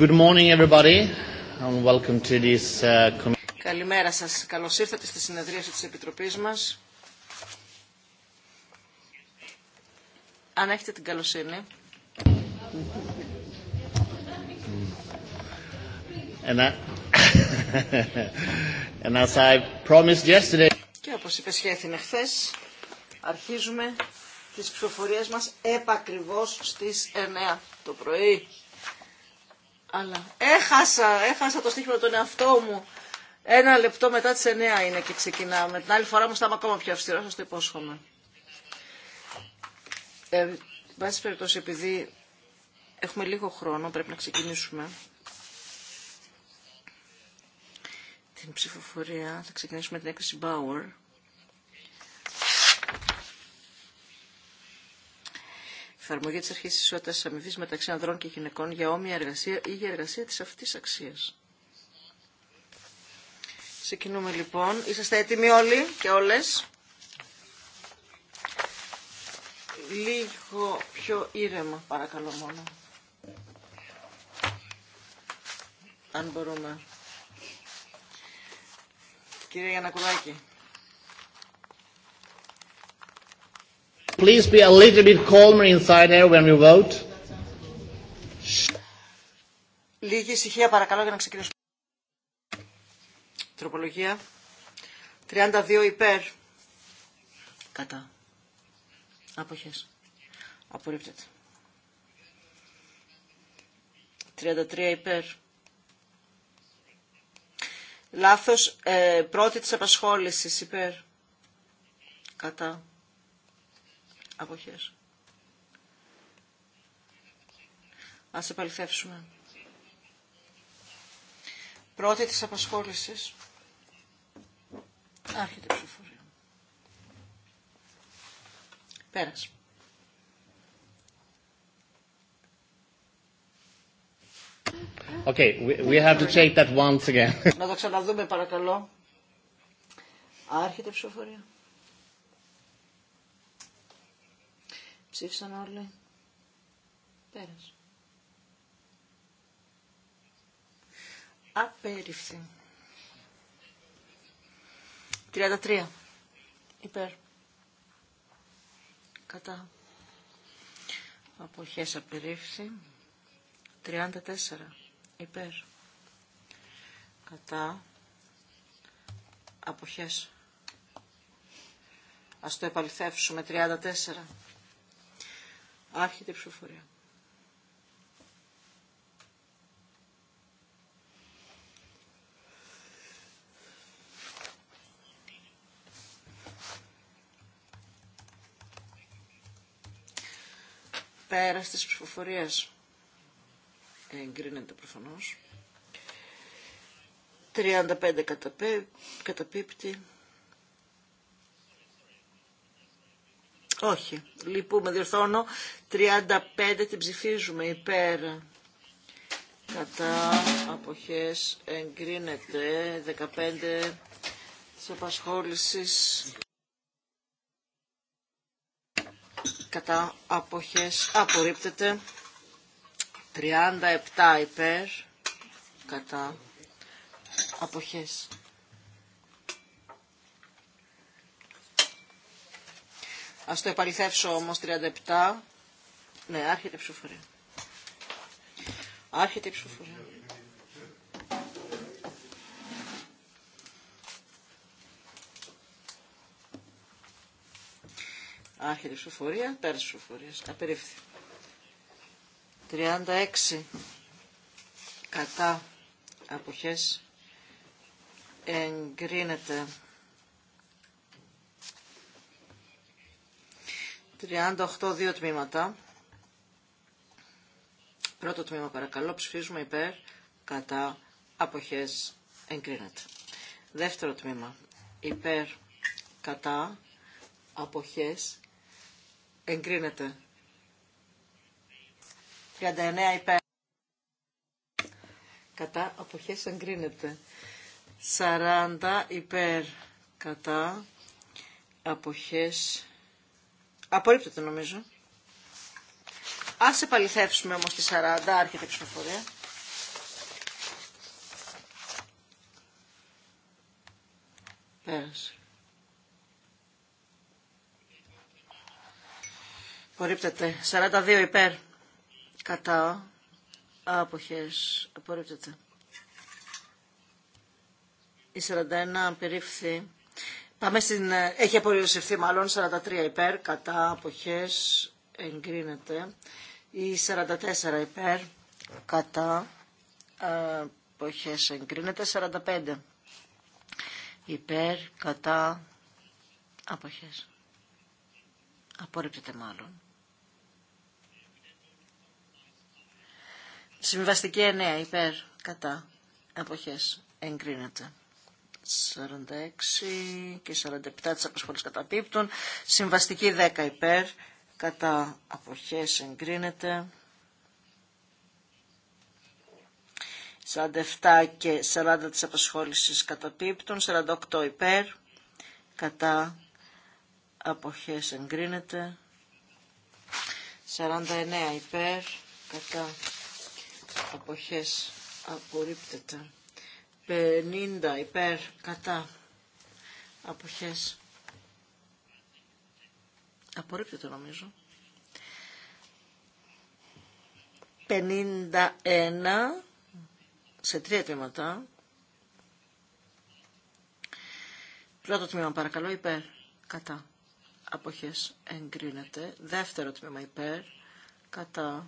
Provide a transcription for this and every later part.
Uh, Καλημέρα σας. Καλώς ήρθατε στη συνεδρίαση της Επιτροπής μας. Αν έχετε την καλοσύνη. And, I... Και όπως είπε σχέθηνε χθες, αρχίζουμε τις ψηφοφορίες μας επακριβώς στις 9 το πρωί. Αλλά έχασα, έχασα το στίχημα τον εαυτό μου. Ένα λεπτό μετά τις 9 είναι και ξεκινάμε. Την άλλη φορά μου θα είμαι ακόμα πιο αυστηρό, σας το υπόσχομαι. Ε, βάση περιπτώσει, επειδή έχουμε λίγο χρόνο, πρέπει να ξεκινήσουμε. Την ψηφοφορία θα ξεκινήσουμε την έκθεση Bauer. εφαρμογή τη ισότητα τη αμοιβή μεταξύ ανδρών και γυναικών για όμοια εργασία ή για εργασία τη αυτή αξία. Ξεκινούμε λοιπόν. Είσαστε έτοιμοι όλοι και όλε. Λίγο πιο ήρεμα παρακαλώ μόνο. Αν μπορούμε. Κυρία Γιανακουλάκη. Please be a little bit calmer inside here when we vote. Λίγη ησυχία παρακαλώ για να ξεκινήσουμε. Τροπολογία. 32 υπέρ. Κατά. Αποχές. Απορρίπτεται. 33 υπέρ. Λάθος ε, πρώτη της απασχόλησης υπέρ. Κατά αποχές. Ας επαληθεύσουμε. Πρώτη της απασχόλησης. Άρχεται η ψηφορία. Πέρας. Okay, we have to check that once again. Να το ξαναδούμε παρακαλώ. Άρχεται η ψηφοφορία. Ψήφισαν όλοι. Πέρασε. Απέριφθη. 33. Υπέρ. Κατά. Αποχές απερίφθη. 34. Υπέρ. Κατά. Αποχές. Ας το επαληθεύσουμε. 34. Άρχεται η ψηφοφορία. Πέρας της ψηφοφορίας εγκρίνεται προφανώς. 35 καταπίπτει. Όχι. Λυπούμε, διορθώνω. 35 την ψηφίζουμε υπέρ. Κατά αποχές εγκρίνεται 15 της απασχόλησης. Κατά αποχές απορρίπτεται 37 υπέρ. Κατά αποχές Ας το επαληθεύσω όμως 37. Ναι, άρχεται η ψηφοφορία. Άρχεται η ψηφοφορία. Άρχεται η ψηφοφορία, πέρασε ψηφοφορία. Απερίφθη. 36 κατά αποχές εγκρίνεται. 38 δύο τμήματα. Πρώτο τμήμα παρακαλώ ψηφίζουμε υπέρ κατά αποχές εγκρίνεται. Δεύτερο τμήμα υπέρ κατά αποχές εγκρίνεται. 39 υπέρ κατά αποχές εγκρίνεται. 40 υπέρ κατά αποχές εγκρίνεται Απορρίπτεται νομίζω. Ας επαληθεύσουμε όμως τη 40, άρχεται η ψηφοφορία. Πέρασε. Απορρίπτεται. 42 υπέρ. Κατά. Άποχες. Απορρίπτεται. Η 41 περίφθη. Πάμε στην... Ε, έχει απορριωσευθεί μάλλον 43 υπέρ, κατά αποχές εγκρίνεται. Η 44 υπέρ, κατά ε, αποχές εγκρίνεται. 45 υπέρ, κατά αποχές. Απορρίπτεται μάλλον. Συμβαστική 9 υπέρ, κατά αποχές εγκρίνεται. 46 και 47 της απασχόλησης καταπίπτουν. Συμβαστική 10 υπέρ, κατά αποχές εγκρίνεται. 47 και 40 της απασχόλησης καταπίπτουν. 48 υπέρ, κατά αποχές εγκρίνεται. 49 υπέρ, κατά αποχές απορρίπτεται. 50 υπέρ κατά αποχές. Απορρίπτεται νομίζω. 51 σε τρία τμήματα. Πρώτο τμήμα παρακαλώ υπέρ κατά αποχές εγκρίνεται. Δεύτερο τμήμα υπέρ κατά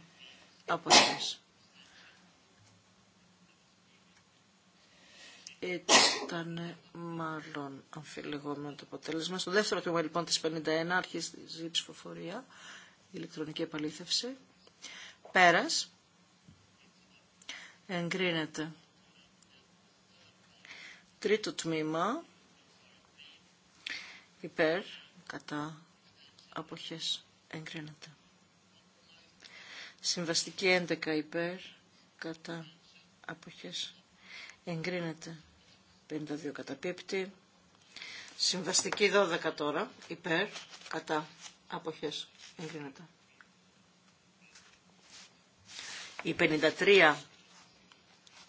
αποχές ήταν μάλλον αμφιλεγόμενο το αποτέλεσμα. Στο δεύτερο τμήμα λοιπόν της 51 άρχισε η ψηφοφορία, η ηλεκτρονική επαλήθευση. Πέρας. Εγκρίνεται. Τρίτο τμήμα. Υπέρ. Κατά. Αποχές. Εγκρίνεται. Συμβαστική 11 υπέρ. Κατά. Αποχές. Εγκρίνεται. 52 καταπίπτει. Συμβαστική 12 τώρα, υπέρ, κατά, αποχές, εγκρίνεται. Η 53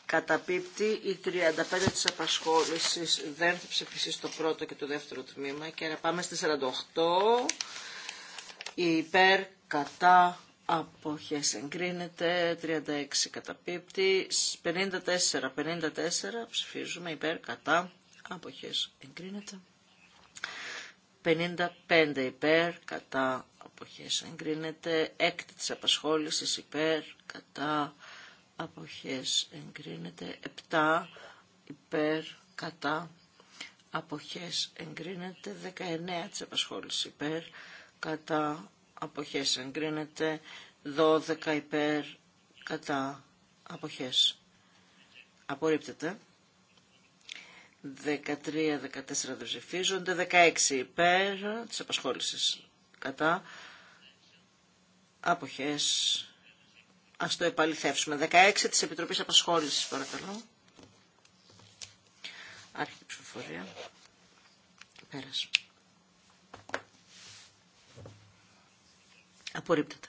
καταπίπτει, η 35 της απασχόλησης δεν θα ψηφίσει στο πρώτο και το δεύτερο τμήμα. Και να πάμε στη 48, υπέρ, κατά, Αποχές εγκρίνεται, 36 καταπίπτει, 54, 54 ψηφίζουμε υπέρ, κατά, αποχές εγκρίνεται. 55 υπέρ, κατά, αποχές εγκρίνεται, έκτη της απασχόλησης υπέρ, κατά, αποχές εγκρίνεται, 7 υπέρ, κατά, αποχές εγκρίνεται, 19 της απασχόλησης υπέρ, κατά, αποχές εγκρίνεται 12 υπέρ κατά αποχές απορρίπτεται 13-14 δεν 16 υπέρ της απασχόλησης κατά αποχές ας το επαληθεύσουμε 16 της Επιτροπής Απασχόλησης παρακαλώ Άρχιτη ψηφοφορία πέρασε Απορρίπτεται.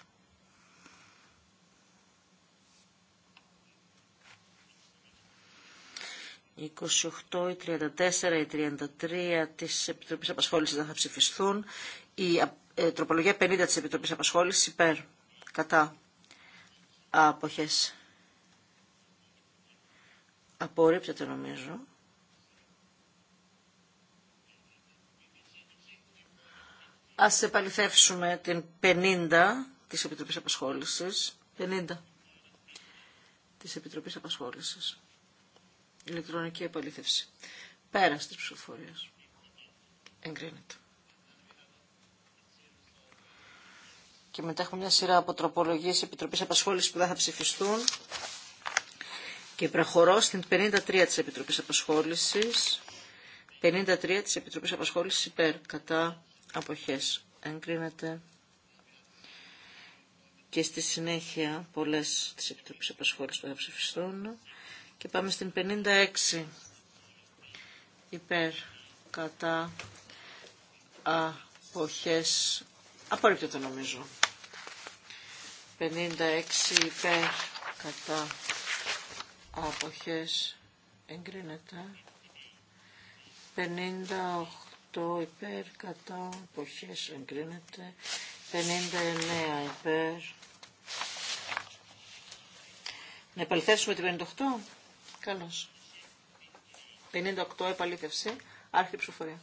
28, οι 34, 33 της Επιτροπής Απασχόλησης δεν θα ψηφιστούν. Η ε, ε, τροπολογία 50 της Επιτροπής Απασχόλησης υπέρ, κατά, αποχές. Απορρίπτεται νομίζω. Ας επαληθεύσουμε την 50 της Επιτροπής Απασχόλησης. 50 της Επιτροπής Απασχόλησης. Ηλεκτρονική επαλήθευση. Πέρας της ψηφοφορίας. Εγκρίνεται. Και μετά έχουμε μια σειρά από τροπολογίες Επιτροπής Απασχόλησης που δεν θα ψηφιστούν. Και προχωρώ στην 53 της Επιτροπής Απασχόλησης. 53 της Επιτροπής Απασχόλησης υπέρ κατά αποχές εγκρίνεται και στη συνέχεια πολλές της Επιτροπής επασχόλησης που θα ψηφιστούν και πάμε στην 56 υπέρ κατά αποχές το νομίζω 56 υπέρ κατά αποχές εγκρίνεται 58 58 υπέρ κατά εποχές εγκρίνεται 59 υπέρ να επαληθεύσουμε την 58 καλώς 58 επαλήθευση άρχη ψηφοφορία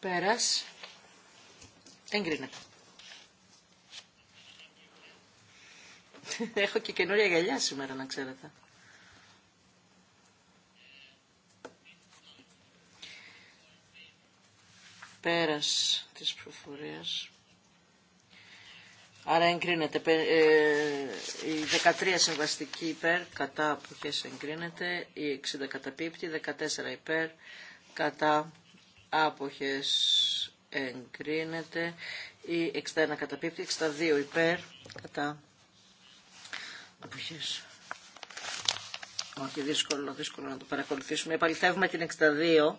πέρας εγκρίνεται Έχω και καινούρια γυαλιά σήμερα, να ξέρετε. Πέρας της προφορίας. Άρα εγκρίνεται ε, η 13 συμβαστική υπέρ, κατά αποχές εγκρίνεται, η 60 καταπίπτει, 14 υπέρ, κατά άποχες εγκρίνεται, η 61 καταπίπτει, 62 υπέρ, κατά αποχές. Όχι, δύσκολο, δύσκολο να το παρακολουθήσουμε. Επαληθεύουμε την 62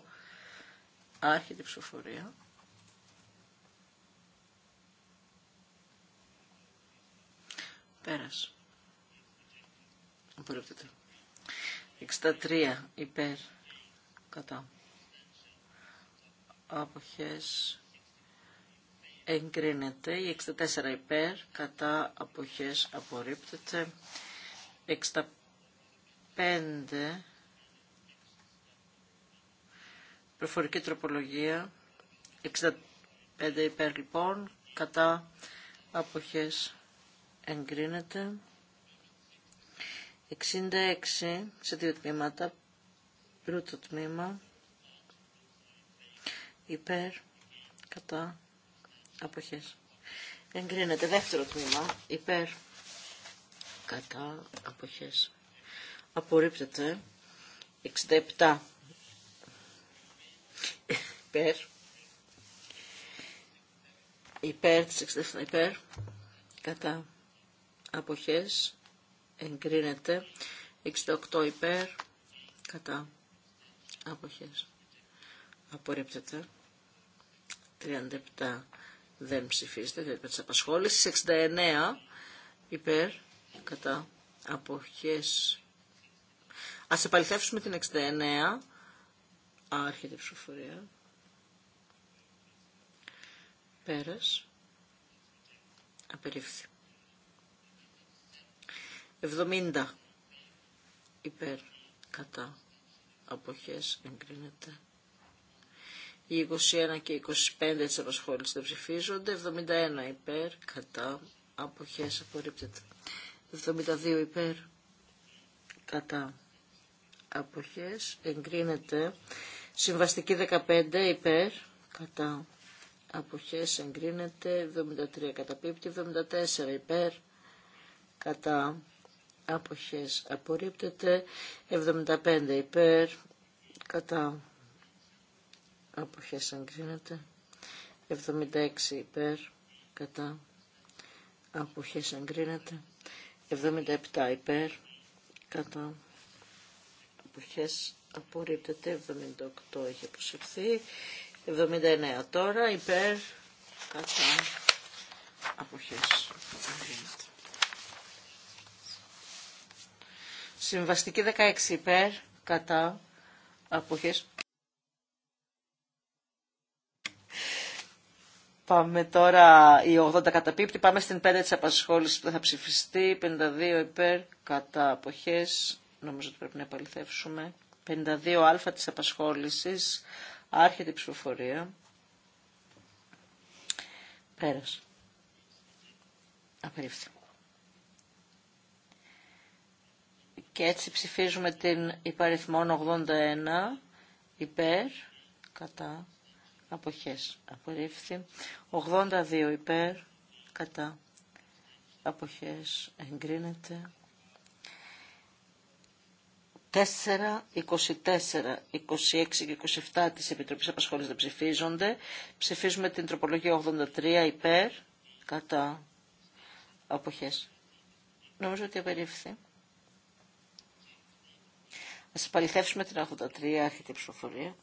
Άρχεται η ψηφοφορία. Πέρας. Απορρίπτεται. 63 υπέρ κατά. Αποχές εγκρίνεται. Η 64 υπέρ κατά αποχές απορρίπτεται. 65 Προφορική τροπολογία. 65 υπέρ λοιπόν. Κατά αποχές εγκρίνεται. 66 σε δύο τμήματα. Πρώτο τμήμα. Υπέρ. Κατά αποχές. Εγκρίνεται. Δεύτερο τμήμα. Υπέρ. Κατά αποχές. Απορρίπτεται. 67 υπέρ, υπέρ της 67 υπέρ, κατά αποχές, εγκρίνεται, 68 υπέρ, κατά αποχές, απορρίπτεται, 37 δεν ψηφίζεται, δεν υπέρ απασχόληση. 69 υπέρ, κατά αποχές. Ας επαληθεύσουμε την 69 Άρχεται η ψηφοφορία. Πέρας. Απερίφθη. 70 υπέρ κατά αποχές εγκρίνεται. Οι 21 και 25 της απασχόλησης δεν ψηφίζονται. 71 υπέρ κατά αποχές απορρίπτεται. 72 υπέρ κατά αποχές εγκρίνεται. Συμβαστική 15 υπέρ, κατά αποχές εγκρίνεται 73 καταπίπτει 74 υπέρ κατά αποχές απορρίπτεται 75 υπέρ κατά αποχές εγκρίνεται 76 υπέρ κατά αποχές εγκρίνεται 77 υπέρ κατά αποχές απορρίπτεται 78 έχει αποσυρθεί 79 τώρα υπέρ κατά αποχές Συμβαστική 16 υπέρ κατά αποχές Πάμε τώρα, η 80 καταπίπτει, πάμε στην 5 της απασχόλησης που θα ψηφιστεί, 52 υπέρ, κατά αποχές, νομίζω ότι πρέπει να επαληθεύσουμε. 52α της απασχόλησης, άρχεται η ψηφοφορία. Πέρας. Απερίφθη. Και έτσι ψηφίζουμε την υπαριθμόν 81 υπέρ, κατά, αποχές. Απερίφθη. 82 υπέρ, κατά, αποχές. Εγκρίνεται. 4, 24, 26 και 27 της Επιτροπής Απασχόλησης δεν ψηφίζονται. Ψηφίζουμε την τροπολογία 83 υπέρ, κατά αποχές. Νομίζω ότι απερίφθη. Ας παληθεύσουμε την 83 άρχιτη ψηφοφορία.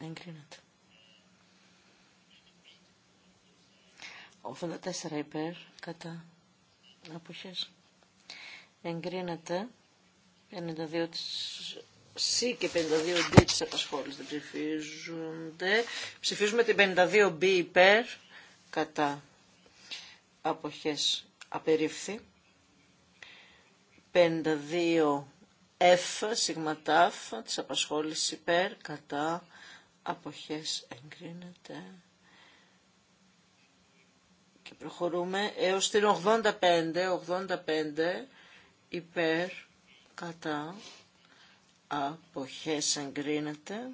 Εγκρίνεται. 84 υπέρ κατά αποχές εγκρίνεται 52 C και 52D της απασχόλησης δεν ψηφίζονται. Ψηφίζουμε την 52B υπέρ κατά αποχές απερίφθη. 52F σιγματάφ της απασχόλησης υπέρ κατά αποχές εγκρίνεται. Και προχωρούμε έως την 85, 85 υπέρ, κατά, αποχές εγκρίνεται.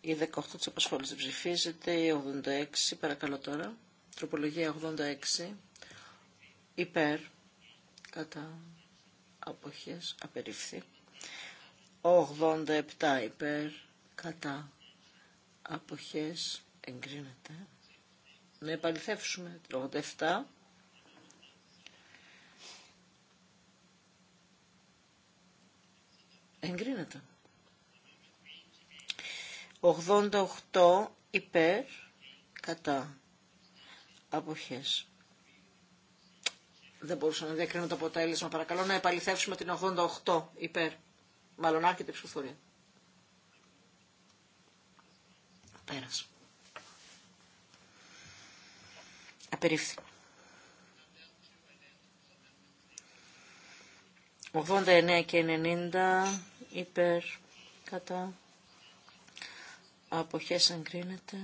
Η 18 της απασχόλησης ψηφίζεται, η 86, παρακαλώ τώρα, τροπολογία 86, υπέρ, κατά, αποχές, απερίφθη. 87 υπέρ, κατά, αποχές, εγκρίνεται να επαληθεύσουμε το 87. Εγκρίνεται. 88 υπέρ κατά αποχές. Δεν μπορούσα να διακρίνω το αποτέλεσμα. Παρακαλώ να επαληθεύσουμε την 88 υπέρ. Μάλλον άρχεται η ψηφοφορία. Πέρασε. Απερίφθη. 89 και 90 υπέρ κατά αποχές εγκρίνεται.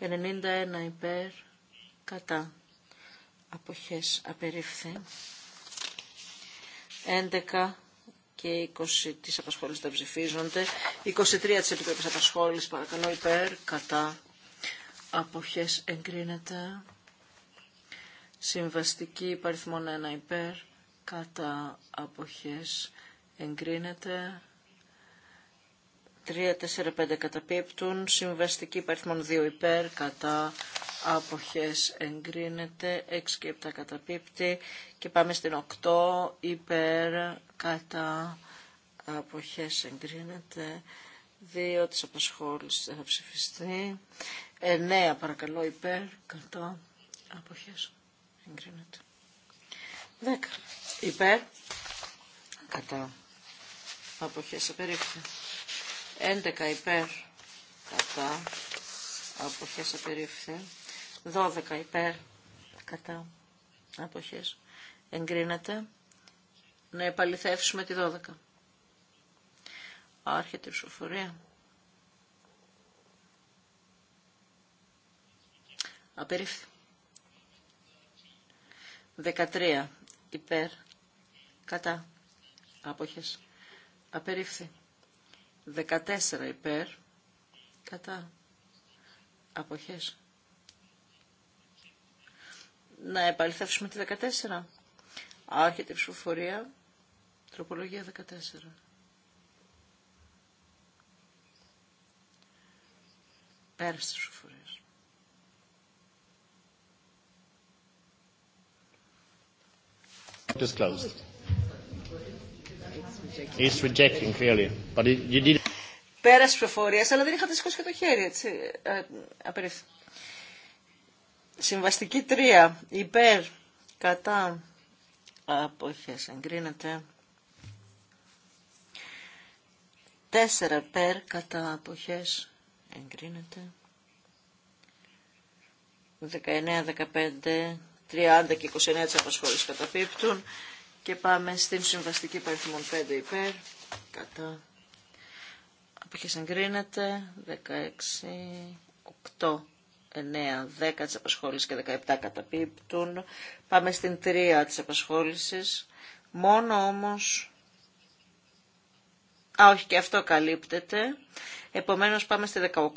91 υπέρ κατά αποχές απερίφθη. 11 και 20 της απασχόλησης τα ψηφίζονται. 23 της Επιτροπής Απασχόλησης παρακαλώ υπέρ, κατά, αποχές εγκρίνεται. Συμβαστική υπαριθμόν 1 υπέρ, κατά αποχές εγκρίνεται. 3, 4, 5 καταπίπτουν. Συμβαστική υπαριθμόν 2 υπέρ, κατά αποχές εγκρίνεται. 6 και 7 καταπίπτει. Και πάμε στην 8 υπέρ, κατά αποχές εγκρίνεται. 2 της απασχόλησης θα ψηφιστεί. 9 ε, ναι, παρακαλώ υπέρ, κατά αποχές Εγκρίνεται. 10. Υπέρ. Κατά. Αποχές απερίφθη. 11 υπέρ. Κατά. Αποχές απερίφθη. 12 υπέρ. Κατά. Αποχές. Εγκρίνεται. Να επαληθεύσουμε τη 12. Άρχεται η ψηφοφορία. Απερίφθη. 13 υπέρ κατά άποχες απερίφθη 14 υπέρ κατά αποχές να επαληθεύσουμε τη 14 άρχεται η ψηφοφορία τροπολογία 14 Πέρα τη ψηφοφορία. Just closed. It's rejecting clearly, but it, you did... Πέρασε ψηφοφορίας, αλλά δεν είχατε σηκώσει και το χέρι, έτσι, ε, απερίφθη. Συμβαστική τρία. Υπέρ. Κατά. Απόχες. Εγκρίνεται. Τέσσερα. Υπέρ. Κατά. Απόχες. Εγκρίνεται. Δεκαεννέα. Δεκαπέντε. 30 και 29 της απασχόλησης καταπίπτουν και πάμε στην συμβαστική παριθμών 5 υπέρ κατά εγκρίνεται 16 8 9, 10 της απασχόλησης και 17 καταπίπτουν. Πάμε στην 3 της απασχόλησης. Μόνο όμως... Α, όχι, και αυτό καλύπτεται. Επομένως πάμε στη 18,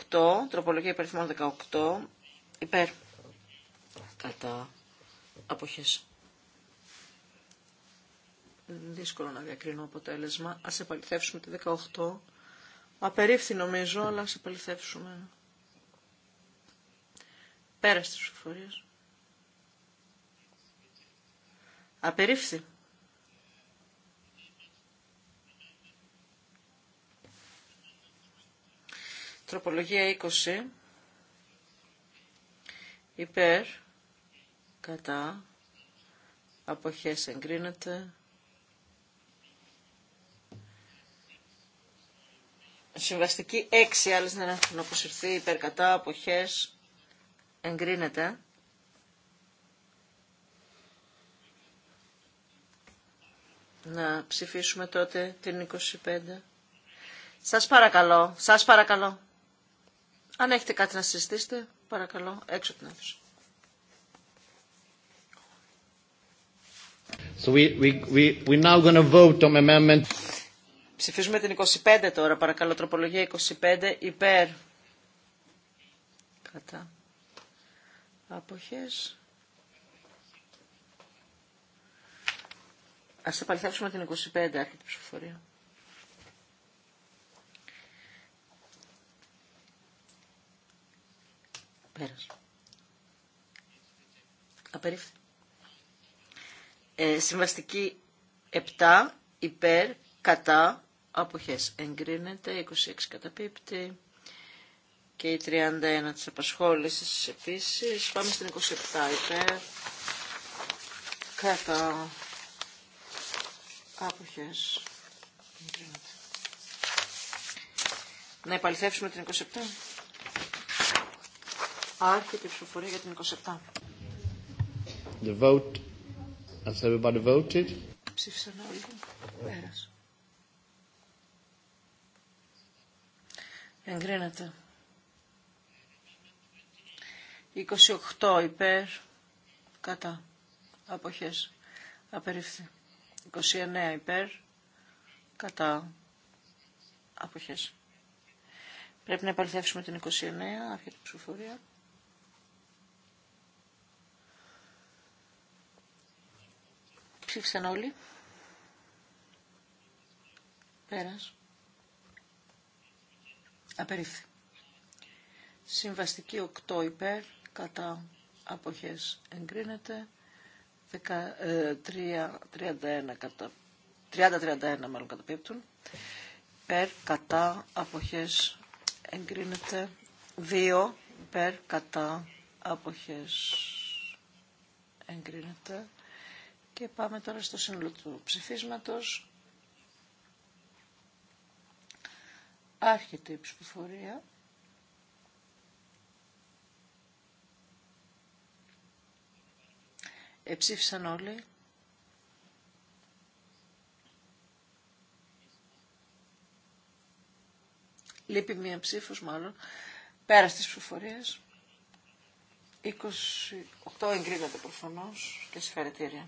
τροπολογία υπερθυμών 18, υπέρ. Κατά αποχές. Δύσκολο να διακρίνω αποτέλεσμα. Ας επαληθεύσουμε τη 18. Απερίφθη νομίζω, αλλά ας επαληθεύσουμε. Πέρα στις ψηφορίες. Απερίφθη. Τροπολογία 20. Υπέρ κατά αποχές εγκρίνεται συμβαστική 6 άλλες δεν έχουν αποσυρθεί υπέρ κατά αποχές εγκρίνεται να ψηφίσουμε τότε την 25 σας παρακαλώ σας παρακαλώ αν έχετε κάτι να συζητήσετε παρακαλώ έξω την αίθουσα Ψηφίζουμε την 25 τώρα, παρακαλώ, τροπολογία 25, υπέρ. Κατά. Αποχές. Ας επαληθεύσουμε την 25, άρχεται ψηφοφορία. Πέρασε. Απερίφθη. Ε, συμβαστική 7 υπέρ κατά αποχές εγκρίνεται, 26 καταπίπτει και η 31 της απασχόλησης επίσης. Πάμε στην 27 υπέρ κατά αποχές Να επαληθεύσουμε την 27. Άρχεται η ψηφοφορία για την 27. The vote Has Ψήφισαν όλοι. Πέρασε. Εγκρίνεται. 28 υπέρ, κατά, αποχές, απερίφθη. 29 υπέρ, κατά, αποχές. Πρέπει να επαληθεύσουμε την 29, αρχή ψηφοφορία. Ψήφισαν όλοι. Πέρας. Απερίφθη. Συμβαστική 8 υπέρ, κατά αποχές εγκρίνεται. 13, 31 ε, κατά 30-31 μάλλον καταπίπτουν. Περ κατά αποχές εγκρίνεται 2 περ κατά αποχές εγκρίνεται και πάμε τώρα στο σύνολο του ψηφίσματος. Άρχεται η ψηφοφορία. Εψήφισαν όλοι. Λείπει μία ψήφος μάλλον. Πέρα στις ψηφοφορίες. 28 εγκρίνεται προφανώς και συγχαρητήρια.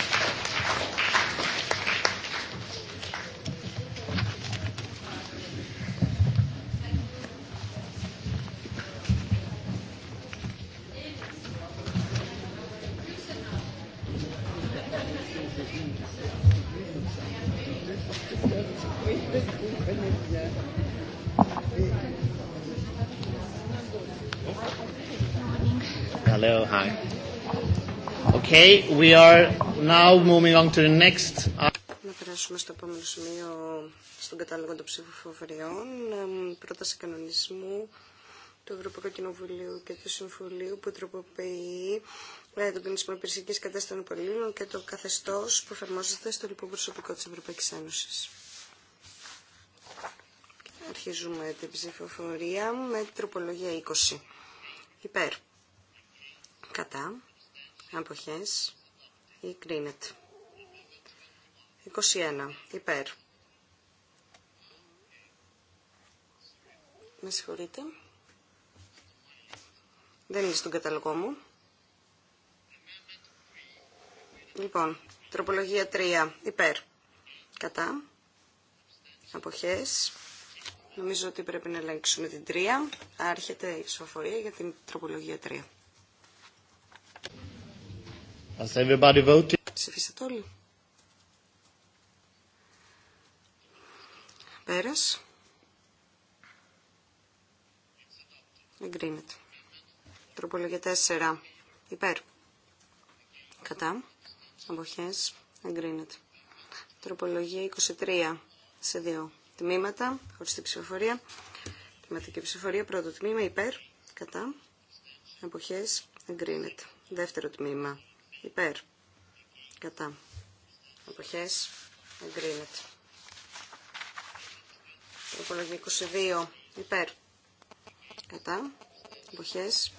Να περάσουμε στο επόμενο σημείο στον κατάλογο των ψηφοφοριών. Πρόταση κανονισμού του Ευρωπαϊκού Κοινοβουλίου και του Συμβουλίου που τροποποιεί ε, το κανονισμό υπηρεσιακή κατάσταση των υπαλλήλων και το καθεστώ που εφαρμόζεται στο λοιπό προσωπικό τη Ευρωπαϊκή Ένωση. Αρχίζουμε την ψηφοφορία με τροπολογία 20. Υπέρ. Κατά η κρίνεται. 21 υπέρ. Με συγχωρείτε. Δεν είναι στον καταλογό μου. Λοιπόν, τροπολογία 3 υπέρ. Κατά. Αποχές. Νομίζω ότι πρέπει να ελέγξουμε την 3. Άρχεται η ψηφοφορία για την τροπολογία 3. Has everybody voted? Ψηφίσατε όλοι. Πέρας. Εγκρίνεται. Τροπολογία 4. Υπέρ. Κατά. Αποχές. Εγκρίνεται. Τροπολογία 23. Σε δύο τμήματα. Χωριστή ψηφοφορία. Τηματική ψηφοφορία. Πρώτο τμήμα. Υπέρ. Κατά. Αποχές. Εγκρίνεται. Δεύτερο τμήμα υπέρ, κατά, αποχές, εγκρίνεται. Τροπολογία 22, υπέρ, κατά, αποχές,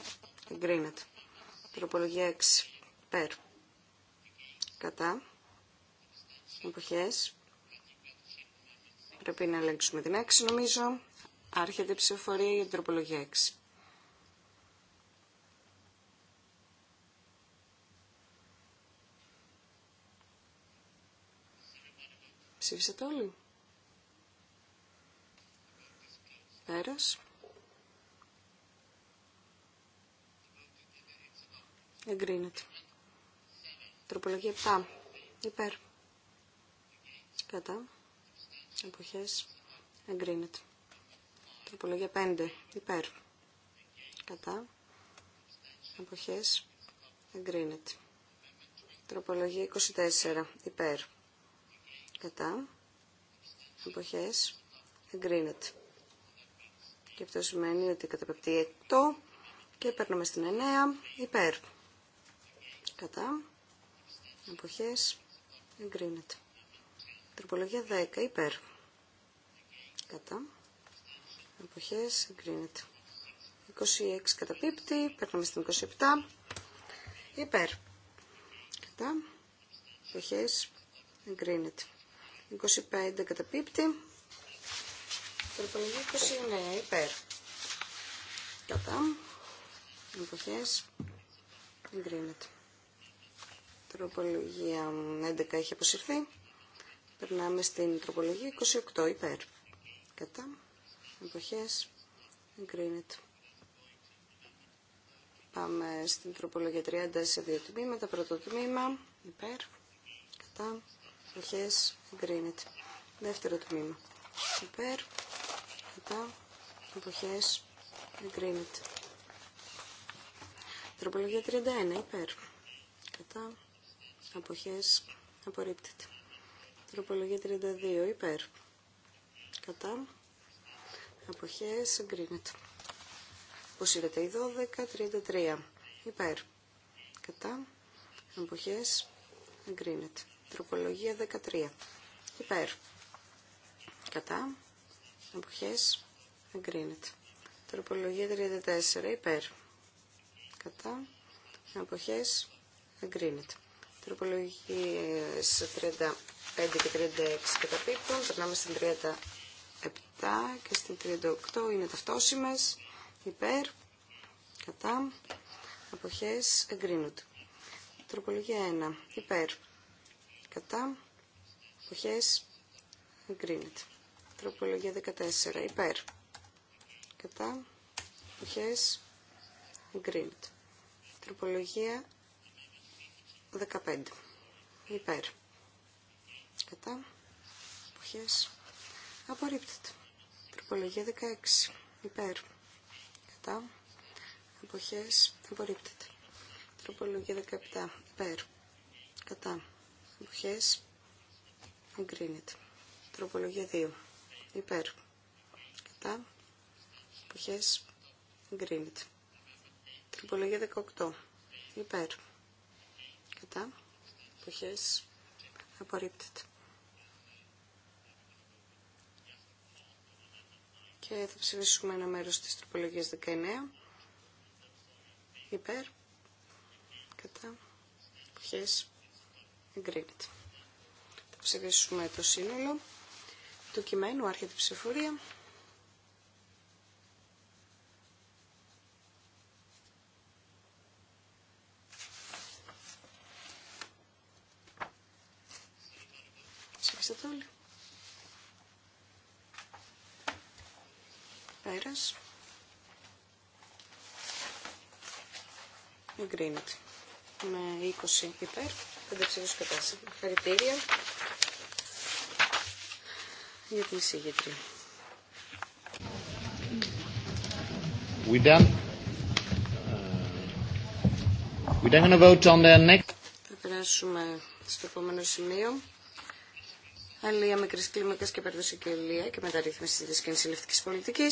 εγκρίνεται. Τροπολογία 6, υπέρ, κατά, αποχές, πρέπει να ελέγξουμε την 6 νομίζω, άρχεται η ψηφοφορία για την τροπολογία 6. Ψήφισατε όλοι. Πέρας. Εγκρίνεται. Τροπολογία 7. Υπέρ. Κατά. Εποχές. Εγκρίνεται. Τροπολογία 5. Υπέρ. Κατά. Εποχές. Εγκρίνεται. Τροπολογία 24. Υπέρ κατά εποχές εγκρίνεται. Και αυτό σημαίνει ότι καταπεπτεί 8 και παίρνουμε στην 9 υπέρ. Κατά εποχές εγκρίνεται. Τροπολογία 10 υπέρ. Κατά εποχές εγκρίνεται. 26 καταπίπτει, παίρνουμε στην 27 υπέρ. Κατά εποχές εγκρίνεται. 25 καταπίπτει. Τροπολογία 29 ναι, υπέρ. Κατά. Εποχές. Εγκρίνεται. Τροπολογία 11 έχει αποσυρθεί. Περνάμε στην τροπολογία 28 υπέρ. Κατά. Εποχές. Εγκρίνεται. Πάμε στην τροπολογία 30 σε δύο τμήματα. Πρώτο τμήμα υπέρ. Κατά Αρχές, εγκρίνεται. Δεύτερο τμήμα. Υπέρ. Κατά. Εποχές. εγκρίνεται. Τροπολογία 31. Υπέρ. Κατά. Αποχές απορρίπτεται. Τροπολογία 32. Υπέρ. Κατά. Αποχές εγκρίνεται. είδατε, η 12. 33. Υπέρ. Κατά. Αποχές εγκρίνεται. Τροπολογία 13. Υπέρ. Κατά. Αποχές. Εγκρίνεται. Τροπολογία 34. Υπέρ. Κατά. Αποχές. Εγκρίνεται. Τροπολογίες 35 και 36 καταπίπτουν. Περνάμε στην 37 και στην 38. Είναι ταυτόσιμες. Υπέρ. Κατά. Αποχές. Εγκρίνονται. Τροπολογία 1. Υπέρ κατά, εποχέ, εγκρίνεται. Τροπολογία 14, υπέρ, κατά, εποχέ. εγκρίνεται. Τροπολογία 15, υπέρ, κατά, εποχέ. απορρίπτεται. Τροπολογία 16, υπέρ, κατά, εποχές, απορρίπτεται. Τροπολογία 17, υπέρ, κατά, μπουχές Εγκρίνεται. Τροπολογία 2. Υπέρ. Κατά. μπουχές Εγκρίνεται. Τροπολογία 18. Υπέρ. Κατά. μπουχές Απορρίπτεται. Και θα ψηφίσουμε ένα μέρος της τροπολογίας 19. Υπέρ. Κατά. Αποχές εγκρίνεται. Θα ψηφίσουμε το σύνολο του κειμένου, άρχεται η ψηφορία. Ψήφισατε όλοι. Πέρας. Εγκρίνεται. Με 20 υπέρ. 5 ψήφους κατά. Χαρητήρια για την εισηγητρή. We then, uh, we then vote on the next. Θα περάσουμε στο επόμενο σημείο. Αλία μικρή κλίμακα και παραδοσιακή ελεία και μεταρρύθμιση της κοινωνικής πολιτική.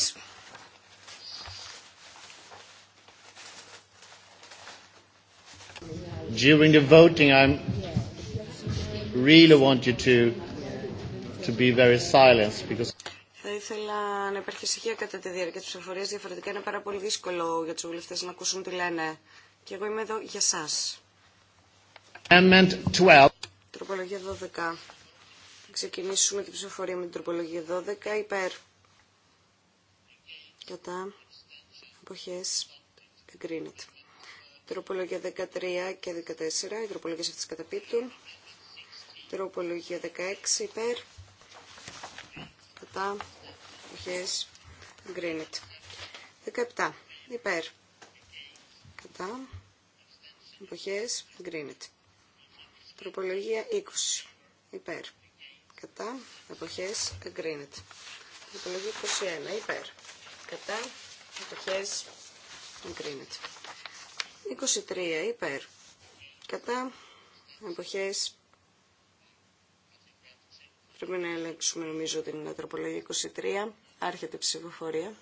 during the voting, I really want you to, to be very silent because. Θα ήθελα να υπάρχει ησυχία κατά τη διάρκεια της ψηφοφορία. διαφορετικά είναι πάρα πολύ δύσκολο για του βουλευτέ να ακούσουν τι λένε. Και εγώ είμαι εδώ για σας. Τροπολογία 12. Θα ξεκινήσουμε την ψηφοφορία με την τροπολογία 12. Υπέρ. Κατά. Αποχές. Εγκρίνεται. Τροπολογία 13 και 14, οι τροπολογίες αυτές καταπίπτουν. Τροπολογία 16 υπέρ, κατά, εποχέ. εγκρίνεται. 17 υπέρ, κατά, εποχέ, εγκρίνεται. Τροπολογία 20 υπέρ, κατά, εποχές, εγκρίνεται. Τροπολογία 21 υπέρ, κατά, εποχές, εγκρίνεται. 23 υπέρ. Κατά εποχές πρέπει να ελέγξουμε νομίζω την τροπολογία 23. Άρχεται η ψηφοφορία.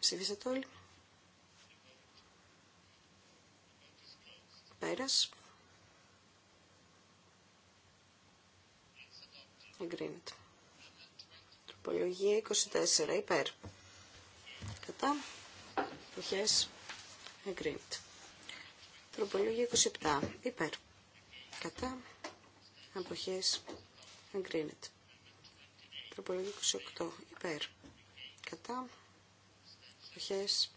Ψήφισατε όλοι. Πέρας. Εγκρίνεται. Απολογία 24 υπέρ. Κατά. Εποχές. Εγκρίνεται. Τροπολογία 27 υπέρ. Κατά. Εποχές. Εγκρίνεται. Τροπολογία 28 υπέρ. Κατά. Εποχές.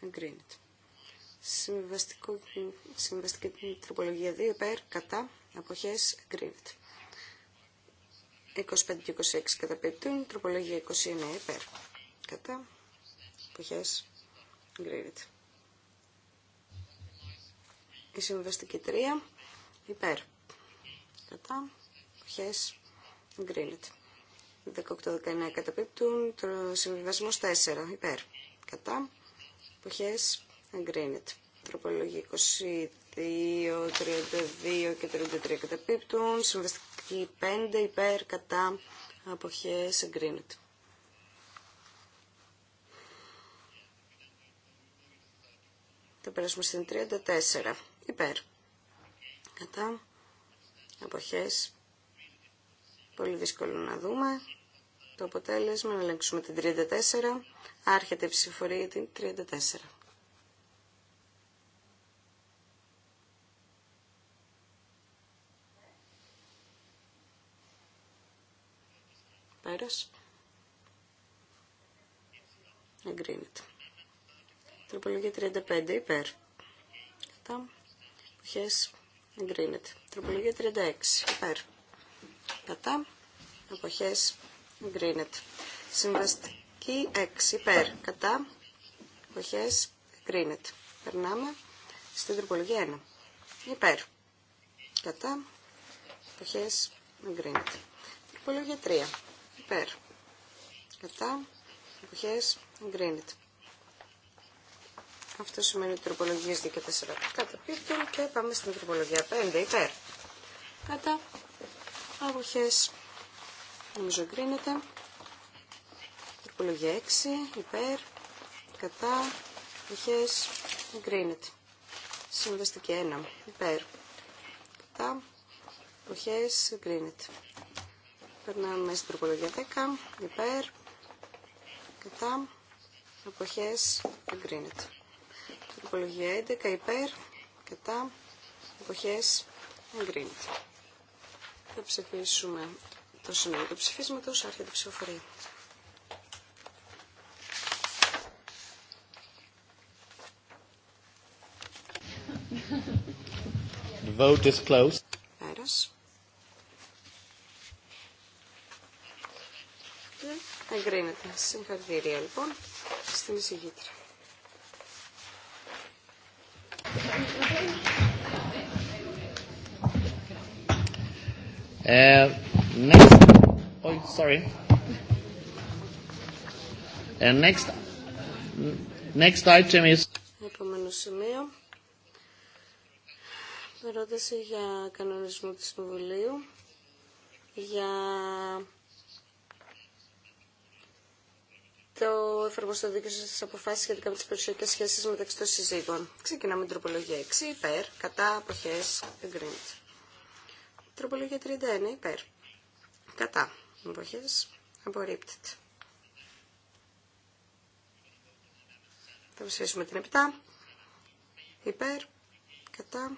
Εγκρίνεται. Συμβαστική τροπολογία 2 υπέρ. Κατά. Αποχές εγκρίνεται. 25 και 26 καταπίπτουν, τροπολογία 29 υπέρ. Κατά εποχές εγκρίνεται. Η συμβαστική 3 υπέρ. Κατά εποχές εγκρίνεται. 18-19 καταπίπτουν, το συμβιβασμό 4 υπέρ. Κατά εποχές εγκρίνεται. Τροπολογία 22, 32 και 33 καταπίπτουν, συμβαστική οι 5 υπέρ κατά αποχές εγκρίνεται. Θα περάσουμε στην 34 υπέρ κατά αποχές πολύ δύσκολο να δούμε το αποτέλεσμα να ελέγξουμε την 34 άρχεται η ψηφορία την 34 μέρες Εγκρίνεται. Τροπολογία 35 υπέρ. Κατά. Αποχές. Εγκρίνεται. Τροπολογία 36 υπέρ. Κατά. Αποχές. Εγκρίνεται. Συμβαστική 6 υπέρ. Κατά. Αποχές. Εγκρίνεται. Περνάμε στην τροπολογία 1. Υπέρ. Κατά. Αποχές. Εγκρίνεται. Τροπολογία 3 υπέρ. Κατά εποχές εγκρίνεται. Αυτό σημαίνει ότι τροπολογίε 2 και 4 καταπίπτουν και πάμε στην τροπολογία 5 υπέρ. Κατά αγωχές, νομίζω εγκρίνεται. Τροπολογία 6 υπέρ. Κατά αγωχές, εγκρίνεται. Συμβαστική 1 υπέρ. Κατά αγωχές, εγκρίνεται. Περνάμε στην τροπολογία 10. Υπέρ. Κατά. εποχές, Εγκρίνεται. Τροπολογία 11. Υπέρ. Κατά. εποχές, Εγκρίνεται. Θα ψηφίσουμε το σημείο του ψηφίσματος. Άρχεται η ψηφοφορία. vote is closed. Εγκρίνεται. Συγχαρητήρια λοιπόν στην εισηγήτρια. Uh, next, oh, sorry. Uh, next, next item is. Επόμενο σημείο. Ερώτηση για κανονισμό του Συμβουλίου για το εφαρμοστό δίκαιο στι αποφάσει σχετικά με τι περιουσιακέ σχέσει μεταξύ των συζύγων. Ξεκινάμε την τροπολογία 6, υπέρ, κατά, αποχέ, εγκρίνεται. Τροπολογία 31, υπέρ, κατά, αποχέ, απορρίπτεται. Θα ψηφίσουμε την 7, υπέρ, κατά,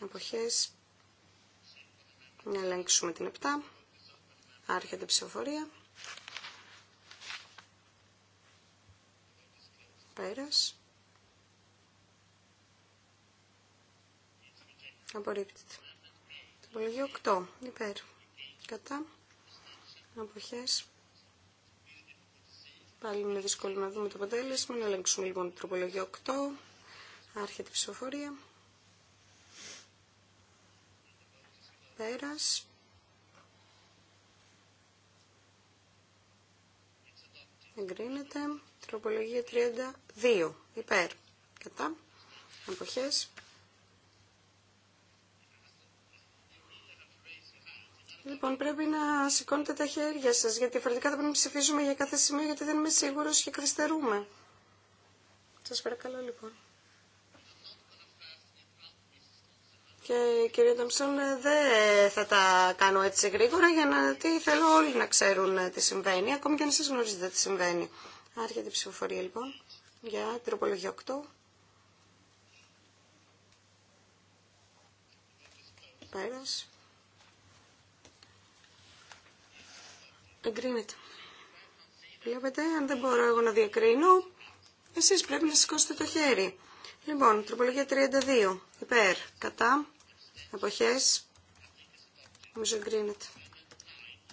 αποχέ, να ελέγξουμε την 7, άρχεται η ψηφοφορία. Πέρας. Απορρίπτεται. Τροπολογία 8. Υπέρ. Κατά. Αποχές. Πάλι είναι δύσκολο να δούμε το αποτέλεσμα. Να ελέγξουμε λοιπόν την τροπολογία 8. Άρχεται η ψηφοφορία. Πέρας. Εγκρίνεται. Τροπολογία 32. Υπέρ. Κατά. Αποχές. Λοιπόν, πρέπει να σηκώνετε τα χέρια σας, γιατί φορτικά θα πρέπει να ψηφίζουμε για κάθε σημείο, γιατί δεν είμαι σίγουρος και καθυστερούμε. Σας παρακαλώ, λοιπόν. Και κυρία Ταμψόν, δεν θα τα κάνω έτσι γρήγορα, γιατί θέλω όλοι να ξέρουν τι συμβαίνει, ακόμη και αν σας γνωρίζετε τι συμβαίνει. Άρχεται η ψηφοφορία λοιπόν για τροπολογία 8. Πέρας. Εγκρίνεται. Βλέπετε, αν δεν μπορώ εγώ να διακρίνω, εσείς πρέπει να σηκώσετε το χέρι. Λοιπόν, τροπολογία 32. Υπέρ, κατά, εποχές. Νομίζω εγκρίνεται.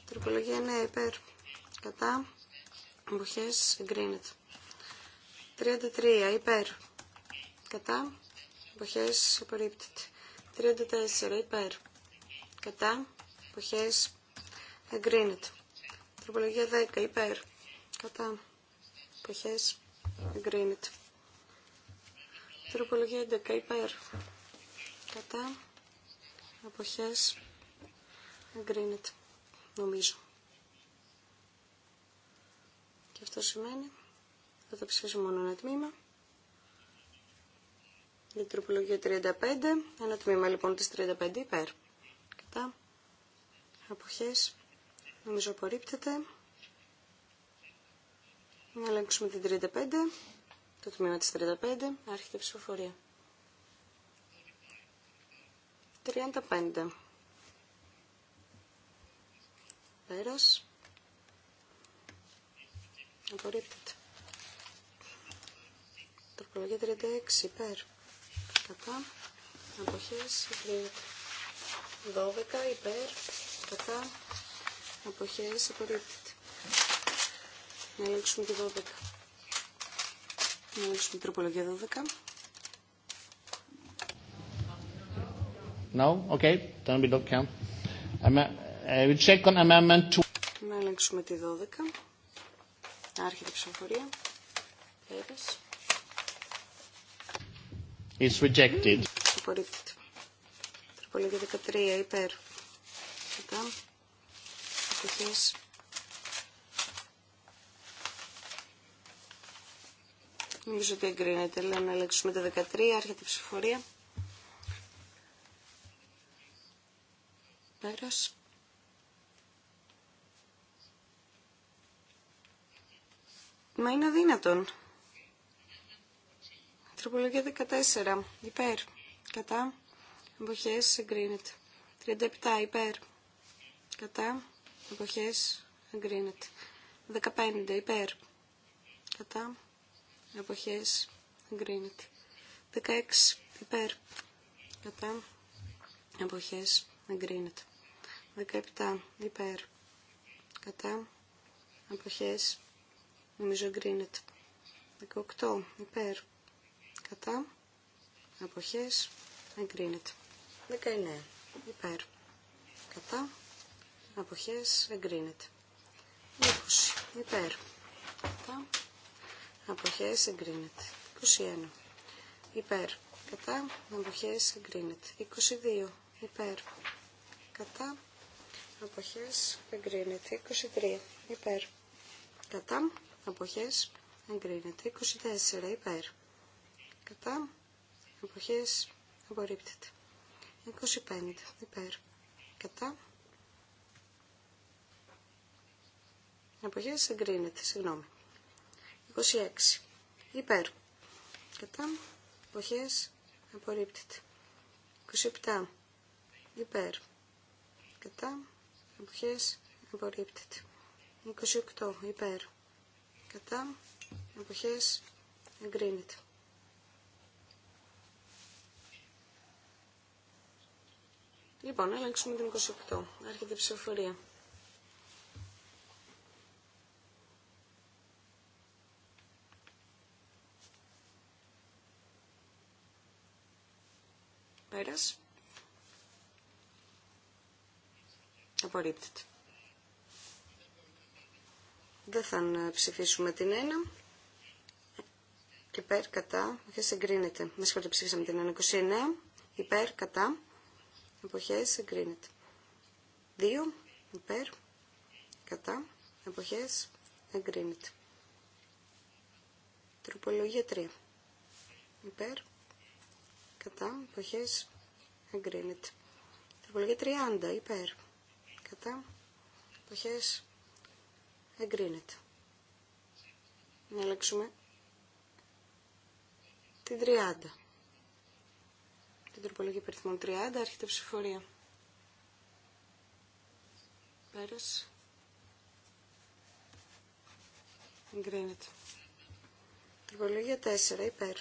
Τροπολογία 9, υπέρ, κατά, Αποχές εγκρίνεται. 33 υπέρ. Κατά. Αποχές απορρίπτεται. 34 υπέρ. Κατά. Αποχές εγκρίνεται. Τροπολογία 10 υπέρ. Κατά. Αποχές εγκρίνεται. Τροπολογία 11 υπέρ. Κατά. Αποχές εγκρίνεται. Νομίζω. Και αυτό σημαίνει θα το ψηφίσω μόνο ένα τμήμα. Η τροπολογία 35, ένα τμήμα λοιπόν της 35 υπέρ. Κατά αποχές νομίζω απορρίπτεται. Να ελέγξουμε την 35, το τμήμα της 35, άρχεται η ψηφοφορία. 35. Πέρας. Απορρίπτεται. Τροπολογία 36 υπέρ. Κατά. Αποχές υπέρ 12 υπέρ. Κατά. Αποχές απορρίπτεται. Να ελέγξουμε και 12. Να ελέγξουμε τροπολογία 12. No? Okay. Then we count. I uh, will check on amendment 2. Να ελέγξουμε τη 12. Άρχεται η ψηφοφορία. Πέρας. It's rejected. Απορρίπτεται. Τροπολογία 13. Υπέρ. Κατά. Επιτυχές. Νομίζω ότι εγκρίνεται. Λέω να ελέγξουμε τα 13. Άρχεται η ψηφοφορία. Πέρας. Μα είναι αδύνατον. Τροπολογία 14. Υπέρ. Κατά. Εποχές εγκρίνεται. 37. Υπέρ. Κατά. Εποχές εγκρίνεται. 15. Υπέρ. Κατά. Εποχές εγκρίνεται. 16. Υπέρ. Κατά. Εποχές εγκρίνεται. 17. Υπέρ. Κατά. Εποχές Νομίζω εγκρίνεται. 18 υπέρ κατά αποχές εγκρίνεται. 19 υπέρ κατά αποχές εγκρίνεται. 20 υπέρ κατά αποχές εγκρίνεται. 21 υπέρ κατά αποχές εγκρίνεται. 22 υπέρ κατά αποχές εγκρίνεται. 23 υπέρ κατά εποχές εγκρίνεται. 24 υπέρ. Κατά εποχές απορρίπτεται. 25 υπέρ. Κατά εποχές εγκρίνεται. Συγγνώμη. 26 υπέρ. Κατά εποχές απορρίπτεται. 27 υπέρ. Κατά εποχές απορρίπτεται. 28 υπέρ κατά εποχές εγκρίνεται. Λοιπόν, ελέγξουμε την 28. Άρχεται η ψηφοφορία. Πέρας. Απορρίπτεται. Δεν θα ψηφίσουμε την 1. Υπέρ, κατά, εποχές εγκρίνεται. Με συγχωρείτε ψήφισαμε την 1. 29. Υπέρ, κατά, εποχές εγκρίνεται. 2. Υπέρ, κατά, εποχέ, εγκρίνεται. Τροπολογία 3. Υπέρ, κατά, εποχέ, εγκρίνεται. Τροπολογία 30. Υπέρ, κατά, εποχές εγκρίνεται. Να αλλάξουμε την 30. Την τροπολογία περιθμών 30, έρχεται ψηφορία. Πέρασε. Εγκρίνεται. Τροπολογία 4, υπέρ.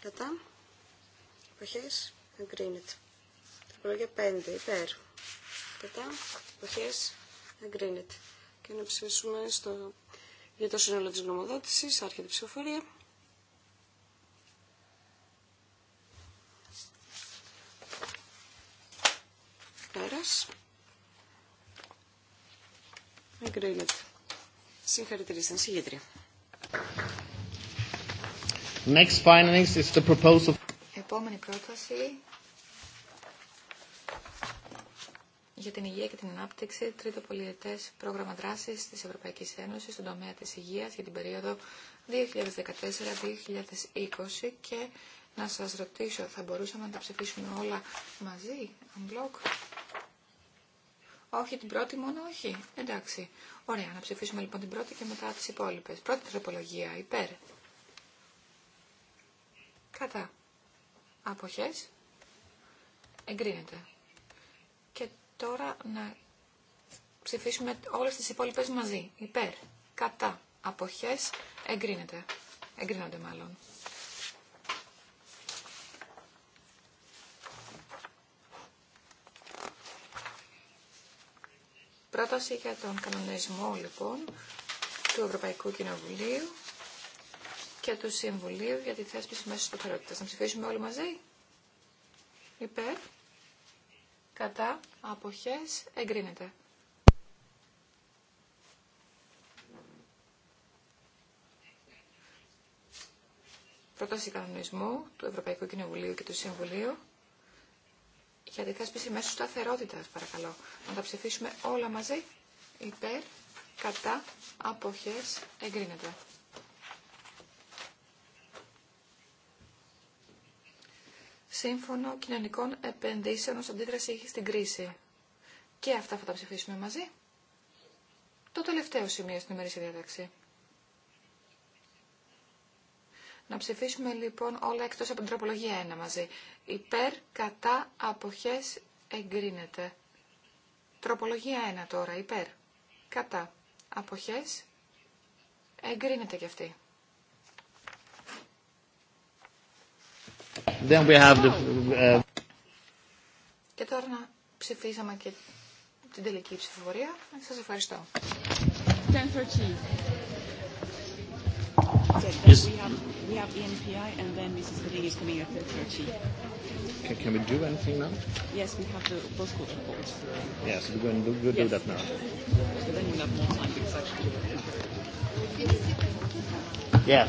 Κατά. Εποχές, εγκρίνεται. Τροπολογία 5, υπέρ. Κατά. Εποχές, εγκρίνεται και να ψήσουμε στο... για το σύνολο της γνωμοδότησης, άρχεται ψηφοφορία. Πέρας. Εγκρίνεται. Συγχαρητήρια στην συγγήτρια. Next findings is the proposal. Επόμενη πρόταση για την υγεία και την ανάπτυξη, τρίτο πολιετέ πρόγραμμα δράσης της Ευρωπαϊκής Ένωσης στον τομέα της υγείας για την περίοδο 2014-2020 και να σας ρωτήσω, θα μπορούσαμε να τα ψηφίσουμε όλα μαζί, unblock. Όχι την πρώτη μόνο, όχι. Εντάξει. Ωραία, να ψηφίσουμε λοιπόν την πρώτη και μετά τι υπόλοιπε. Πρώτη τροπολογία, υπέρ. Κατά. Αποχές. Εγκρίνεται. Και Τώρα να ψηφίσουμε όλες τις υπόλοιπες μαζί. Υπέρ, κατά, αποχές, εγκρίνεται. Εγκρίνονται μάλλον. Πρόταση για τον κανονισμό λοιπόν του Ευρωπαϊκού Κοινοβουλίου και του Συμβουλίου για τη θέσπιση μέσω του Να ψηφίσουμε όλοι μαζί. Υπέρ κατά αποχές εγκρίνεται. Πρόταση κανονισμού του Ευρωπαϊκού Κοινοβουλίου και του Συμβουλίου για τη θέσπιση μέσου σταθερότητα, παρακαλώ. Να τα ψηφίσουμε όλα μαζί. Υπέρ, κατά, αποχές, εγκρίνεται. Σύμφωνο Κοινωνικών Επενδύσεων ως αντίδραση έχει στην κρίση. Και αυτά θα τα ψηφίσουμε μαζί. Το τελευταίο σημείο στην ημερήσια διάταξη. Να ψηφίσουμε λοιπόν όλα εκτός από την τροπολογία 1 μαζί. Υπέρ, κατά, αποχές, εγκρίνεται. Τροπολογία 1 τώρα, υπέρ, κατά, αποχές, εγκρίνεται και αυτή. Then we have the... Και τώρα να ψηφίσαμε και την τελική ψηφοφορία. Σας ευχαριστώ. Yes. We have we have ENPI and then Mrs. Redding is coming at 10:30. Can, can we do anything now? Yes, we have the court report. Yes, we're going to do, do that now. So then you have more time because actually. Yes.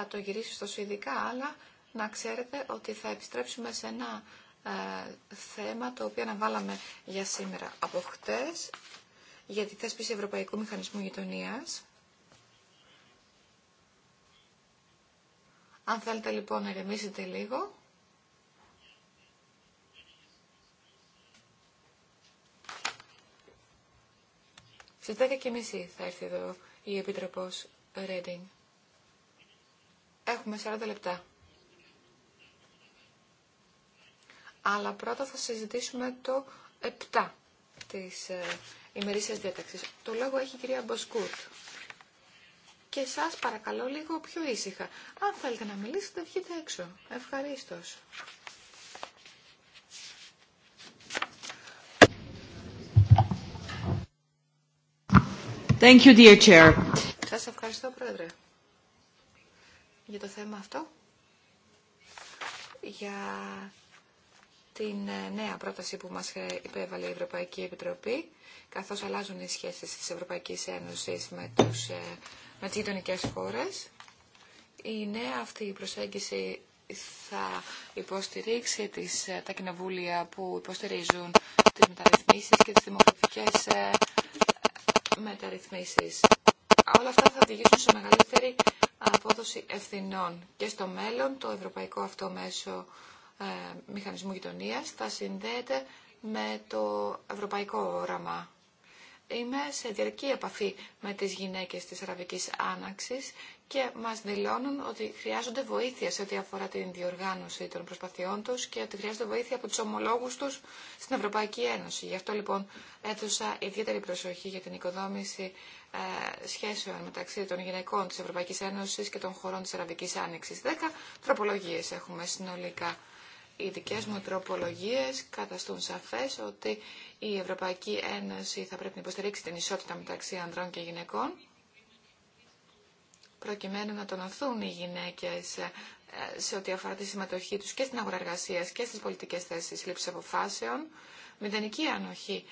θα το γυρίσω στο Σουηδικά, αλλά να ξέρετε ότι θα επιστρέψουμε σε ένα ε, θέμα το οποίο αναβάλαμε για σήμερα από χτες για τη θέσπιση Ευρωπαϊκού Μηχανισμού Γειτονίας. Αν θέλετε λοιπόν να ηρεμήσετε λίγο, στις 10.30 θα έρθει εδώ η Επίτροπος Ρέντινγκ. Έχουμε 40 λεπτά. Αλλά πρώτα θα συζητήσουμε το 7 της ε, ημερήσιας διάταξης. Το λόγο έχει η κυρία Μποσκούρτ. Και σας παρακαλώ λίγο πιο ήσυχα. Αν θέλετε να μιλήσετε, βγείτε έξω. Ευχαριστώ. Thank you, dear Chair. Σας ευχαριστώ, Πρόεδρε για το θέμα αυτό, για την ε, νέα πρόταση που μας ε, υπέβαλε η Ευρωπαϊκή Επιτροπή, καθώς αλλάζουν οι σχέσεις της Ευρωπαϊκής Ένωσης με, τους, ε, με τις γειτονικέ χώρες. Η νέα αυτή η προσέγγιση θα υποστηρίξει τις, τα κοινοβούλια που υποστηρίζουν τις μεταρρυθμίσεις και τις δημοκρατικές μεταρρυθμίσεις. Όλα αυτά θα οδηγήσουν σε μεγαλύτερη απόδοση ευθυνών. Και στο μέλλον το ευρωπαϊκό αυτό μέσο ε, μηχανισμού γειτονίας θα συνδέεται με το ευρωπαϊκό όραμα Είμαι σε διαρκή επαφή με τις γυναίκες της Αραβικής Άναξης και μας δηλώνουν ότι χρειάζονται βοήθεια σε ό,τι αφορά την διοργάνωση των προσπαθειών τους και ότι χρειάζονται βοήθεια από τους ομολόγους τους στην Ευρωπαϊκή Ένωση. Γι' αυτό λοιπόν έδωσα ιδιαίτερη προσοχή για την οικοδόμηση ε, σχέσεων μεταξύ των γυναικών της Ευρωπαϊκής Ένωσης και των χωρών της Αραβικής Άνοιξης. Δέκα τροπολογίες έχουμε συνολικά. Οι δικές μου τροπολογίες καταστούν σαφές ότι η Ευρωπαϊκή Ένωση θα πρέπει να υποστηρίξει την ισότητα μεταξύ ανδρών και γυναικών προκειμένου να τονωθούν οι γυναίκες ε, σε ό,τι αφορά τη συμμετοχή τους και στην αγορά εργασία και στις πολιτικές θέσεις λήψης αποφάσεων, μηδενική ανοχή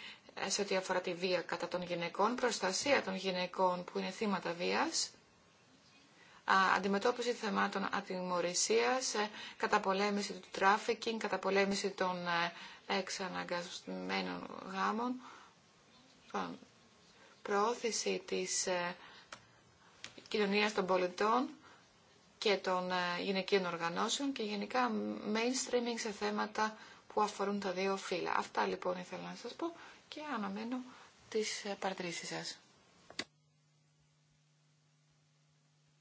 ε, σε ό,τι αφορά τη βία κατά των γυναικών, προστασία των γυναικών που είναι θύματα βίας, αντιμετώπιση θεμάτων ατιμορρησίας, ε, καταπολέμηση του τράφικινγκ, καταπολέμηση των ε, εξαναγκασμένων γάμων, λοιπόν, προώθηση της ε, κοινωνίας των πολιτών και των γυναικείων οργανώσεων και γενικά mainstreaming σε θέματα που αφορούν τα δύο φύλλα. Αυτά λοιπόν ήθελα να σας πω και αναμένω τις παρατηρήσεις σας.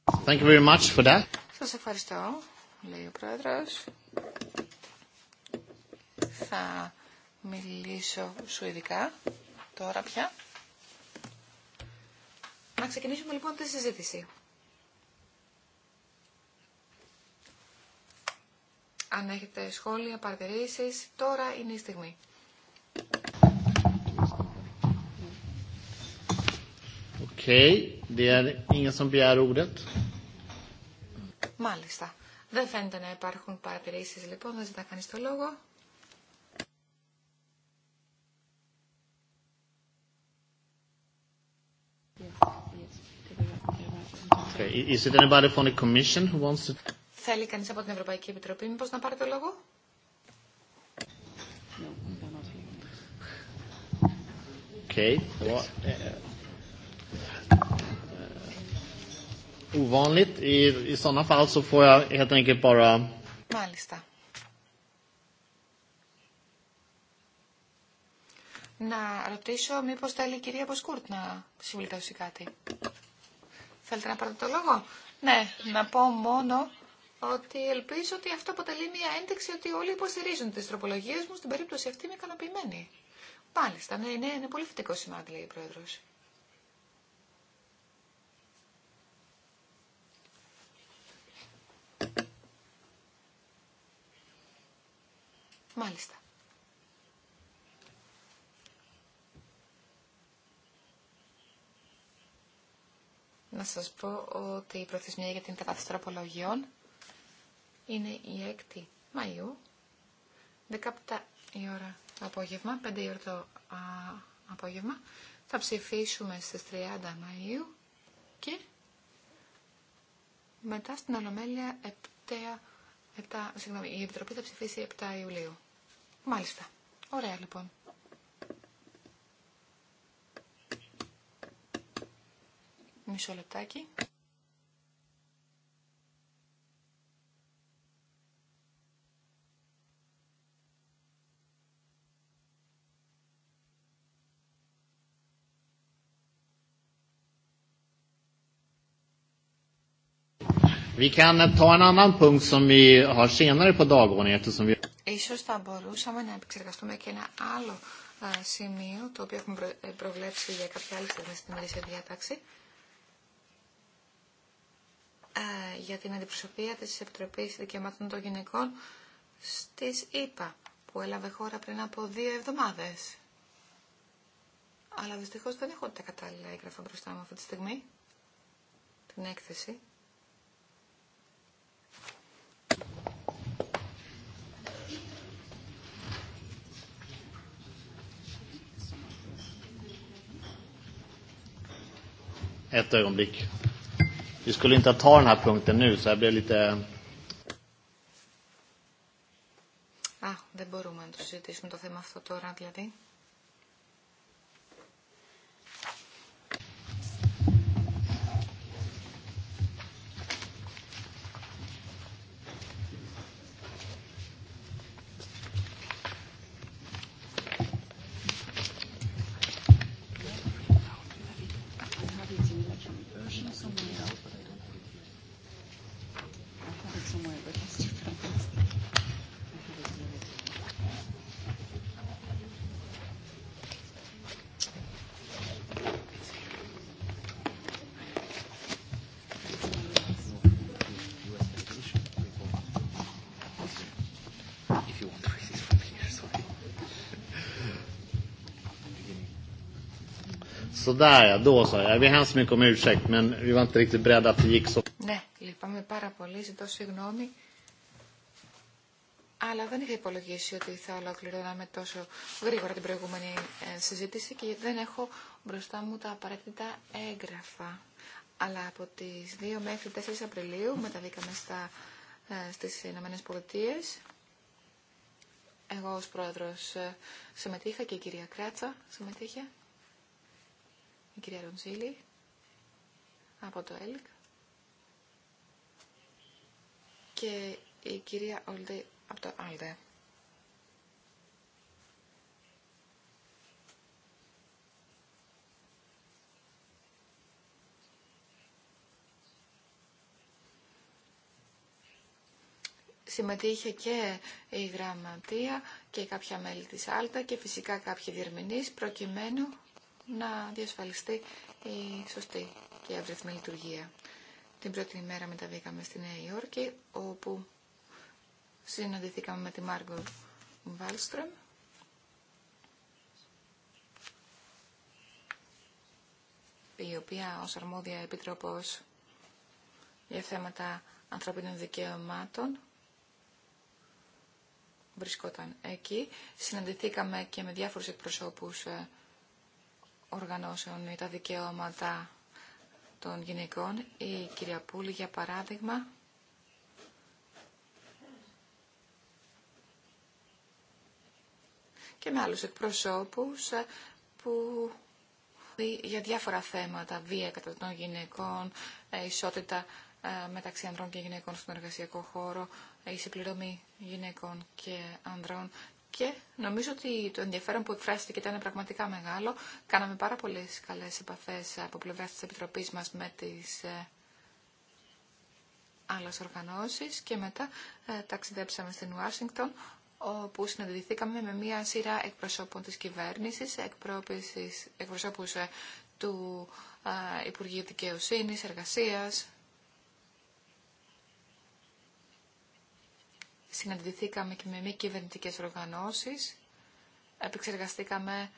Thank you very much for that. Σας ευχαριστώ, λέει ο Πρόεδρος. Θα μιλήσω σου ειδικά τώρα πια. Να ξεκινήσουμε λοιπόν τη συζήτηση. Αν έχετε σχόλια, παρατηρήσεις, τώρα είναι η στιγμή. Δεν φαίνεται να υπάρχουν παρατηρήσεις λοιπόν, δεν ζητά κανείς το λόγο. Okay. Θέλει κανείς από την Ευρωπαϊκή Επιτροπή μήπως να πάρει το λόγο. ovanligt. I, i sådana fall så får jag helt enkelt bara... Μάλιστα. Να ρωτήσω μήπως θέλει η κυρία Ποσκούρτ να συμβουλεύσει κάτι. Θέλετε να πάρετε το λόγο. Ναι, να πω μόνο ότι ελπίζω ότι αυτό αποτελεί μια ένδειξη ότι όλοι υποστηρίζουν τις τροπολογίες μου. Στην περίπτωση αυτή είμαι ικανοποιημένη. Μάλιστα, ναι, ναι, είναι πολύ θετικό σημάδι, λέει η Πρόεδρος. Μάλιστα. Να σας πω ότι η προθεσμία για την κατάθεση τροπολογιών είναι η 6η Μαΐου, 17 η ώρα το απόγευμα, 5 η ώρα το α, απόγευμα. Θα ψηφίσουμε στις 30 Μαΐου και μετά στην Ανομέλεια 7, η Επιτροπή θα ψηφίσει 7 Ιουλίου. Μάλιστα. Ωραία λοιπόν. Μισό λεπτάκι. Vi kan ta en annan punkt som vi har senare på dagordningen eftersom vi Ίσως θα μπορούσαμε να επεξεργαστούμε και ένα άλλο ε, σημείο, το οποίο έχουμε ε, προβλέψει για κάποια άλλη στιγμή στην ημερήσια διάταξη, ε, για την αντιπροσωπεία της Επιτροπής Δικαιωμάτων των Γυναικών στις ΗΠΑ, που έλαβε χώρα πριν από δύο εβδομάδες. Αλλά δυστυχώς δεν έχω τα κατάλληλα έγγραφα μπροστά μου αυτή τη στιγμή, την έκθεση. ett ögonblick. Vi skulle inte ta den här punkten nu, så jag blev lite... Α, δεν μπορούμε να το συζητήσουμε το θέμα αυτό τώρα, δηλαδή. ja, då så. Ναι, λυπάμαι πάρα πολύ, ζητώ συγγνώμη. Αλλά δεν είχα υπολογίσει ότι θα ολοκληρώναμε τόσο γρήγορα την προηγούμενη ε, συζήτηση και δεν έχω μπροστά μου τα απαραίτητα έγγραφα. Αλλά από τις 2 μέχρι 4 Απριλίου μεταβήκαμε στα, ε, στις Ηνωμένες Πολιτείες. Εγώ ως πρόεδρος ε, συμμετείχα και η κυρία Κράτσα συμμετείχε. Η κυρία Ροντζίλη από το ΕΛΚ και η κυρία Ολδέ από το ΑΛΔΕ. συμμετείχε και η γραμματεία και κάποια μέλη της Άλτα και φυσικά κάποιοι διερμηνείς προκειμένου να διασφαλιστεί η σωστή και εύρυθμη λειτουργία. Την πρώτη ημέρα μεταβήκαμε στη Νέα Υόρκη, όπου συναντηθήκαμε με τη Μάργκο Βάλστρομ. η οποία ως αρμόδια επιτροπός για θέματα ανθρωπίνων δικαιωμάτων βρισκόταν εκεί. Συναντηθήκαμε και με διάφορους εκπροσώπους ε, οργανώσεων ή τα δικαιώματα των γυναικών. Η κυρία Πούλη, για παράδειγμα, και με άλλους εκπροσώπους ε, που για διάφορα θέματα, βία κατά των γυναικών, ε, ισότητα ε, μεταξύ ανδρών και γυναικών στον εργασιακό χώρο, η συμπληρωμή γυναικών και ανδρών και νομίζω ότι το ενδιαφέρον που εκφράστηκε ήταν πραγματικά μεγάλο. Κάναμε πάρα πολλέ καλές επαφές από πλευρά τη Επιτροπή μας με τις ε, άλλες οργανώσεις και μετά ε, ταξιδέψαμε στην Ουάσιγκτον όπου συναντηθήκαμε με μία σειρά εκπροσώπων της κυβέρνησης, εκπροσώπους ε, του Υπουργείου Δικαιοσύνης, Εργασίας, συναντηθήκαμε και με μη κυβερνητικέ οργανώσει. επεξεργαστήκαμε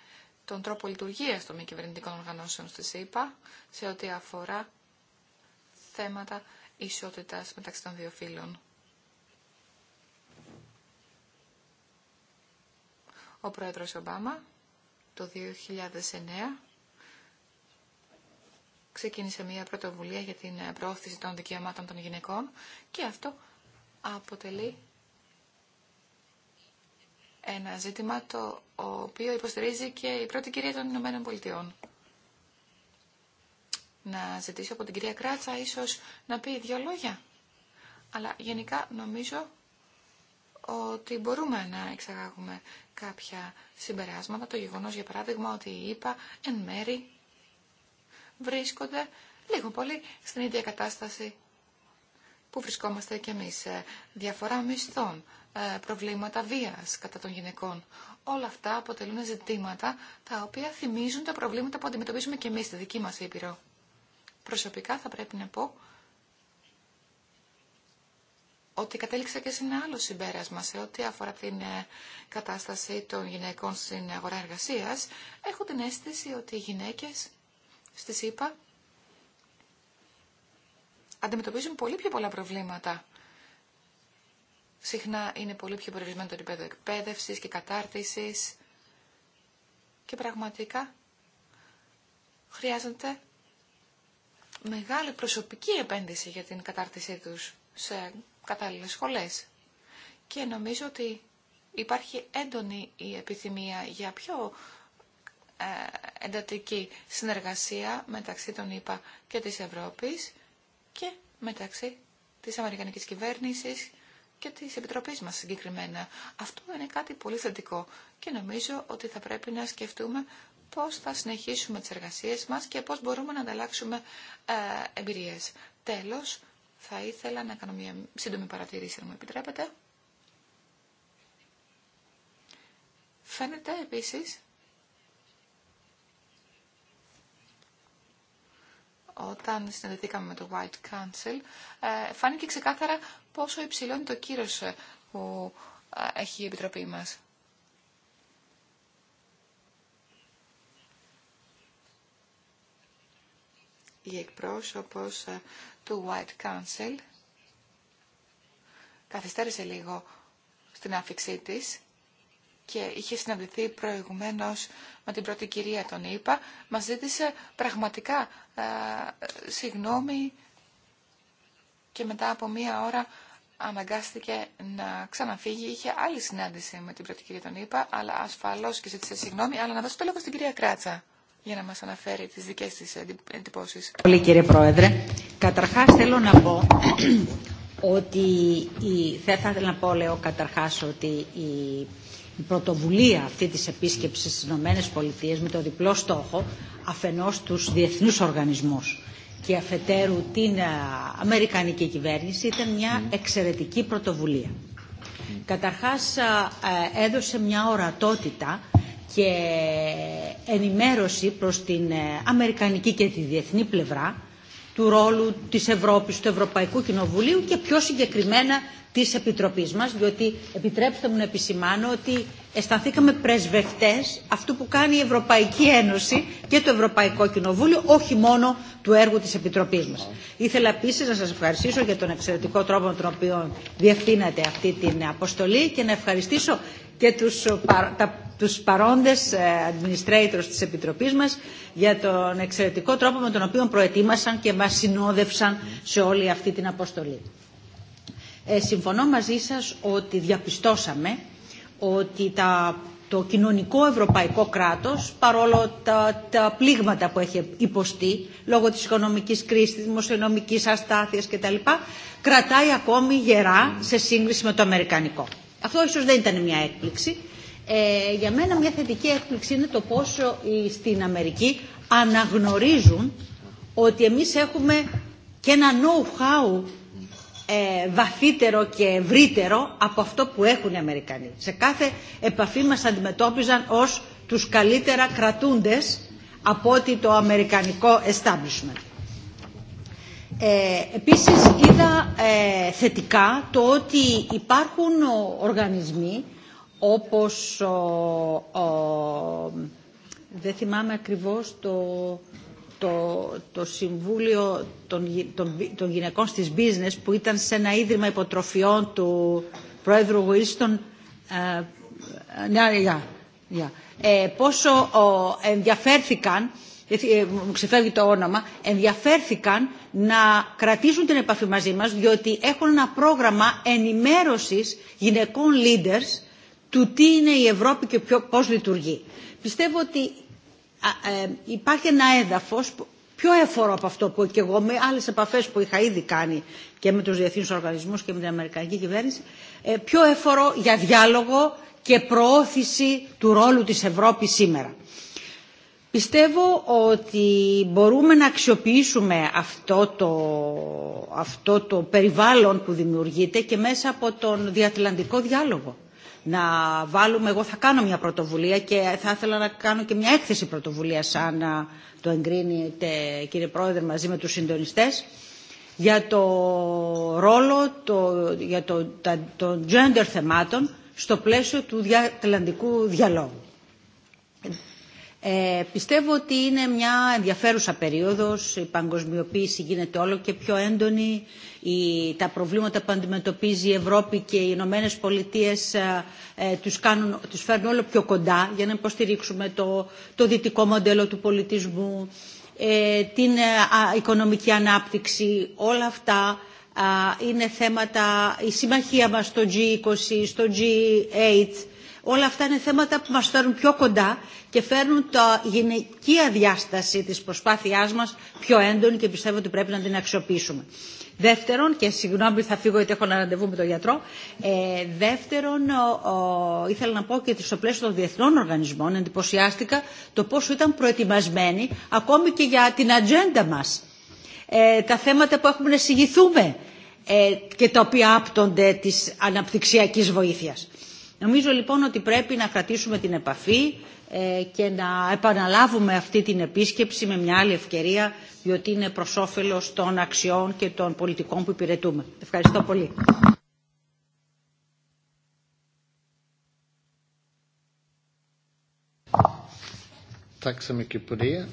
τον τρόπο λειτουργία των μη κυβερνητικών οργανώσεων στη ΣΥΠΑ σε ό,τι αφορά θέματα ισότητα μεταξύ των δύο φύλων. Ο πρόεδρος Ομπάμα το 2009 ξεκίνησε μια πρωτοβουλία για την πρόθεση των δικαιωμάτων των γυναικών και αυτό αποτελεί ένα ζήτημα το οποίο υποστηρίζει και η πρώτη κυρία των Ηνωμένων Πολιτειών. Να ζητήσω από την κυρία Κράτσα ίσως να πει δύο λόγια. Αλλά γενικά νομίζω ότι μπορούμε να εξαγάγουμε κάποια συμπεράσματα. Το γεγονός, για παράδειγμα, ότι οι ΙΠΑ εν μέρη βρίσκονται λίγο πολύ στην ίδια κατάσταση που βρισκόμαστε κι εμείς. Ε, διαφορά μισθών, ε, προβλήματα βίας κατά των γυναικών. Όλα αυτά αποτελούν ζητήματα τα οποία θυμίζουν τα προβλήματα που αντιμετωπίζουμε κι εμείς στη δική μας Ήπειρο. Προσωπικά θα πρέπει να πω ότι κατέληξα και σε ένα άλλο συμπέρασμα σε ό,τι αφορά την ε, κατάσταση των γυναικών στην αγορά εργασίας. Έχω την αίσθηση ότι οι γυναίκες στις Ήπα αντιμετωπίζουν πολύ πιο πολλά προβλήματα. Συχνά είναι πολύ πιο περιορισμένο το επίπεδο εκπαίδευση και κατάρτιση και πραγματικά χρειάζεται μεγάλη προσωπική επένδυση για την κατάρτισή τους σε κατάλληλες σχολές. Και νομίζω ότι υπάρχει έντονη η επιθυμία για πιο ε, εντατική συνεργασία μεταξύ των ΗΠΑ και της Ευρώπης και μεταξύ της Αμερικανικής κυβέρνησης και της Επιτροπής μας συγκεκριμένα. Αυτό είναι κάτι πολύ θετικό και νομίζω ότι θα πρέπει να σκεφτούμε πώς θα συνεχίσουμε τις εργασίες μας και πώς μπορούμε να ανταλλάξουμε ε, εμπειρίες. Τέλος, θα ήθελα να κάνω μια σύντομη παρατηρήση, αν μου επιτρέπετε. Φαίνεται επίσης Όταν συναντηθήκαμε με το White Council, ε, φάνηκε ξεκάθαρα πόσο υψηλό είναι το κύρος ε, που ε, έχει η Επιτροπή μας. η εκπρόσωπος του White Council καθυστέρησε λίγο στην άφηξή της και είχε συναντηθεί προηγουμένως με την πρώτη κυρία τον Ήπα μας ζήτησε πραγματικά ε, συγγνώμη και μετά από μία ώρα αναγκάστηκε να ξαναφύγει. Είχε άλλη συνάντηση με την πρώτη κυρία τον Ήπα αλλά ασφαλώς και ζήτησε συγγνώμη, αλλά να δώσω το λόγο στην κυρία Κράτσα για να μας αναφέρει τις δικές της εντυπώσεις. Πολύ κύριε Πρόεδρε. Καταρχάς θέλω να πω ότι η... θα ήθελα να πω λέω καταρχάς ότι η η πρωτοβουλία αυτή της επίσκεψης στις Ηνωμένες με το διπλό στόχο αφενός τους διεθνούς οργανισμούς και αφετέρου την ε, Αμερικανική κυβέρνηση ήταν μια εξαιρετική πρωτοβουλία. Καταρχάς ε, ε, έδωσε μια ορατότητα και ενημέρωση προς την Αμερικανική και τη διεθνή πλευρά του ρόλου της Ευρώπης, του Ευρωπαϊκού Κοινοβουλίου και πιο συγκεκριμένα της Επιτροπής μας, διότι επιτρέψτε μου να επισημάνω ότι αισθανθήκαμε πρεσβευτές αυτού που κάνει η Ευρωπαϊκή Ένωση και το Ευρωπαϊκό Κοινοβούλιο, όχι μόνο του έργου της Επιτροπής μας. Ήθελα επίση να σας ευχαριστήσω για τον εξαιρετικό τρόπο με τον οποίο διευθύνατε αυτή την αποστολή και να ευχαριστήσω και τους, τα τους παρόντες ε, administrators της Επιτροπής μας για τον εξαιρετικό τρόπο με τον οποίο προετοίμασαν και μας συνόδευσαν σε όλη αυτή την αποστολή. Ε, συμφωνώ μαζί σας ότι διαπιστώσαμε ότι τα, το κοινωνικό ευρωπαϊκό κράτος, παρόλο τα, πλήγματα που έχει υποστεί λόγω της οικονομικής κρίσης, της δημοσιονομικής αστάθειας κτλ, κρατάει ακόμη γερά σε σύγκριση με το αμερικανικό. Αυτό ίσως δεν ήταν μια έκπληξη, ε, για μένα μια θετική έκπληξη είναι το πόσο στην Αμερική αναγνωρίζουν ότι εμείς έχουμε και ένα know-how ε, βαθύτερο και ευρύτερο από αυτό που έχουν οι Αμερικανοί. Σε κάθε επαφή μας αντιμετώπιζαν ως τους καλύτερα κρατούντες από ότι το αμερικανικό establishment. Ε, επίσης είδα ε, θετικά το ότι υπάρχουν οργανισμοί όπως δεν θυμάμαι ακριβώς το, το, Συμβούλιο των, Γυναικών στις Business που ήταν σε ένα ίδρυμα υποτροφιών του Πρόεδρου Γουίστον. Ε, ναι, ε, πόσο ενδιαφέρθηκαν ε, μου ξεφεύγει το όνομα, ενδιαφέρθηκαν να κρατήσουν την επαφή μαζί μας, διότι έχουν ένα πρόγραμμα ενημέρωσης γυναικών leaders, του τι είναι η Ευρώπη και πώς λειτουργεί. Πιστεύω ότι ε, υπάρχει ένα έδαφος πιο έφορο από αυτό που και εγώ με άλλες επαφές που είχα ήδη κάνει και με τους διεθνείς οργανισμούς και με την Αμερικανική κυβέρνηση, ε, πιο έφορο για διάλογο και προώθηση του ρόλου της Ευρώπης σήμερα. Πιστεύω ότι μπορούμε να αξιοποιήσουμε αυτό το, αυτό το περιβάλλον που δημιουργείται και μέσα από τον διατλαντικό διάλογο να βάλουμε, εγώ θα κάνω μια πρωτοβουλία και θα ήθελα να κάνω και μια έκθεση πρωτοβουλία αν το εγκρίνετε κύριε Πρόεδρε μαζί με τους συντονιστές για το ρόλο, το, για το, το gender θεμάτων στο πλαίσιο του διατλαντικού διαλόγου. Ε, πιστεύω ότι είναι μια ενδιαφέρουσα περίοδος, η παγκοσμιοποίηση γίνεται όλο και πιο έντονη, η, τα προβλήματα που αντιμετωπίζει η Ευρώπη και οι Ηνωμένε Πολιτείε ε, ε, τους, κάνουν, τους φέρνουν όλο πιο κοντά για να υποστηρίξουμε το, το δυτικό μοντέλο του πολιτισμού, ε, την οικονομική ανάπτυξη, όλα αυτά είναι θέματα, η συμμαχία μας στο G20, στο G8, όλα αυτά είναι θέματα που μας φέρουν πιο κοντά και φέρνουν τη γυναικεία διάσταση της προσπάθειάς μας πιο έντονη και πιστεύω ότι πρέπει να την αξιοποιήσουμε. Δεύτερον, και συγγνώμη θα φύγω γιατί έχω ένα ραντεβού με τον γιατρό, ε, δεύτερον ο, ο, ήθελα να πω και στο πλαίσιο των διεθνών οργανισμών εντυπωσιάστηκα το πόσο ήταν προετοιμασμένοι ακόμη και για την ατζέντα μας. Ε, τα θέματα που έχουμε να συγηθούμε ε, και τα οποία άπτονται της αναπτυξιακής βοήθειας. Νομίζω λοιπόν ότι πρέπει να κρατήσουμε την επαφή ε, και να επαναλάβουμε αυτή την επίσκεψη με μια άλλη ευκαιρία, διότι είναι προ όφελο των αξιών και των πολιτικών που υπηρετούμε. Ευχαριστώ πολύ.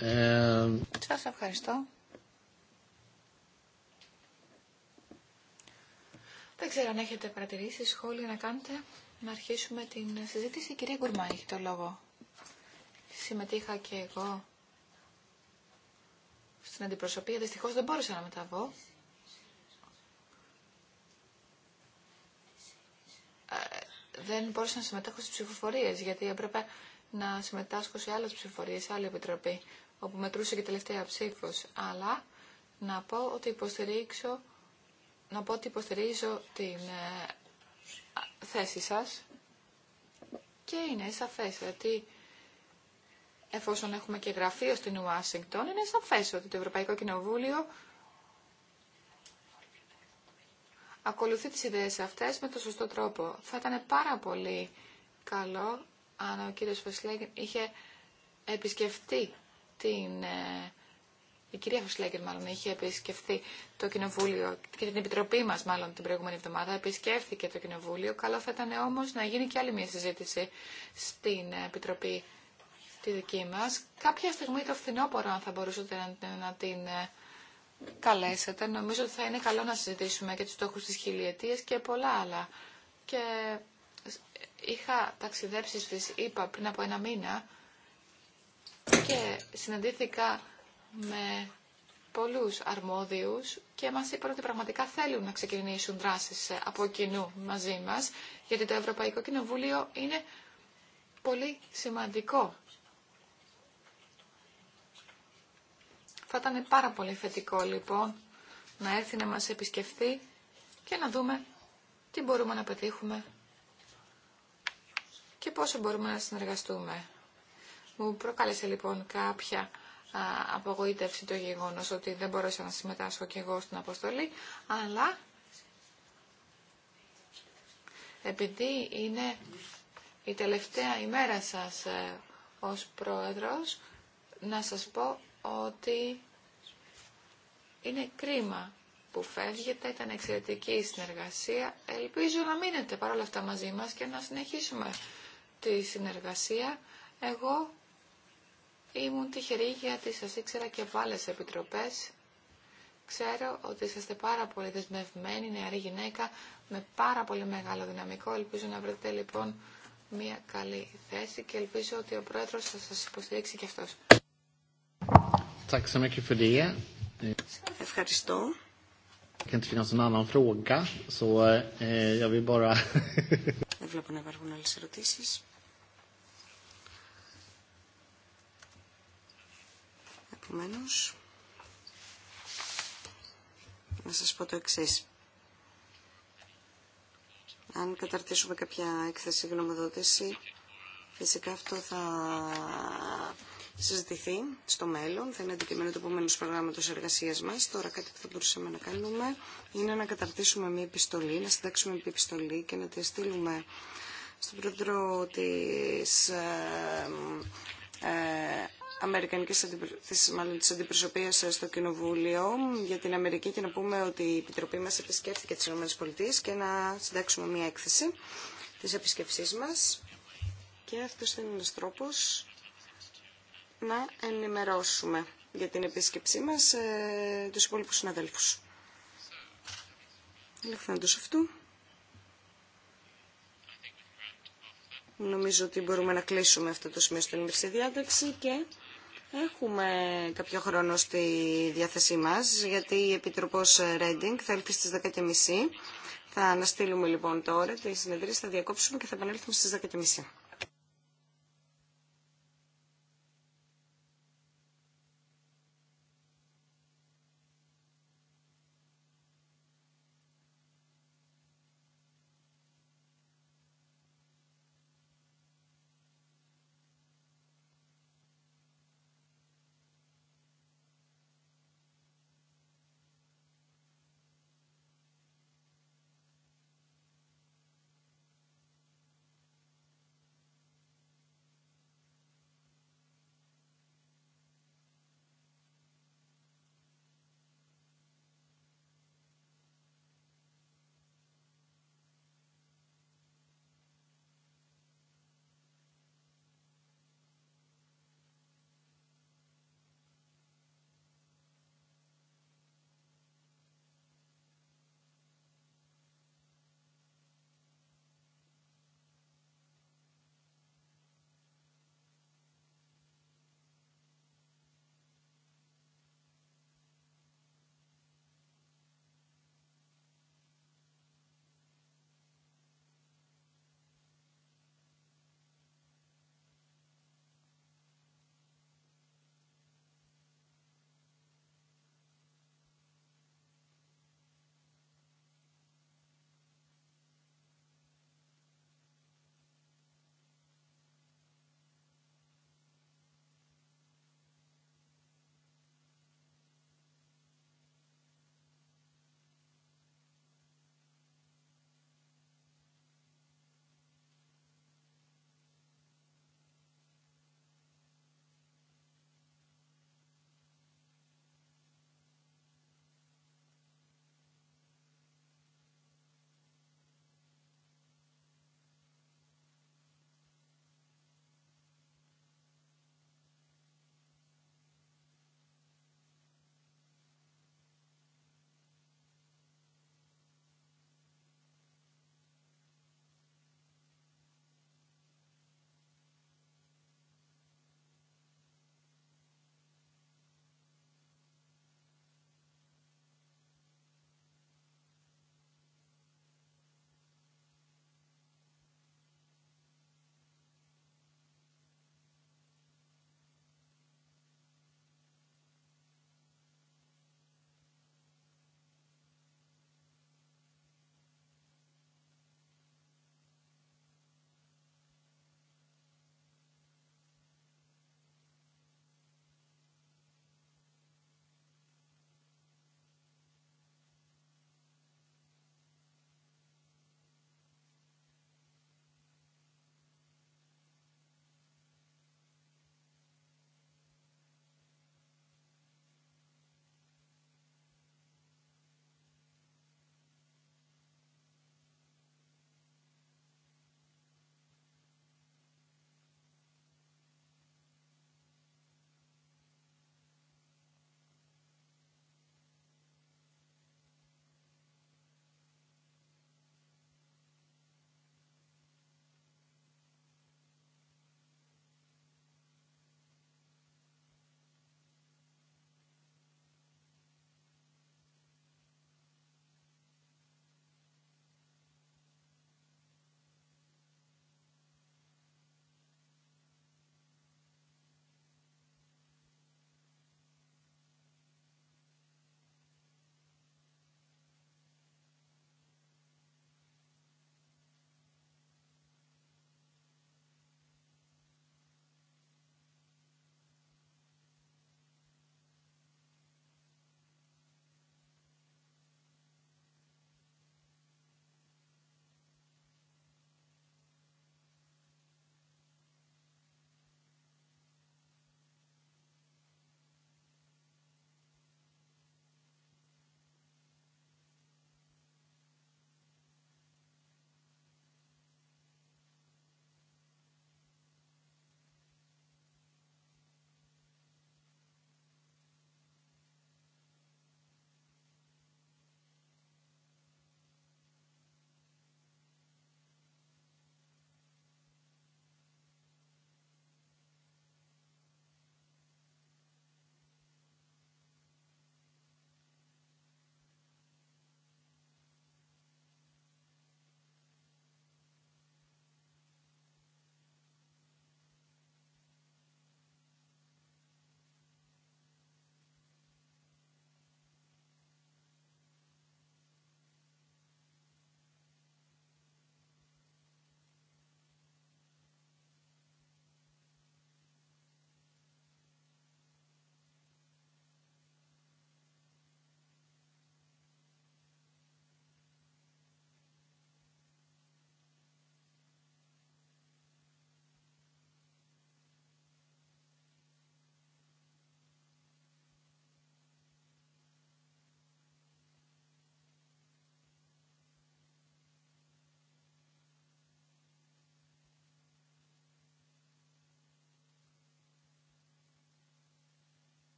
Ε, Σας ευχαριστώ. Δεν ξέρω αν έχετε παρατηρήσει σχόλια να κάνετε να αρχίσουμε την συζήτηση. Η κυρία Γκουρμά έχει το λόγο. Συμμετείχα και εγώ στην αντιπροσωπεία. Δυστυχώς δεν μπόρεσα να μεταβώ. Ε, δεν μπόρεσα να συμμετέχω στις ψηφοφορίες, γιατί έπρεπε να συμμετάσχω σε άλλες ψηφοφορίες, σε άλλη επιτροπή, όπου μετρούσε και τελευταία ψήφος. Αλλά να πω ότι υποστηρίξω, να πω ότι υποστηρίζω την ε, θέση σας και είναι σαφές ότι εφόσον έχουμε και γραφείο στην Ουάσιγκτον, είναι σαφές ότι το Ευρωπαϊκό Κοινοβούλιο ακολουθεί τις ιδέες αυτές με το σωστό τρόπο. Θα ήταν πάρα πολύ καλό αν ο κύριος Φεσλέγγιν είχε επισκεφτεί την ε, η κυρία Χουσλέγκερ μάλλον είχε επισκεφθεί το κοινοβούλιο και την επιτροπή μας μάλλον την προηγούμενη εβδομάδα επισκέφθηκε το κοινοβούλιο. Καλό θα ήταν όμως να γίνει και άλλη μια συζήτηση στην επιτροπή τη δική μας. Κάποια στιγμή το φθινόπωρο αν θα μπορούσατε να, την ε, καλέσετε. Νομίζω ότι θα είναι καλό να συζητήσουμε και τους στόχους της χιλιετίας και πολλά άλλα. Και είχα ταξιδέψει στις ΗΠΑ πριν από ένα μήνα και συναντήθηκα με πολλούς αρμόδιους και μας είπαν ότι πραγματικά θέλουν να ξεκινήσουν δράσεις ε, από κοινού μαζί μας, γιατί το Ευρωπαϊκό Κοινοβούλιο είναι πολύ σημαντικό. Θα ήταν πάρα πολύ θετικό λοιπόν να έρθει να μας επισκεφθεί και να δούμε τι μπορούμε να πετύχουμε και πόσο μπορούμε να συνεργαστούμε. Μου προκάλεσε λοιπόν κάποια απογοήτευση το γεγονός ότι δεν μπορέσα να συμμετάσχω και εγώ στην αποστολή, αλλά επειδή είναι η τελευταία ημέρα σας ε, ως πρόεδρος, να σας πω ότι είναι κρίμα που φεύγετε, ήταν εξαιρετική η συνεργασία. Ελπίζω να μείνετε παρόλα αυτά μαζί μας και να συνεχίσουμε τη συνεργασία. Εγώ Ήμουν τυχερή γιατί σας ήξερα και από άλλες επιτροπές. Ξέρω ότι είσαστε πάρα πολύ δεσμευμένοι, νεαρή γυναίκα, με πάρα πολύ μεγάλο δυναμικό. Ελπίζω να βρείτε λοιπόν μια καλή θέση και ελπίζω ότι ο πρόεδρος θα σας υποστηρίξει και αυτός. Ευχαριστώ. Δεν βλέπω να υπάρχουν άλλες ερωτήσεις. Επομένως, να σας πω το εξής. Αν καταρτήσουμε κάποια έκθεση γνωμοδότηση, φυσικά αυτό θα συζητηθεί στο μέλλον, θα είναι αντικείμενο του επόμενου προγράμματο εργασία μα. Τώρα, κάτι που θα μπορούσαμε να κάνουμε είναι να καταρτήσουμε μια επιστολή, να συντάξουμε μια επιστολή και να τη στείλουμε στον πρόεδρο τη ε, ε, αμερικανικής αντιπροσωπείας, στο Κοινοβούλιο για την Αμερική και να πούμε ότι η Επιτροπή μας επισκέφθηκε τις ΗΠΑ και να συντάξουμε μια έκθεση της επισκεψής μας και αυτός είναι ένα τρόπος να ενημερώσουμε για την επίσκεψή μας ε, τους υπόλοιπους συναδέλφους. Ελευθέντως αυτού. Νομίζω ότι μπορούμε να κλείσουμε αυτό το σημείο στην ημερήσια διάταξη και Έχουμε κάποιο χρόνο στη διάθεσή μας, γιατί η Επιτροπός Ρέντινγκ θα έλθει στις 10.30. Θα αναστείλουμε λοιπόν τώρα τη συνεδρία, θα διακόψουμε και θα επανέλθουμε στις 10.30.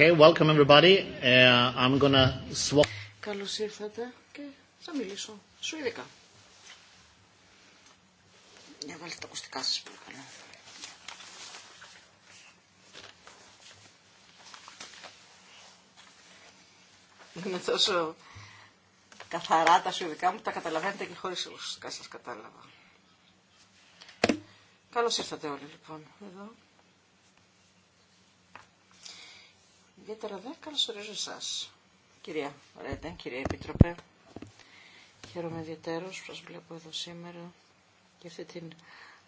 Okay, welcome everybody. Uh, I'm gonna swap. Καλώς ήρθατε και θα μιλήσω Σου σουηδικά. Για βάλτε τα ακουστικά σας παρακαλώ. Είναι τόσο καθαρά τα σουηδικά μου, τα καταλαβαίνετε και χωρί ακουστικά σα κατάλαβα. Καλώ ήρθατε όλοι λοιπόν εδώ. Ιδιαίτερα δε καλωσορίζω εσά. Κυρία Ρέντα, κυρία Επίτροπε, χαίρομαι ιδιαίτερω που σας βλέπω εδώ σήμερα και αυτή την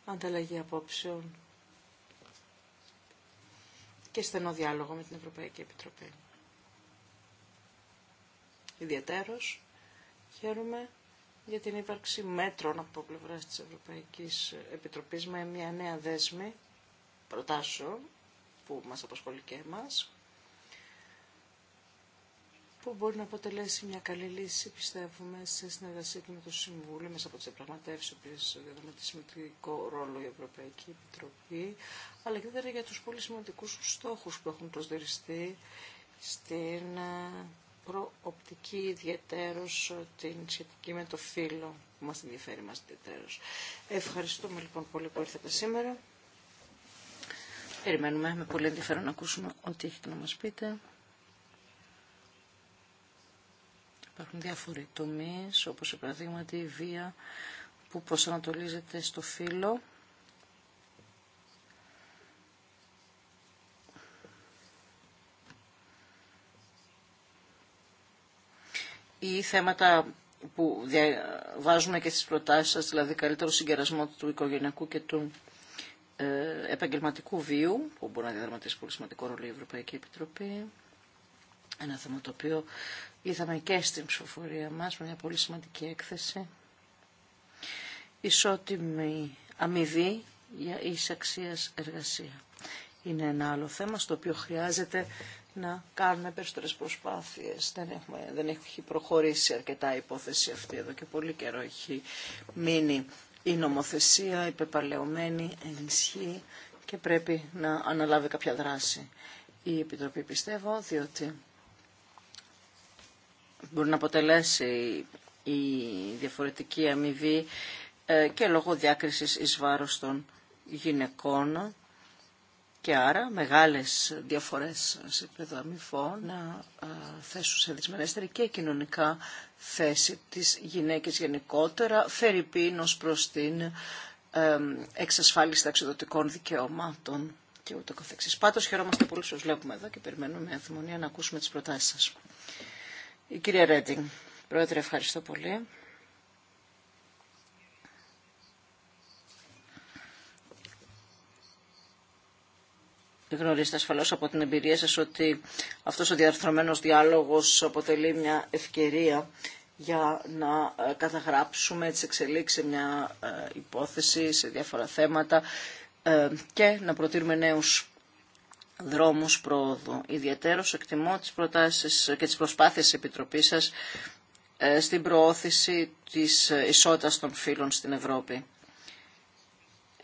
ανταλλαγή απόψεων και στενό διάλογο με την Ευρωπαϊκή Επιτροπή. Ιδιαίτερος χαίρομαι για την ύπαρξη μέτρων από πλευρά της Ευρωπαϊκής Επιτροπής με μια νέα δέσμη προτάσεων που μας αποσχολεί και εμάς που μπορεί να αποτελέσει μια καλή λύση, πιστεύουμε, σε συνεργασία και με το Συμβούλιο, μέσα από τι διαπραγματεύσει, που τη σημαντικό ρόλο η Ευρωπαϊκή Επιτροπή, αλλά και για του πολύ σημαντικού στόχου που έχουν προσδιοριστεί στην ε, προοπτική ιδιαίτερω ε, την σχετική με το φύλλο που μας ενδιαφέρει Ευχαριστούμε λοιπόν πολύ που ήρθατε σήμερα. Περιμένουμε με πολύ ενδιαφέρον να ακούσουμε ό,τι έχετε να μας πείτε. Υπάρχουν διάφοροι τομείς, όπως η παραδείγματι η βία που προσανατολίζεται στο φύλλο. Ή θέματα που βάζουμε και στις προτάσεις σας, δηλαδή καλύτερο συγκερασμό του οικογενειακού και του ε, επαγγελματικού βίου, που μπορεί να διαδραματίσει πολύ σημαντικό ρόλο η Ευρωπαϊκή Επιτροπή. Ένα θέμα το οποίο είδαμε και στην ψηφοφορία μας με μια πολύ σημαντική έκθεση. Ισότιμη αμοιβή για ίση αξίας εργασία. Είναι ένα άλλο θέμα στο οποίο χρειάζεται να κάνουμε περισσότερε προσπάθειες. Δεν, δεν έχει προχωρήσει αρκετά η υπόθεση αυτή εδώ και πολύ καιρό έχει μείνει η νομοθεσία, η ενισχύει και πρέπει να αναλάβει κάποια δράση. Η Επιτροπή πιστεύω διότι μπορεί να αποτελέσει η διαφορετική αμοιβή ε, και λόγω διάκρισης εις βάρος των γυναικών και άρα μεγάλες διαφορές σε επίπεδο αμοιβών να ε, θέσουν σε δυσμενέστερη και κοινωνικά θέση της γυναίκες γενικότερα, φέρει πίνος προς την ε, εξασφάλιση ταξιδοτικών δικαιωμάτων και ούτω καθεξής. Πάντως χαιρόμαστε πολύ σας βλέπουμε εδώ και περιμένουμε με να ακούσουμε τις προτάσεις σας. Η κυρία Ρέντινγκ. Πρόεδρε, ευχαριστώ πολύ. Γνωρίζετε ασφαλώς από την εμπειρία σας ότι αυτός ο διαρθρωμένος διάλογος αποτελεί μια ευκαιρία για να ε, καταγράψουμε τι εξελίξει σε μια ε, υπόθεση, σε διάφορα θέματα ε, και να προτείνουμε νέους δρόμους πρόοδου. ιδιαίτερο εκτιμώ τι προτάσεις και τις προσπάθειες της Επιτροπής σας ε, στην προώθηση της ισότητας των φύλων στην Ευρώπη.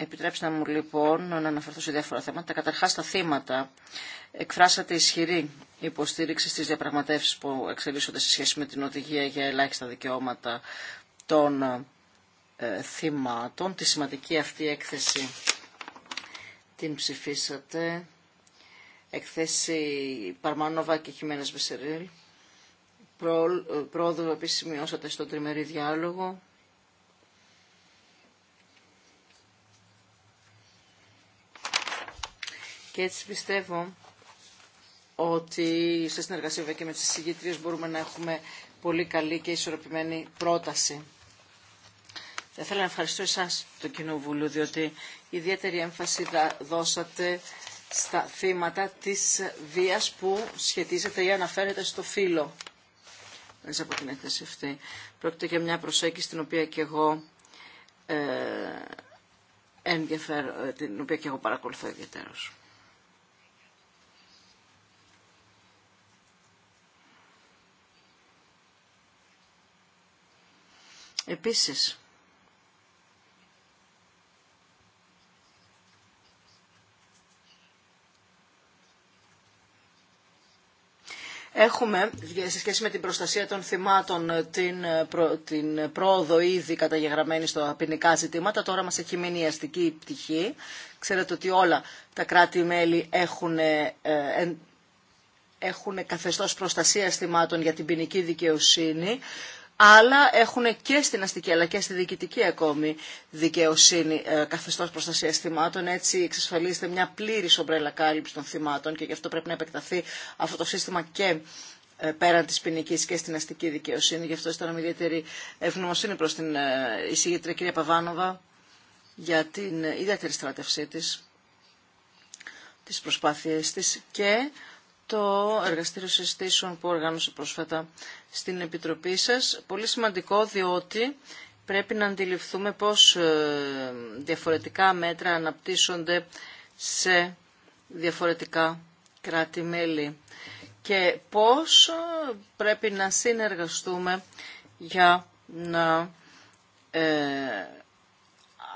Επιτρέψτε μου λοιπόν να αναφερθώ σε διάφορα θέματα. Καταρχάς τα θύματα. Εκφράσατε ισχυρή υποστήριξη στις διαπραγματεύσεις που εξελίσσονται σε σχέση με την οδηγία για ελάχιστα δικαιώματα των ε, θυμάτων. Τη σημαντική αυτή έκθεση την ψηφίσατε εκθέση Παρμάνοβα και Χιμένες Μπεσερίλ. Ε, πρόοδο επίση σημειώσατε στο τριμερή διάλογο. Και έτσι πιστεύω ότι σε συνεργασία και με τις συγκεκριτές μπορούμε να έχουμε πολύ καλή και ισορροπημένη πρόταση. Θα ήθελα να ευχαριστώ εσάς το Κοινοβούλιο, διότι ιδιαίτερη έμφαση δώσατε στα θύματα της βίας που σχετίζεται ή αναφέρεται στο φύλλο. Μέσα από την έκθεση αυτή. Πρόκειται για μια προσέγγιση την οποία και εγώ ε, ε την οποία και εγώ παρακολουθώ ιδιαίτερως. Επίσης, Έχουμε, σε σχέση με την προστασία των θυμάτων, την, την πρόοδο ήδη καταγεγραμμένη στο ποινικά ζητήματα. Τώρα μας έχει μείνει η αστική πτυχή. Ξέρετε ότι όλα τα κράτη-μέλη έχουν, ε, έχουν καθεστώς προστασίας θυμάτων για την ποινική δικαιοσύνη αλλά έχουν και στην αστική αλλά και στη διοικητική ακόμη δικαιοσύνη ε, καθεστώ προστασία θυμάτων. Έτσι εξασφαλίζεται μια πλήρη ομπρέλα κάλυψη των θυμάτων και γι' αυτό πρέπει να επεκταθεί αυτό το σύστημα και ε, πέραν της ποινική και στην αστική δικαιοσύνη. Γι' αυτό αισθάνομαι ιδιαίτερη ευγνωμοσύνη προς την ε, εισηγήτρια κυρία Παβάνοβα για την ιδιαίτερη στράτευσή της, τις προσπάθειές της και το εργαστήριο συστήσεων που οργάνωσε πρόσφατα στην Επιτροπή σας. Πολύ σημαντικό διότι πρέπει να αντιληφθούμε πώς ε, διαφορετικά μέτρα αναπτύσσονται σε διαφορετικά κράτη-μέλη και πώς ε, πρέπει να συνεργαστούμε για να ε,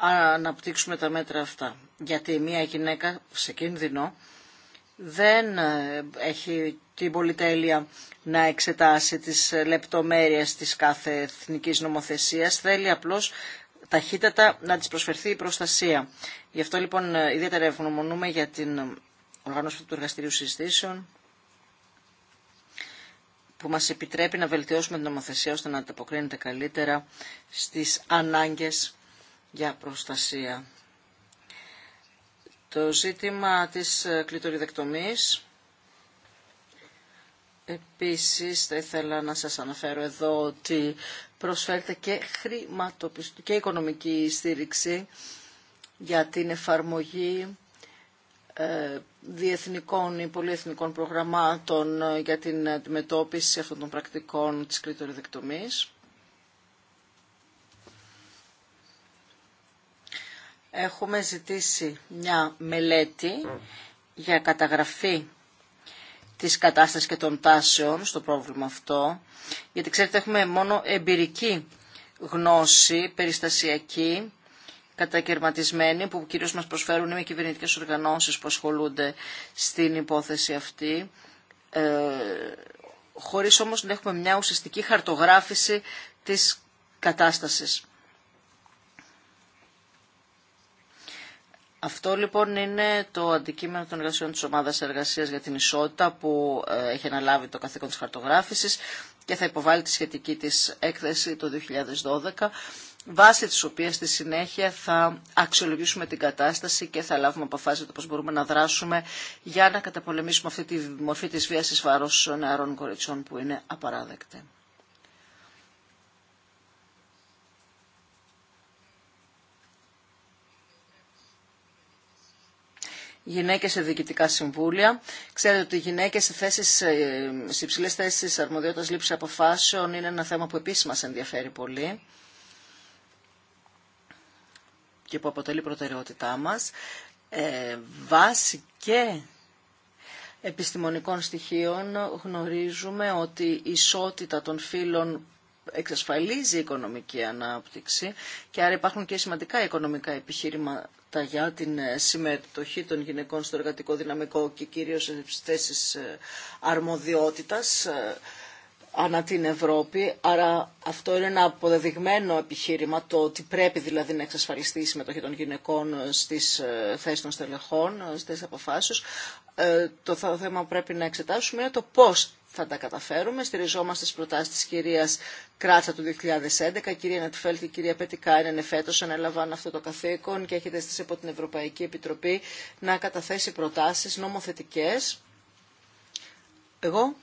αναπτύξουμε τα μέτρα αυτά. Γιατί μια γυναίκα σε κίνδυνο δεν ε, έχει την πολυτέλεια να εξετάσει τις λεπτομέρειες της κάθε εθνικής νομοθεσίας, θέλει απλώς ταχύτατα να της προσφερθεί η προστασία. Γι' αυτό λοιπόν ε, ιδιαίτερα ευγνωμονούμε για την οργάνωση του εργαστηρίου συζητήσεων που μας επιτρέπει να βελτιώσουμε την νομοθεσία ώστε να ανταποκρίνεται καλύτερα στις ανάγκες για προστασία το ζήτημα της ε, κλειτοριδεκτομής. Επίσης, θα ήθελα να σας αναφέρω εδώ ότι προσφέρεται και και οικονομική στήριξη για την εφαρμογή ε, διεθνικών ή πολυεθνικών προγραμμάτων ε, για την αντιμετώπιση αυτών των πρακτικών της κλειτοριδεκτομής. έχουμε ζητήσει μια μελέτη για καταγραφή της κατάστασης και των τάσεων στο πρόβλημα αυτό, γιατί ξέρετε έχουμε μόνο εμπειρική γνώση περιστασιακή, κατακαιρματισμένη, που κυρίως μας προσφέρουν οι κυβερνητικές οργανώσεις που ασχολούνται στην υπόθεση αυτή, ε, χωρίς όμως να έχουμε μια ουσιαστική χαρτογράφηση της κατάστασης. Αυτό λοιπόν είναι το αντικείμενο των εργασιών της Ομάδας Εργασίας για την Ισότητα που ε, έχει αναλάβει το καθήκον της χαρτογράφησης και θα υποβάλει τη σχετική της έκθεση το 2012 βάσει της οποίας στη συνέχεια θα αξιολογήσουμε την κατάσταση και θα λάβουμε αποφάσεις για το πώς μπορούμε να δράσουμε για να καταπολεμήσουμε αυτή τη μορφή της βίας εις βάρος νεαρών κοριτσιών που είναι απαράδεκτη. γυναίκες σε διοικητικά συμβούλια. Ξέρετε ότι οι γυναίκε σε, ε, σε υψηλές θέσεις αρμοδιότητας λήψης αποφάσεων είναι ένα θέμα που επίση μα ενδιαφέρει πολύ και που αποτελεί προτεραιότητά μας. Ε, βάση και επιστημονικών στοιχείων γνωρίζουμε ότι η ισότητα των φύλων εξασφαλίζει η οικονομική ανάπτυξη και άρα υπάρχουν και σημαντικά οικονομικά επιχείρημα για την ε, συμμετοχή των γυναικών στο εργατικό δυναμικό και κυρίως στις θέσεις ε, αρμοδιότητας ε, ανά την Ευρώπη. Άρα αυτό είναι ένα αποδεδειγμένο επιχείρημα, το ότι πρέπει δηλαδή να εξασφαλιστεί η συμμετοχή των γυναικών στις ε, θέσεις των στελεχών, ε, στις αποφάσεις. Ε, το θέμα που πρέπει να εξετάσουμε είναι το πώς θα τα καταφέρουμε. Στηριζόμαστε στις προτάσεις της κυρίας Κράτσα του 2011. Η κυρία Νατφέλ και η κυρία είναι φέτος ανέλαβαν αυτό το καθήκον και έχετε στήσει από την Ευρωπαϊκή Επιτροπή να καταθέσει προτάσεις νομοθετικέ Εγώ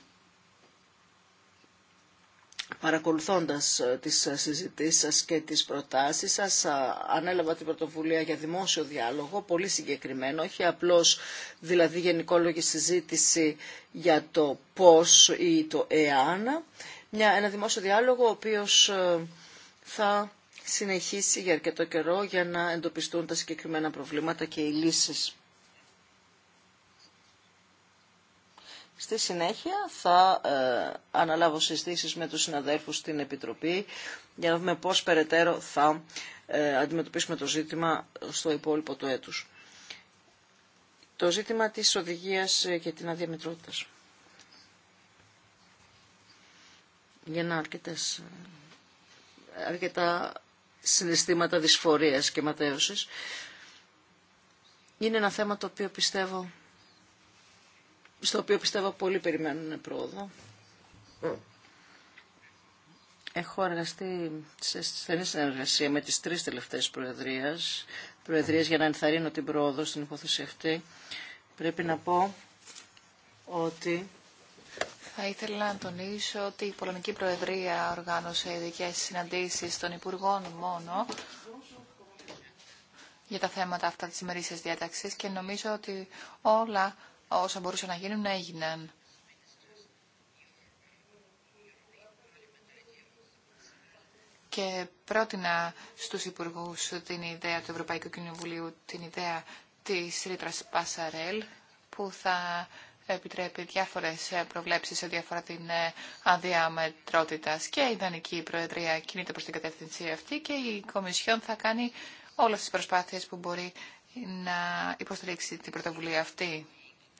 παρακολουθώντας ε, τις ε, συζητήσεις σας και τις προτάσεις σας, ανέλαβα την πρωτοβουλία για δημόσιο διάλογο, πολύ συγκεκριμένο, όχι απλώς δηλαδή γενικόλογη συζήτηση για το πώς ή το εάν, μια, ένα δημόσιο διάλογο ο οποίος ε, θα συνεχίσει για αρκετό καιρό για να εντοπιστούν τα συγκεκριμένα προβλήματα και οι λύσεις. Στη συνέχεια θα ε, αναλάβω συστήσεις με τους συναδέλφους στην Επιτροπή για να δούμε πώς περαιτέρω θα ε, αντιμετωπίσουμε το ζήτημα στο υπόλοιπο του έτους. Το ζήτημα της οδηγίας και την αδιαμετρότητα. Για να ε, αρκετά συναισθήματα δυσφορίας και ματέωσης. Είναι ένα θέμα το οποίο πιστεύω στο οποίο πιστεύω πολύ περιμένουν πρόοδο. Έχω εργαστεί σε στενή συνεργασία με τις τρεις τελευταίες προεδρίες, προεδρίες για να ενθαρρύνω την πρόοδο στην υπόθεση αυτή. Πρέπει να πω ότι... Θα ήθελα να τονίσω ότι η Πολωνική Προεδρία οργάνωσε ειδικέ συναντήσεις των Υπουργών μόνο για τα θέματα αυτά της ημερήσιας διάταξης και νομίζω ότι όλα Όσα μπορούσαν να γίνουν έγιναν. Και πρότεινα στους υπουργούς την ιδέα του Ευρωπαϊκού Κοινοβουλίου, την ιδέα της ρήτρας Πασαρέλ, που θα επιτρέπει διάφορες προβλέψεις σε διάφορα την αδιαμετρότητα και η Ιδανική Προεδρία κινείται προς την κατεύθυνση αυτή και η Κομισιόν θα κάνει όλες τις προσπάθειες που μπορεί να υποστηρίξει την πρωτοβουλία αυτή.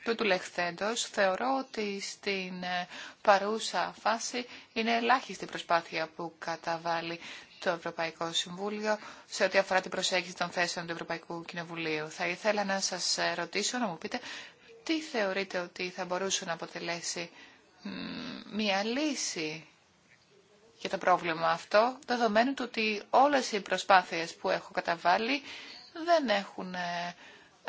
Τούτου λεχθέντος, θεωρώ ότι στην ε, παρούσα φάση είναι ελάχιστη προσπάθεια που καταβάλει το Ευρωπαϊκό Συμβούλιο σε ό,τι αφορά την προσέγγιση των θέσεων του Ευρωπαϊκού Κοινοβουλίου. Θα ήθελα να σας ε, ρωτήσω, να μου πείτε, τι θεωρείτε ότι θα μπορούσε να αποτελέσει μία λύση για το πρόβλημα αυτό, δεδομένου του ότι όλες οι προσπάθειες που έχω καταβάλει δεν έχουν ε,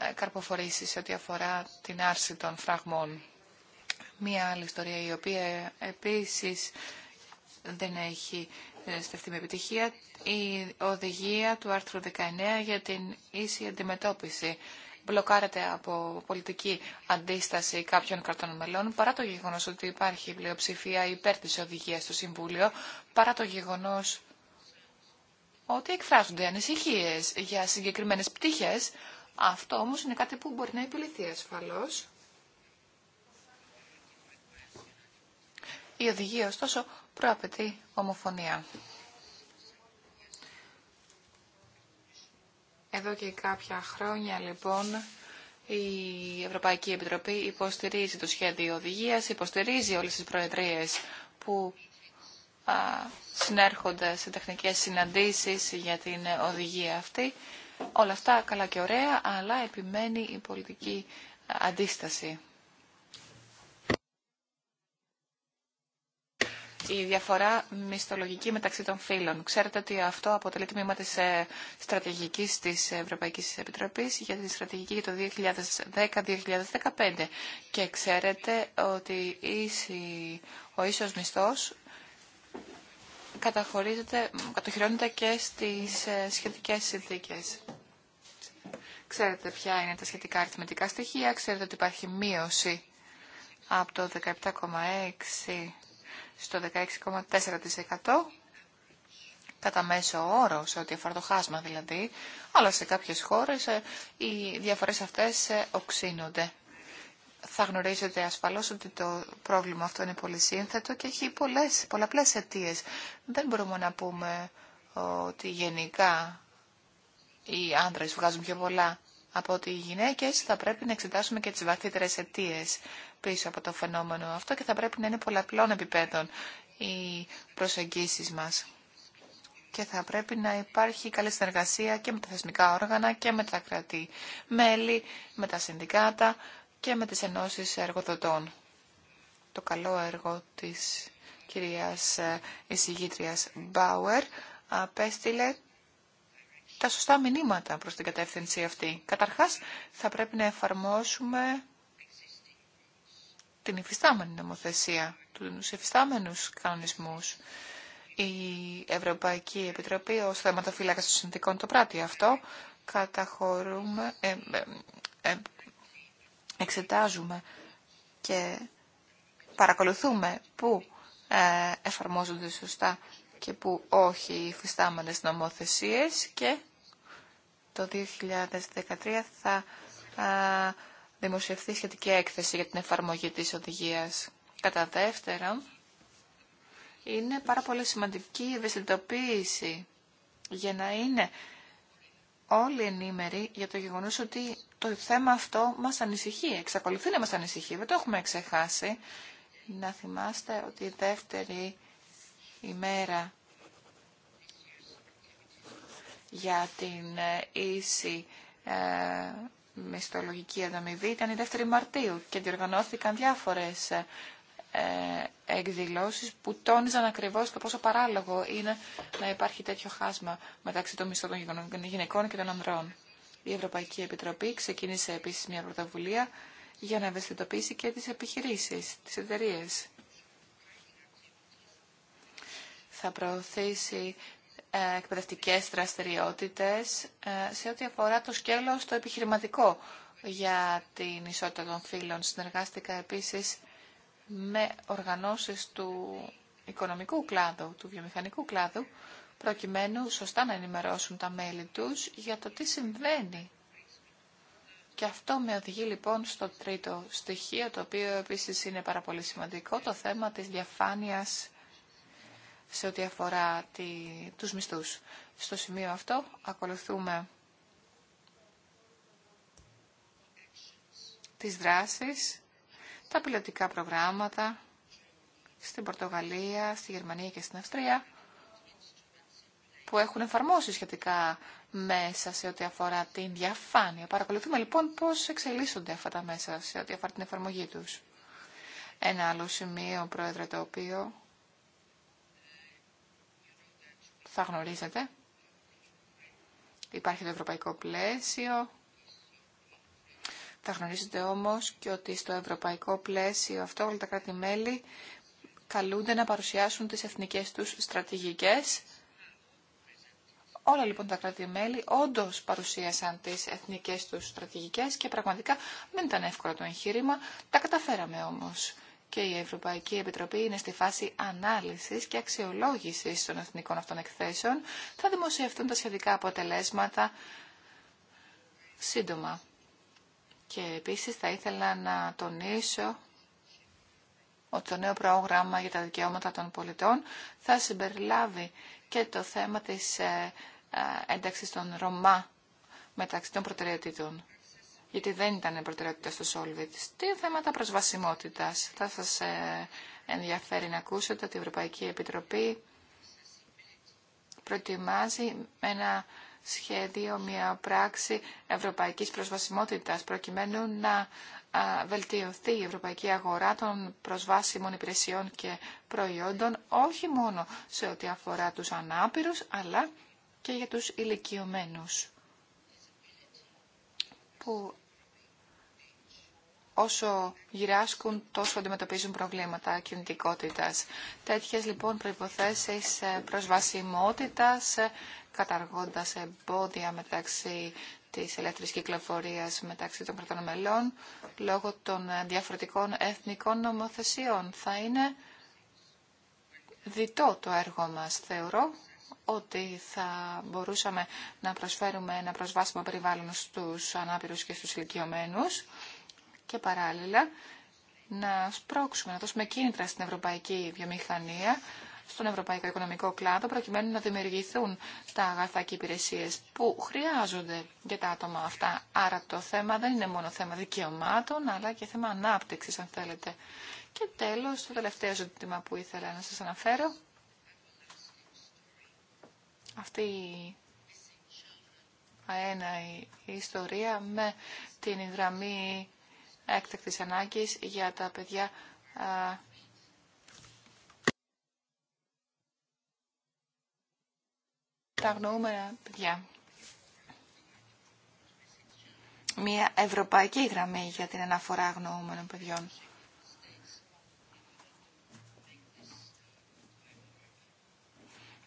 ε, καρποφορήσει σε ό,τι αφορά την άρση των φραγμών. Μία άλλη ιστορία η οποία επίσης δεν έχει ε, στεφτεί με επιτυχία η οδηγία του άρθρου 19 για την ίση αντιμετώπιση μπλοκάρεται από πολιτική αντίσταση κάποιων κρατών μελών, παρά το γεγονός ότι υπάρχει πλειοψηφία υπέρ της οδηγίας στο Συμβούλιο, παρά το γεγονός ότι εκφράζονται ανησυχίες για συγκεκριμένες πτυχές, αυτό όμως είναι κάτι που μπορεί να επιληθεί ασφαλώ. Η οδηγία ωστόσο προαπαιτεί ομοφωνία. Εδώ και κάποια χρόνια λοιπόν η Ευρωπαϊκή Επιτροπή υποστηρίζει το σχέδιο οδηγίας, υποστηρίζει όλες τις προεδρίες που συνέρχονται σε τεχνικές συναντήσεις για την οδηγία αυτή Όλα αυτά καλά και ωραία, αλλά επιμένει η πολιτική αντίσταση. η διαφορά μισθολογική μεταξύ των φύλων. Ξέρετε ότι αυτό αποτελεί τμήμα της ε, στρατηγικής της Ευρωπαϊκής Επιτροπής για τη στρατηγική για το 2010-2015. Και ξέρετε ότι ο ίσος μισθός καταχωρίζεται, κατοχυρώνεται και στις ε, σχετικές συνθήκες. Ξέρετε ποια είναι τα σχετικά αριθμητικά στοιχεία. Ξέρετε ότι υπάρχει μείωση από το 17,6% στο 16,4% κατά μέσο όρο, σε ό,τι αφορά το χάσμα δηλαδή, αλλά σε κάποιες χώρες ε, οι διαφορές αυτές ε, οξύνονται. Θα γνωρίζετε ασφαλώς ότι το πρόβλημα αυτό είναι πολύ σύνθετο και έχει πολλές, πολλαπλές αιτίες. Δεν μπορούμε να πούμε ότι γενικά οι άντρε βγάζουν πιο πολλά από ότι οι γυναίκε, θα πρέπει να εξετάσουμε και τις βαθύτερε αιτίε πίσω από το φαινόμενο αυτό και θα πρέπει να είναι πολλαπλών επιπέδων οι προσεγγίσεις μας. Και θα πρέπει να υπάρχει καλή συνεργασία και με τα θεσμικά όργανα και με τα κρατή μέλη, με τα συνδικάτα και με τις ενώσεις εργοδοτών. Το καλό έργο της κυρίας ε, εισηγήτριας Μπάουερ απέστειλε τα σωστά μηνύματα προς την κατεύθυνση αυτή. Καταρχάς, θα πρέπει να εφαρμόσουμε την υφιστάμενη νομοθεσία, τους υφιστάμενους κανονισμούς. Η Ευρωπαϊκή Επιτροπή ως θέματοφύλακας των συνθήκων το πράττει αυτό. Καταχωρούμε, ε, ε, ε, εξετάζουμε και παρακολουθούμε που εφαρμόζονται σωστά και που όχι οι φυστάμενες νομοθεσίες και το 2013 θα α, δημοσιευθεί σχετική έκθεση για την εφαρμογή της οδηγίας. Κατά δεύτερον, είναι πάρα πολύ σημαντική η ευαισθητοποίηση για να είναι όλοι ενήμεροι για το γεγονός ότι το θέμα αυτό μας ανησυχεί, εξακολουθεί να μας ανησυχεί, δεν το έχουμε ξεχάσει. Να θυμάστε ότι η δεύτερη ημέρα για την ε, ίση ε, μισθολογική ανταμοιβή ήταν η 2η Μαρτίου και διοργανώθηκαν διάφορες ε, ε, εκδηλώσεις που τόνιζαν ακριβώς το πόσο παράλογο είναι να υπάρχει τέτοιο χάσμα μεταξύ των μισθών των γυναικών και των ανδρών. Η Ευρωπαϊκή Επιτροπή ξεκίνησε επίσης μια πρωτοβουλία για να ευαισθητοποιήσει και τις επιχειρήσεις, τις εταιρείε. Θα προωθήσει ε, εκπαιδευτικές δραστηριότητες ε, σε ό,τι αφορά το σκέλος το επιχειρηματικό για την ισότητα των φύλων. Συνεργάστηκα επίσης με οργανώσεις του οικονομικού κλάδου, του βιομηχανικού κλάδου, προκειμένου σωστά να ενημερώσουν τα μέλη τους για το τι συμβαίνει. Και αυτό με οδηγεί λοιπόν στο τρίτο στοιχείο, το οποίο επίσης είναι πάρα πολύ σημαντικό, το θέμα της διαφάνειας σε ό,τι αφορά τη, τους μισθούς. Στο σημείο αυτό ακολουθούμε τις δράσεις, τα πιλωτικά προγράμματα στην Πορτογαλία, στη Γερμανία και στην Αυστρία που έχουν εφαρμόσει σχετικά μέσα σε ό,τι αφορά την διαφάνεια. Παρακολουθούμε λοιπόν πώς εξελίσσονται αυτά τα μέσα σε ό,τι αφορά την εφαρμογή τους. Ένα άλλο σημείο, Πρόεδρε, το οποίο θα γνωρίζετε. Υπάρχει το ευρωπαϊκό πλαίσιο. Θα γνωρίζετε όμως και ότι στο ευρωπαϊκό πλαίσιο αυτό όλα τα κράτη-μέλη καλούνται να παρουσιάσουν τις εθνικές τους στρατηγικές. Όλα λοιπόν τα κράτη-μέλη όντως παρουσίασαν τις εθνικές τους στρατηγικές και πραγματικά δεν ήταν εύκολο το εγχείρημα, τα καταφέραμε όμως και η Ευρωπαϊκή Επιτροπή είναι στη φάση ανάλυσης και αξιολόγησης των εθνικών αυτών εκθέσεων, θα δημοσιευτούν τα σχετικά αποτελέσματα σύντομα. Και επίσης θα ήθελα να τονίσω ότι το νέο πρόγραμμα για τα δικαιώματα των πολιτών θα συμπεριλάβει και το θέμα της ε, ε, ένταξης των Ρωμά μεταξύ των προτεραιοτήτων γιατί δεν ήταν προτεραιότητα στο Solvit. Τι θέματα προσβασιμότητας. Θα σας ε, ενδιαφέρει να ακούσετε ότι η Ευρωπαϊκή Επιτροπή προετοιμάζει ένα σχέδιο, μια πράξη ευρωπαϊκής προσβασιμότητας προκειμένου να βελτιωθεί η ευρωπαϊκή αγορά των προσβάσιμων υπηρεσιών και προϊόντων όχι μόνο σε ό,τι αφορά τους ανάπηρους αλλά και για τους ηλικιωμένους όσο γυράσκουν τόσο αντιμετωπίζουν προβλήματα κινητικότητας. Τέτοιες λοιπόν προϋποθέσεις ε, προσβασιμότητας ε, καταργώντας εμπόδια μεταξύ της ελεύθερης κυκλοφορίας μεταξύ των κρατών μελών λόγω των ε, διαφορετικών εθνικών νομοθεσιών. Θα είναι διτό το έργο μας, θεωρώ, ότι θα μπορούσαμε να προσφέρουμε ένα προσβάσιμο περιβάλλον στους ανάπηρους και στους ηλικιωμένους και παράλληλα να σπρώξουμε, να δώσουμε κίνητρα στην ευρωπαϊκή βιομηχανία, στον ευρωπαϊκό οικονομικό κλάδο, προκειμένου να δημιουργηθούν τα αγαθά και υπηρεσίε που χρειάζονται για τα άτομα αυτά. Άρα το θέμα δεν είναι μόνο θέμα δικαιωμάτων, αλλά και θέμα ανάπτυξη, αν θέλετε. Και τέλο, το τελευταίο ζήτημα που ήθελα να σα αναφέρω. Αυτή αένα η ιστορία με την γραμμή έκτακτης ανάγκης για τα παιδιά τα αγνοούμενα παιδιά. Μια ευρωπαϊκή γραμμή για την αναφορά αγνοούμενων παιδιών.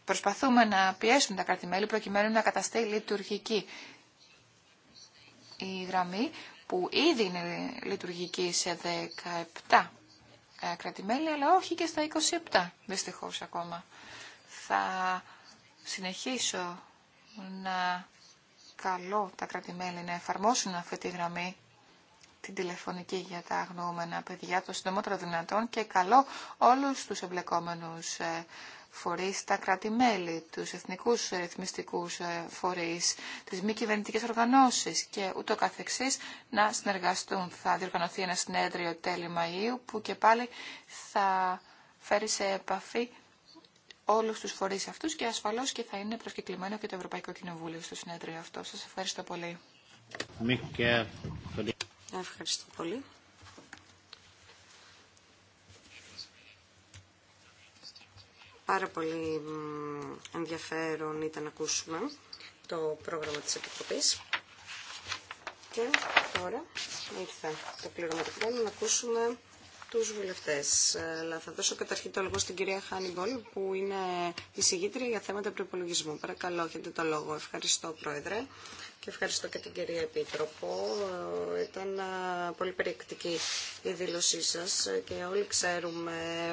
Προσπαθούμε να πιέσουμε τα κρατη προκειμένου να καταστεί λειτουργική η γραμμή που ήδη είναι λειτουργική σε 17 ε, κρατημέλη, αλλά όχι και στα 27, δυστυχώς ακόμα. Θα συνεχίσω να καλώ τα κρατημέλη να εφαρμόσουν αυτή τη γραμμή την τηλεφωνική για τα αγνοούμενα παιδιά το συντομότερο δυνατόν και καλώ όλους τους εμπλεκόμενους ε, φορείς, τα κράτη-μέλη, τους εθνικούς ρυθμιστικούς ε, φορείς, τις μη κυβερνητικέ οργανώσεις και ούτω καθεξής να συνεργαστούν. Θα διοργανωθεί ένα συνέδριο τέλη Μαΐου που και πάλι θα φέρει σε επαφή όλους τους φορείς αυτούς και ασφαλώς και θα είναι προσκεκλημένο και το Ευρωπαϊκό Κοινοβούλιο στο συνέδριο αυτό. Σας ευχαριστώ πολύ. Ευχαριστώ πολύ. Πάρα πολύ ενδιαφέρον ήταν να ακούσουμε το πρόγραμμα της Επιτροπής. Και τώρα ήρθε το πληρωματικό να ακούσουμε τους βουλευτές. Αλλά θα δώσω καταρχήν το λόγο στην κυρία Χάνιμπολ που είναι η εισηγήτρια για θέματα προπολογισμού. Παρακαλώ, έχετε το λόγο. Ευχαριστώ, Πρόεδρε. Και ευχαριστώ και την κυρία Επίτροπο. Ήταν πολύ περιεκτική η δήλωσή σας και όλοι ξέρουμε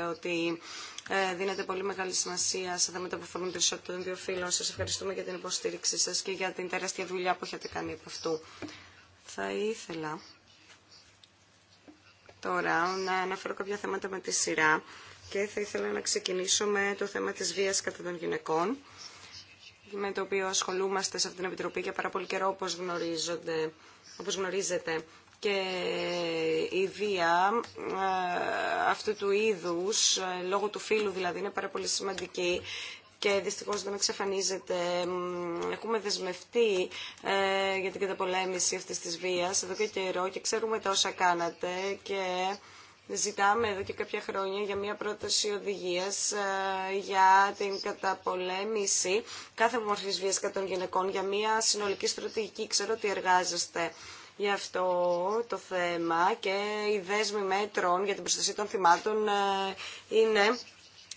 ότι ε, δίνετε πολύ μεγάλη σημασία σε θέματα που αφορούν τη ισότητα των δύο φίλων. Σας ευχαριστούμε για την υποστήριξή σας και για την τεράστια δουλειά που έχετε κάνει από αυτού. Θα ήθελα τώρα να αναφέρω κάποια θέματα με τη σειρά και θα ήθελα να ξεκινήσω με το θέμα της βίας κατά των γυναικών με το οποίο ασχολούμαστε σε αυτήν την Επιτροπή για πάρα πολύ καιρό όπως, όπως γνωρίζετε και η βία ε, αυτού του είδους, ε, λόγω του φύλου δηλαδή, είναι πάρα πολύ σημαντική και δυστυχώς δεν εξαφανίζεται. Έχουμε δεσμευτεί ε, για την καταπολέμηση αυτής της βίας εδώ και καιρό και ξέρουμε τα όσα κάνατε και ζητάμε εδώ και κάποια χρόνια για μια πρόταση οδηγίας για την καταπολέμηση κάθε μορφής βίας κατά των γυναικών για μια συνολική στρατηγική. Ξέρω ότι εργάζεστε Γι' αυτό το θέμα και οι δέσμοι μέτρων για την προστασία των θυμάτων ε, είναι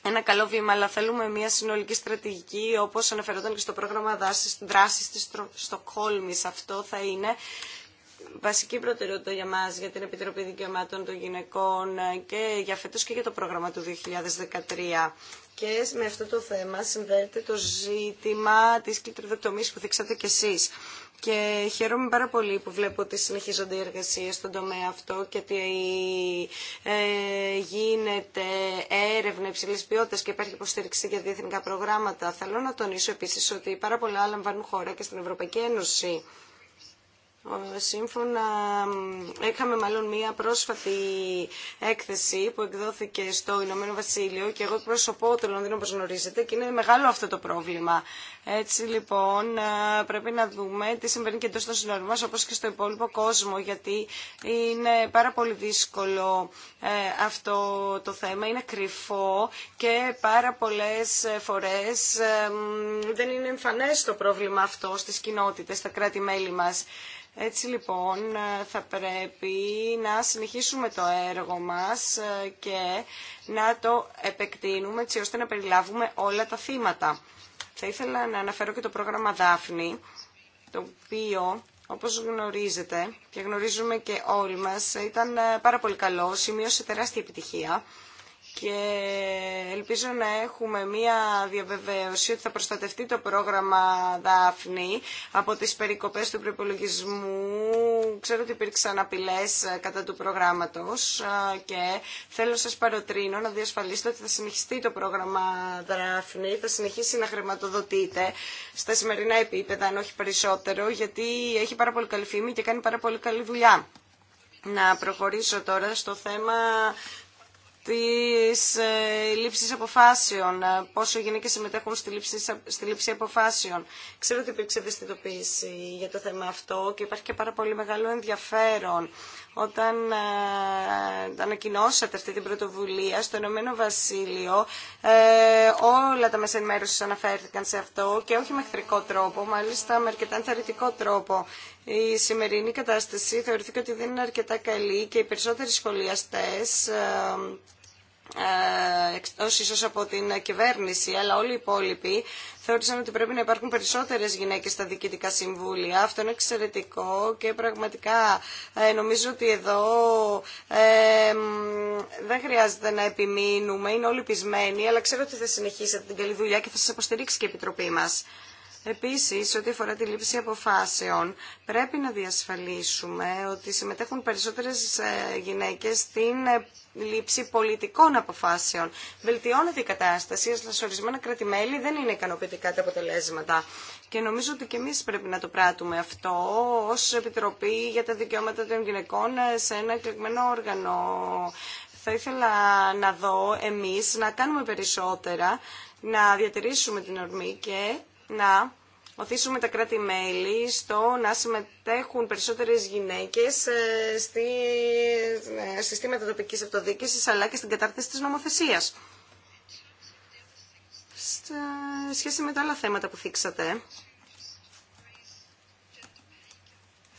ένα καλό βήμα, αλλά θέλουμε μια συνολική στρατηγική, όπως αναφερόταν και στο πρόγραμμα δράσης της Στοκχόλμη. Αυτό θα είναι βασική προτεραιότητα για μας, για την Επιτροπή Δικαιωμάτων των Γυναικών ε, και για φέτο και για το πρόγραμμα του 2013. Και με αυτό το θέμα συνδέεται το ζήτημα της κλητροδοκτομής που δείξατε κι εσείς. Και χαίρομαι πάρα πολύ που βλέπω ότι συνεχίζονται οι εργασίες στον τομέα αυτό και ότι ε, γίνεται έρευνα υψηλής ποιότητας και υπάρχει υποστήριξη για διεθνικά προγράμματα. Θέλω να τονίσω επίσης ότι πάρα πολλά λαμβάνουν χώρα και στην Ευρωπαϊκή Ένωση. Ε, σύμφωνα, είχαμε μάλλον μία πρόσφατη έκθεση που εκδόθηκε στο Ηνωμένο Βασίλειο και εγώ εκπροσωπώ το Λονδίνο όπως γνωρίζετε και είναι μεγάλο αυτό το πρόβλημα. Έτσι λοιπόν ε, πρέπει να δούμε τι συμβαίνει και εντός των συνόρων μας όπως και στο υπόλοιπο κόσμο γιατί είναι πάρα πολύ δύσκολο ε, αυτό το θέμα, είναι κρυφό και πάρα πολλές φορές δεν είναι εμφανές το πρόβλημα αυτό στις κοινότητες, στα κράτη-μέλη μας. Έτσι λοιπόν θα πρέπει να συνεχίσουμε το έργο μας ε, και να το επεκτείνουμε έτσι ώστε να περιλάβουμε όλα τα θύματα. Θα ήθελα να αναφέρω και το πρόγραμμα Δάφνη, το οποίο όπως γνωρίζετε και γνωρίζουμε και όλοι μας ήταν ε, πάρα πολύ καλό, σημείωσε τεράστια επιτυχία και ελπίζω να έχουμε μία διαβεβαίωση ότι θα προστατευτεί το πρόγραμμα Δάφνη από τις περικοπές του προπολογισμού. Ξέρω ότι υπήρξαν απειλές ε, κατά του προγράμματος ε, και θέλω να σας παροτρύνω να διασφαλίσετε ότι θα συνεχιστεί το πρόγραμμα Δάφνη, θα συνεχίσει να χρηματοδοτείται στα σημερινά επίπεδα, αν όχι περισσότερο, γιατί έχει πάρα πολύ καλή φήμη και κάνει πάρα πολύ καλή δουλειά. Να προχωρήσω τώρα στο θέμα της ε, λήψης αποφάσεων, ε, πόσο οι γυναίκες συμμετέχουν στη λήψη, στη λήψη αποφάσεων. Ξέρω ότι υπήρξε ευαισθητοποίηση για το θέμα αυτό και υπάρχει και πάρα πολύ μεγάλο ενδιαφέρον όταν ε, ανακοινώσατε αυτή την πρωτοβουλία στο Ηνωμένο Βασίλειο ε, όλα τα μέσα ενημέρωση αναφέρθηκαν σε αυτό και όχι με εχθρικό τρόπο, μάλιστα με αρκετά ενθαρρυντικό τρόπο. Η σημερινή κατάσταση θεωρηθήκε ότι δεν είναι αρκετά καλή και οι περισσότεροι σχολιαστές ε, εκτός ίσως από την κυβέρνηση, αλλά όλοι οι υπόλοιποι θεώρησαν ότι πρέπει να υπάρχουν περισσότερες γυναίκες στα διοικητικά συμβούλια. Αυτό είναι εξαιρετικό και πραγματικά ε, νομίζω ότι εδώ ε, δεν χρειάζεται να επιμείνουμε, είναι όλοι πεισμένοι, αλλά ξέρω ότι θα συνεχίσετε την καλή δουλειά και θα σας υποστηρίξει και η Επιτροπή μας. Επίσης, ό,τι αφορά τη λήψη αποφάσεων, πρέπει να διασφαλίσουμε ότι συμμετέχουν περισσότερες ε, γυναίκες στην ε, λήψη πολιτικών αποφάσεων. Βελτιώνεται η κατάσταση, αλλά σε ορισμένα κρατημέλη δεν είναι ικανοποιητικά τα αποτελέσματα. Και νομίζω ότι και εμείς πρέπει να το πράττουμε αυτό ως Επιτροπή για τα Δικαιώματα των Γυναικών σε ένα εκλεγμένο όργανο. Θα ήθελα να δω εμείς να κάνουμε περισσότερα, να διατηρήσουμε την ορμή και να οθήσουμε τα κράτη-μέλη στο να συμμετέχουν περισσότερες γυναίκες ε, στη ε, συστήματα τοπικής αυτοδιοίκησης αλλά και στην κατάρτιση της νομοθεσίας. Στα σχέση με τα άλλα θέματα που θίξατε,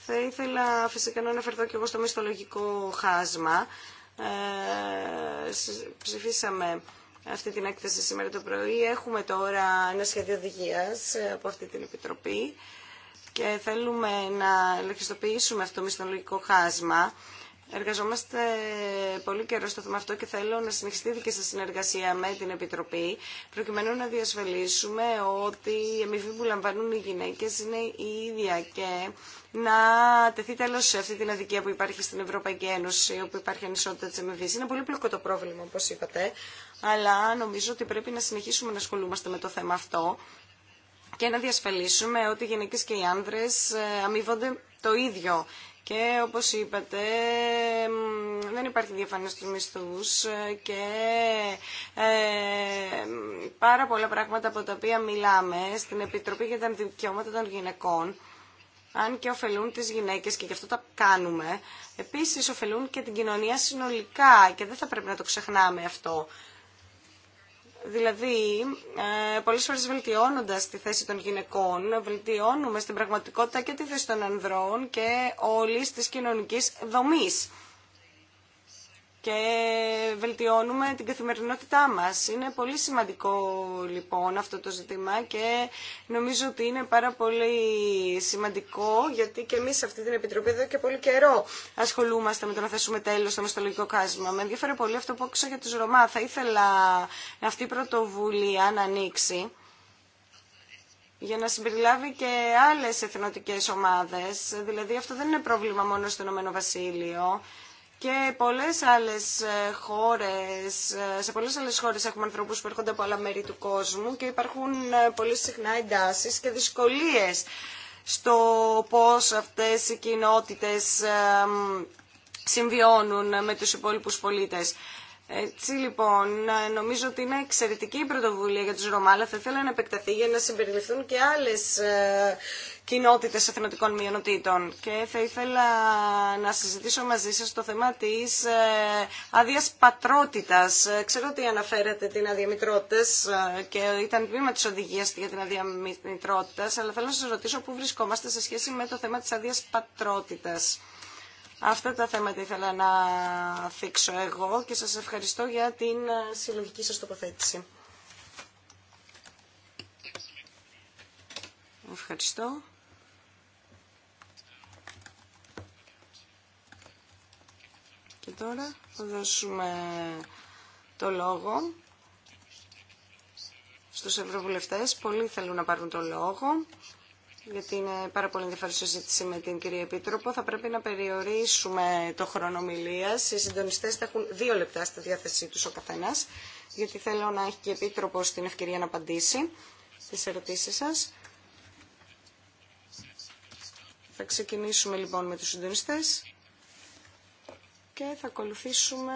θα ήθελα φυσικά να αναφερθώ και εγώ στο μισθολογικό χάσμα. Ε, ψηφίσαμε αυτή την έκθεση σήμερα το πρωί. Έχουμε τώρα ένα σχέδιο οδηγία ε, από αυτή την Επιτροπή και θέλουμε να ελεγχιστοποιήσουμε αυτό το μισθολογικό χάσμα. Εργαζόμαστε πολύ καιρό στο θέμα αυτό και θέλω να συνεχιστεί και σε συνεργασία με την Επιτροπή, προκειμένου να διασφαλίσουμε ότι οι αμοιβοί που λαμβάνουν οι γυναίκε είναι η ίδια και να τεθεί τέλο σε αυτή την αδικία που υπάρχει στην Ευρωπαϊκή Ένωση, όπου υπάρχει ανισότητα τη αμοιβή. Είναι πολύ πλοκό το πρόβλημα, όπω είπατε, αλλά νομίζω ότι πρέπει να συνεχίσουμε να ασχολούμαστε με το θέμα αυτό και να διασφαλίσουμε ότι οι γυναίκες και οι άνδρες ε, αμείβονται το ίδιο. Και όπως είπατε, δεν υπάρχει διαφάνεια στους μισθούς ε, και ε, πάρα πολλά πράγματα από τα οποία μιλάμε στην Επιτροπή για τα Δικαιώματα των Γυναικών, αν και ωφελούν τις γυναίκες και γι' αυτό τα κάνουμε, επίσης ωφελούν και την κοινωνία συνολικά και δεν θα πρέπει να το ξεχνάμε αυτό. Δηλαδή, ε, πολλέ φορέ βελτιώνοντα τη θέση των γυναικών, βελτιώνουμε στην πραγματικότητα και τη θέση των ανδρών και όλη τη κοινωνική δομής και βελτιώνουμε την καθημερινότητά μας. Είναι πολύ σημαντικό λοιπόν αυτό το ζήτημα και νομίζω ότι είναι πάρα πολύ σημαντικό γιατί και εμείς σε αυτή την Επιτροπή εδώ και πολύ καιρό ασχολούμαστε με το να θέσουμε τέλος στο Μεστολογικό κάσμα. Με ενδιαφέρει πολύ αυτό που άκουσα για τους Ρωμά. Θα ήθελα αυτή η πρωτοβουλία να ανοίξει για να συμπεριλάβει και άλλες εθνοτικές ομάδες. Δηλαδή αυτό δεν είναι πρόβλημα μόνο στο Ηνωμένο Βασίλειο και πολλές άλλες ε, χώρες, ε, σε πολλές άλλες χώρες έχουμε ανθρώπους που έρχονται από άλλα μέρη του κόσμου και υπάρχουν ε, πολύ συχνά εντάσεις και δυσκολίες στο πώς αυτές οι κοινότητες συμβιώνουν με τους υπόλοιπους πολίτες. Έτσι λοιπόν, ε, νομίζω ότι είναι εξαιρετική η πρωτοβουλία για τους Ρωμά, αλλά θα ήθελα να επεκταθεί για να συμπεριληφθούν και άλλες ε, κοινότητε εθνοτικών μειονοτήτων. Και θα ήθελα να συζητήσω μαζί σας το θέμα τη ε, άδεια πατρότητα. Ξέρω ότι αναφέρατε την αδιαμητρότητα και ήταν βήμα τη οδηγία για την αδιαμητρότητα, αλλά θέλω να σας ρωτήσω πού βρισκόμαστε σε σχέση με το θέμα της άδεια πατρότητα. Αυτά τα θέματα ήθελα να θίξω εγώ και σας ευχαριστώ για την συλλογική σας τοποθέτηση. Ευχαριστώ. Και τώρα θα δώσουμε το λόγο στους ευρωβουλευτές. Πολλοί θέλουν να πάρουν το λόγο γιατί είναι πάρα πολύ ενδιαφέρουσα συζήτηση με την κυρία Επίτροπο. Θα πρέπει να περιορίσουμε το χρόνο ομιλία. Οι συντονιστέ θα έχουν δύο λεπτά στη διάθεσή του ο καθένα, γιατί θέλω να έχει και η Επίτροπο την ευκαιρία να απαντήσει τι ερωτήσει σα. Θα ξεκινήσουμε λοιπόν με τους συντονιστές και θα ακολουθήσουμε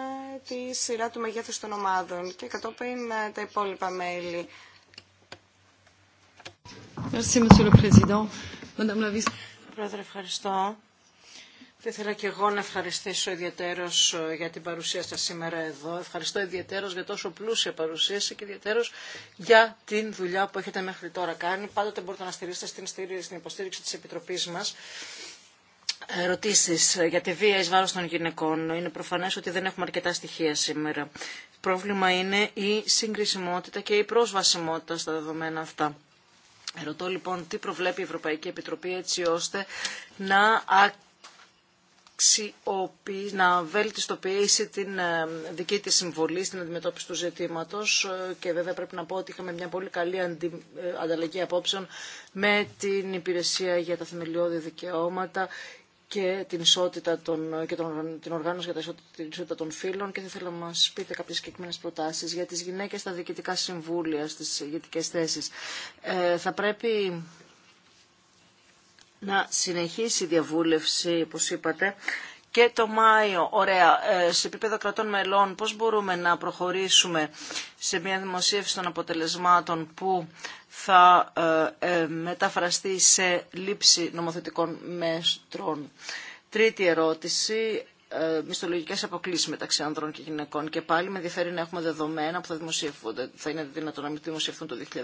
τη σειρά του μεγέθους των ομάδων και κατόπιν τα υπόλοιπα μέλη. Πρόεδρε, ευχαριστώ. Θα ήθελα και εγώ να ευχαριστήσω ιδιαίτερος ε, για την παρουσία σας σήμερα εδώ. Ευχαριστώ ιδιαίτερος για τόσο πλούσια παρουσίαση και ιδιαίτερος για την δουλειά που έχετε μέχρι τώρα κάνει. Πάντοτε μπορείτε να στηρίξετε στην, υποστήριξη της Επιτροπής μας. Ερωτήσεις ε, για τη βία εις βάρος των γυναικών. Είναι προφανές ότι δεν έχουμε αρκετά στοιχεία σήμερα. Το πρόβλημα είναι η συγκρισιμότητα και η πρόσβασιμότητα στα δεδομένα αυτά. Ρωτώ λοιπόν τι προβλέπει η Ευρωπαϊκή Επιτροπή έτσι ώστε να να βελτιστοποιήσει την ε, δική της συμβολή στην αντιμετώπιση του ζητήματος ε, και βέβαια πρέπει να πω ότι είχαμε μια πολύ καλή ε, ανταλλαγή απόψεων με την Υπηρεσία για τα Θεμελιώδη Δικαιώματα και την ισότητα των, και τον, την οργάνωση για την ισότητα των φύλων και θα ήθελα να μας πείτε κάποιε συγκεκριμένε προτάσει για τι γυναίκε στα διοικητικά συμβούλια, στι ηγετικέ θέσει. Ε, θα πρέπει να συνεχίσει η διαβούλευση, όπω είπατε, και το Μάιο. Ωραία, ε, σε επίπεδο κρατών μελών πώς μπορούμε να προχωρήσουμε σε μια δημοσίευση των αποτελεσμάτων που θα ε, ε, μεταφραστεί σε λήψη νομοθετικών μέστρων. Τρίτη ερώτηση, ε, μισθολογικέ αποκλήσει μεταξύ ανδρών και γυναικών. Και πάλι με ενδιαφέρει να έχουμε δεδομένα που θα, θα είναι δυνατόν να μην δημοσιευθούν το 2013.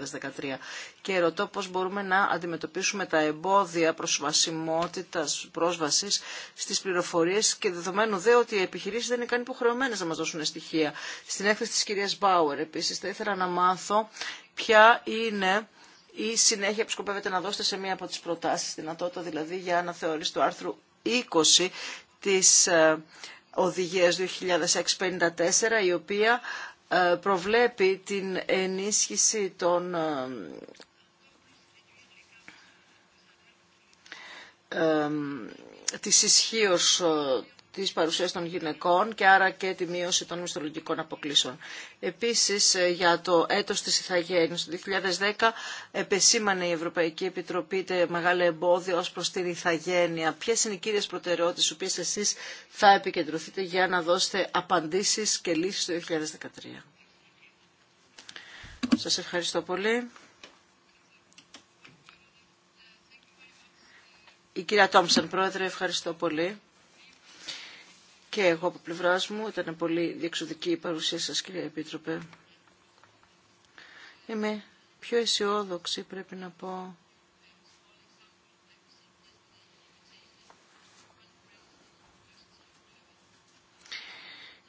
Και ρωτώ πώ μπορούμε να αντιμετωπίσουμε τα εμπόδια προσβασιμότητα πρόσβαση στι πληροφορίε και δεδομένου δε ότι οι επιχειρήσει δεν είναι καν υποχρεωμένε να μα δώσουν στοιχεία. Στην έκθεση τη κυρία Μπάουερ επίση θα ήθελα να μάθω ποια είναι η συνέχεια που σκοπεύετε να δώσετε σε μία από τις προτάσεις δυνατότητα, δηλαδή για να αναθεώρηση το άρθρο 20 της ε, Οδηγίας 2654, η οποία ε, προβλέπει την ενίσχυση των ε, της ισχύως της παρουσίας των γυναικών και άρα και τη μείωση των μισθολογικών αποκλήσεων. Επίσης, ε, για το έτος της Ιθαγένειας, το 2010, επεσήμανε η Ευρωπαϊκή Επιτροπή μεγάλο εμπόδιο ως προς την Ιθαγένεια. Ποιες είναι οι κύριες προτεραιότητες, στις οποίες εσείς θα επικεντρωθείτε για να δώσετε απαντήσεις και λύσεις το 2013. Σας ευχαριστώ πολύ. Η κυρία Τόμψεν, πρόεδρε, ευχαριστώ πολύ και εγώ από πλευρά μου. Ήταν πολύ διεξοδική η παρουσία σας κυρία Επίτροπε. Είμαι πιο αισιόδοξη πρέπει να πω.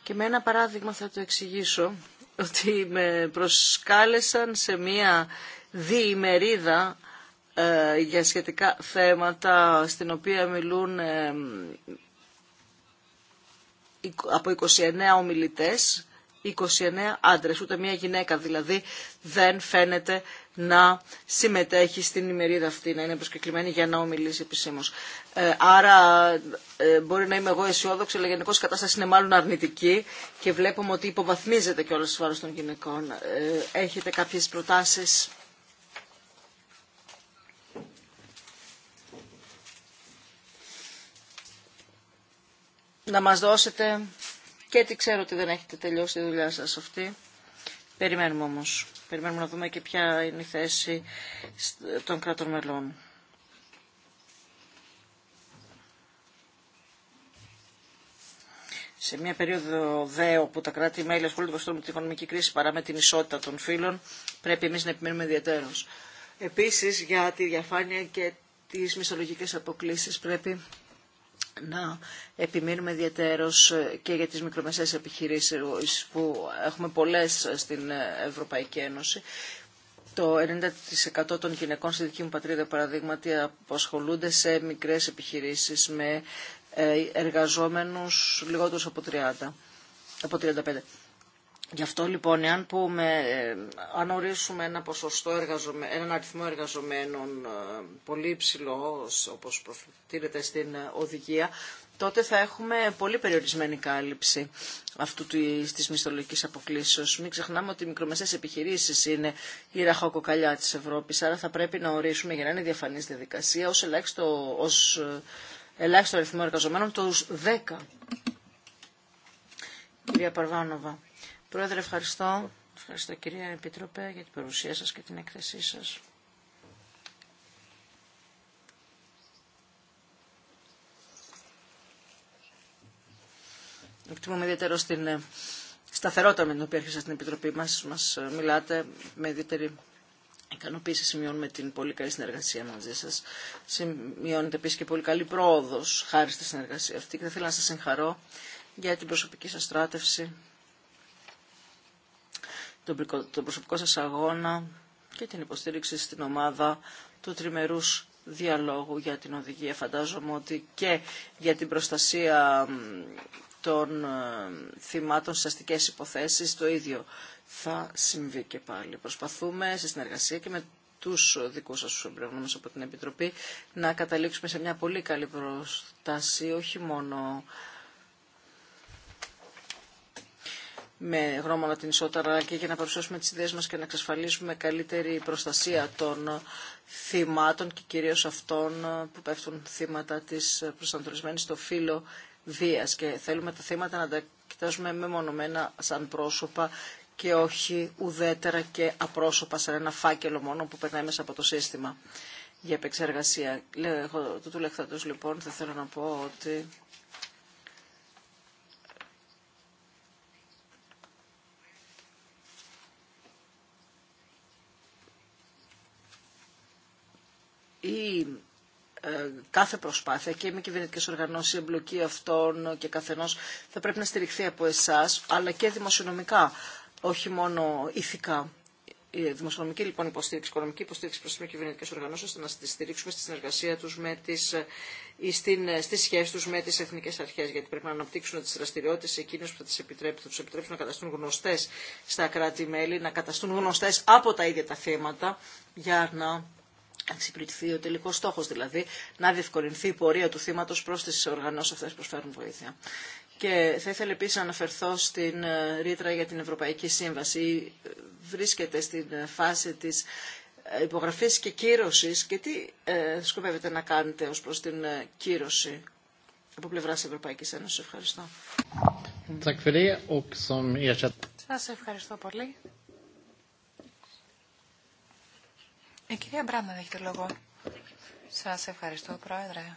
Και με ένα παράδειγμα θα το εξηγήσω ότι με προσκάλεσαν σε μία διημερίδα ε, για σχετικά θέματα στην οποία μιλούν ε, από 29 ομιλητές, 29 άντρες, ούτε μία γυναίκα δηλαδή δεν φαίνεται να συμμετέχει στην ημερίδα αυτή, να είναι προσκεκλημένη για να ομιλήσει επισήμω. Ε, άρα ε, μπορεί να είμαι εγώ αισιόδοξη, αλλά γενικώ η κατάσταση είναι μάλλον αρνητική και βλέπουμε ότι υποβαθμίζεται όλες τι βάρο των γυναικών. Ε, έχετε κάποιες προτάσει να μας δώσετε και τι ξέρω ότι δεν έχετε τελειώσει τη δουλειά σας αυτή. Περιμένουμε όμως. Περιμένουμε να δούμε και ποια είναι η θέση των κράτων μελών. Σε μια περίοδο δέο που τα κράτη-μέλη ασχολούνται με την οικονομική κρίση παρά με την ισότητα των φύλων, πρέπει εμείς να επιμένουμε ιδιαίτερως. Επίσης για τη διαφάνεια και τις μισολογικές αποκλήσεις πρέπει να επιμείνουμε ιδιαίτερως ε, και για τις μικρομεσαίες επιχειρήσεις που έχουμε πολλές ε, στην ε, Ευρωπαϊκή Ένωση. Το 90% των γυναικών στη δική μου πατρίδα παραδείγματι απασχολούνται σε μικρές επιχειρήσεις με εργαζόμενους λιγότερους από 30, από 35. Γι' αυτό λοιπόν, εάν πούμε, ε, αν ορίσουμε ένα ποσοστό εργαζομένων, έναν αριθμό εργαζομένων ε, πολύ υψηλό, όπως προφτύρεται στην ε, οδηγία, τότε θα έχουμε πολύ περιορισμένη κάλυψη αυτού της μισθολογικής αποκλήσεως. Μην ξεχνάμε ότι οι μικρομεσαίες επιχειρήσεις είναι η ραχοκοκαλιά της Ευρώπης, άρα θα πρέπει να ορίσουμε για να είναι διαφανής διαδικασία ω ελάχιστο, ως ελάχιστο αριθμό εργαζομένων τους 10. Κυρία Παρβάνοβα. Πρόεδρε, ευχαριστώ. Ευχαριστώ κυρία Επίτροπε για την παρουσία σας και την έκθεσή σας. Εκτιμούμε ιδιαίτερο στην ε, σταθερότητα με την οποία έρχεσαι στην Επιτροπή μας. Μας ε, μιλάτε με ιδιαίτερη ικανοποίηση. Σημειώνουμε την πολύ καλή συνεργασία μαζί σας. Σημειώνεται επίσης και πολύ καλή πρόοδος χάρη στη συνεργασία αυτή. Και θα ήθελα να σας συγχαρώ για την προσωπική σας στράτευση τον προσωπικό σας αγώνα και την υποστήριξη στην ομάδα του τριμερούς διαλόγου για την οδηγία. Φαντάζομαι ότι και για την προστασία των ε, θυμάτων στις αστικές υποθέσεις το ίδιο θα συμβεί και πάλι. Προσπαθούμε σε συνεργασία και με τους δικούς σας εμπειρογνώμους από την Επιτροπή να καταλήξουμε σε μια πολύ καλή προστασία όχι μόνο με γνώμονα την ισότητα, αλλά και για να παρουσιάσουμε τις ιδέες μας και να εξασφαλίσουμε καλύτερη προστασία των θυμάτων και κυρίως αυτών που πέφτουν θύματα της προσανατολισμένης στο φύλλο βίας. Και θέλουμε τα θύματα να τα κοιτάζουμε μεμονωμένα σαν πρόσωπα και όχι ουδέτερα και απρόσωπα σαν ένα φάκελο μόνο που περνάει μέσα από το σύστημα για επεξεργασία. Εγώ το του λοιπόν θα θέλω να πω ότι η ε, κάθε προσπάθεια και με κυβερνητικέ οργανώσει, η εμπλοκή αυτών και καθενό θα πρέπει να στηριχθεί από εσά, αλλά και δημοσιονομικά, όχι μόνο ηθικά. Η δημοσιονομική λοιπόν υποστήριξη, η οικονομική υποστήριξη προ τι μη κυβερνητικέ οργανώσει, ώστε να τις στηρίξουμε στη συνεργασία του με τι ή στι σχέσει του με τις εθνικές αρχές Γιατί πρέπει να αναπτύξουν τι δραστηριότητε εκείνες που θα τις επιτρέπει, θα του επιτρέψουν να καταστούν γνωστές στα κράτη-μέλη, να καταστούν γνωστέ από τα ίδια τα θέματα για να εξυπηρετηθεί ο τελικός στόχος, δηλαδή να διευκολυνθεί η πορεία του θύματος προς τις οργανώσεις αυτές που προσφέρουν βοήθεια. Και θα ήθελα επίση να αναφερθώ στην ε, ρήτρα για την Ευρωπαϊκή Σύμβαση. Βρίσκεται στην ε, φάση της ε, υπογραφής και κύρωσης και τι σκοπεύετε να κάνετε ως προς την κύρωση από πλευράς Ευρωπαϊκής Ένωσης. Ευχαριστώ. Σας ευχαριστώ πολύ. Η ε, κυρία Μπράντα έχει το λόγο. Σας ευχαριστώ, Πρόεδρε.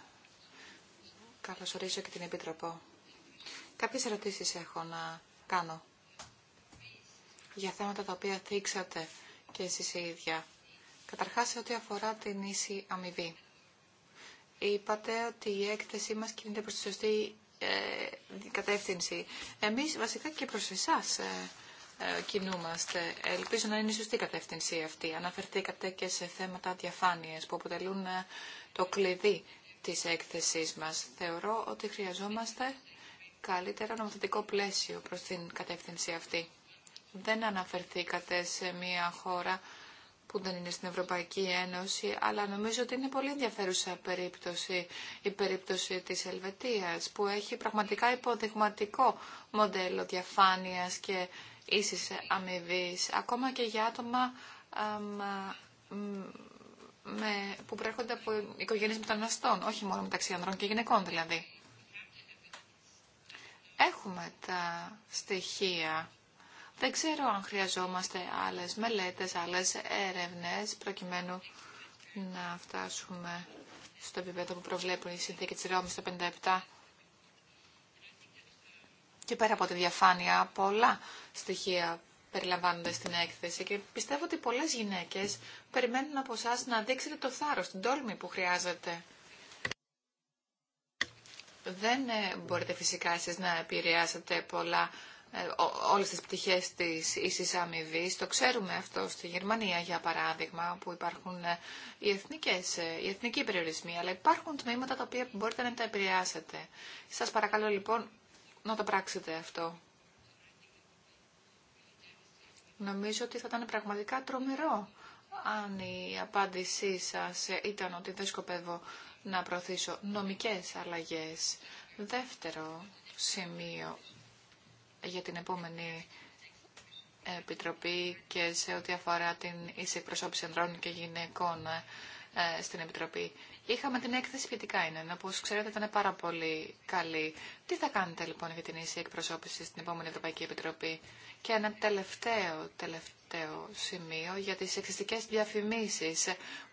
Καλώ ορίζω και την Επίτροπο. Κάποιε ερωτήσεις έχω να κάνω για θέματα τα οποία θίξατε και εσεί οι ίδια. Καταρχάς, ό,τι αφορά την ίση αμοιβή. Είπατε ότι η έκθεσή μας κινείται προ τη σωστή ε, κατεύθυνση. Εμείς βασικά και προ εσά. Ε, ε, κινούμαστε. Ελπίζω να είναι η σωστή κατεύθυνση αυτή. Αναφερθήκατε και σε θέματα διαφάνειας που αποτελούν ε, το κλειδί της έκθεσής μας. Θεωρώ ότι χρειαζόμαστε καλύτερο νομοθετικό πλαίσιο προς την κατεύθυνση αυτή. Δεν αναφερθήκατε σε μια χώρα που δεν είναι στην Ευρωπαϊκή Ένωση, αλλά νομίζω ότι είναι πολύ ενδιαφέρουσα περίπτωση, η περίπτωση της Ελβετίας, που έχει πραγματικά υποδειγματικό μοντέλο διαφάνειας και ίσης αμοιβή, ακόμα και για άτομα με, που προέρχονται από οικογένειες μεταναστών, όχι μόνο μεταξύ ανδρών και γυναικών δηλαδή. Έχουμε τα στοιχεία. Δεν ξέρω αν χρειαζόμαστε άλλες μελέτες, άλλες έρευνες, προκειμένου να φτάσουμε στο επίπεδο που προβλέπουν οι συνθήκες της Ρώμης το 57. Και πέρα από τη διαφάνεια, πολλά στοιχεία περιλαμβάνονται στην έκθεση και πιστεύω ότι πολλές γυναίκες περιμένουν από εσά να δείξετε το θάρρος, την τόλμη που χρειάζεται. Δεν ε, μπορείτε φυσικά εσείς να επηρεάσετε πολλά ε, όλες τις πτυχές της ίσης αμοιβή. Το ξέρουμε αυτό στη Γερμανία, για παράδειγμα, που υπάρχουν ε, οι, εθνικές, οι εθνικοί περιορισμοί, αλλά υπάρχουν τμήματα τα οποία μπορείτε να τα επηρεάσετε. Σας παρακαλώ λοιπόν να το πράξετε αυτό. Νομίζω ότι θα ήταν πραγματικά τρομερό αν η απάντησή σας ήταν ότι δεν σκοπεύω να προωθήσω νομικές αλλαγές. Δεύτερο σημείο για την επόμενη Επιτροπή και σε ό,τι αφορά την ίση εκπροσώπηση ανδρών και γυναικών ε, στην Επιτροπή Είχαμε την έκθεση σχετικά είναι, όπω ξέρετε ήταν πάρα πολύ καλή. Τι θα κάνετε λοιπόν για την ίση εκπροσώπηση στην επόμενη Ευρωπαϊκή Επιτροπή. Και ένα τελευταίο, τελευταίο σημείο για τι εξιστικέ διαφημίσει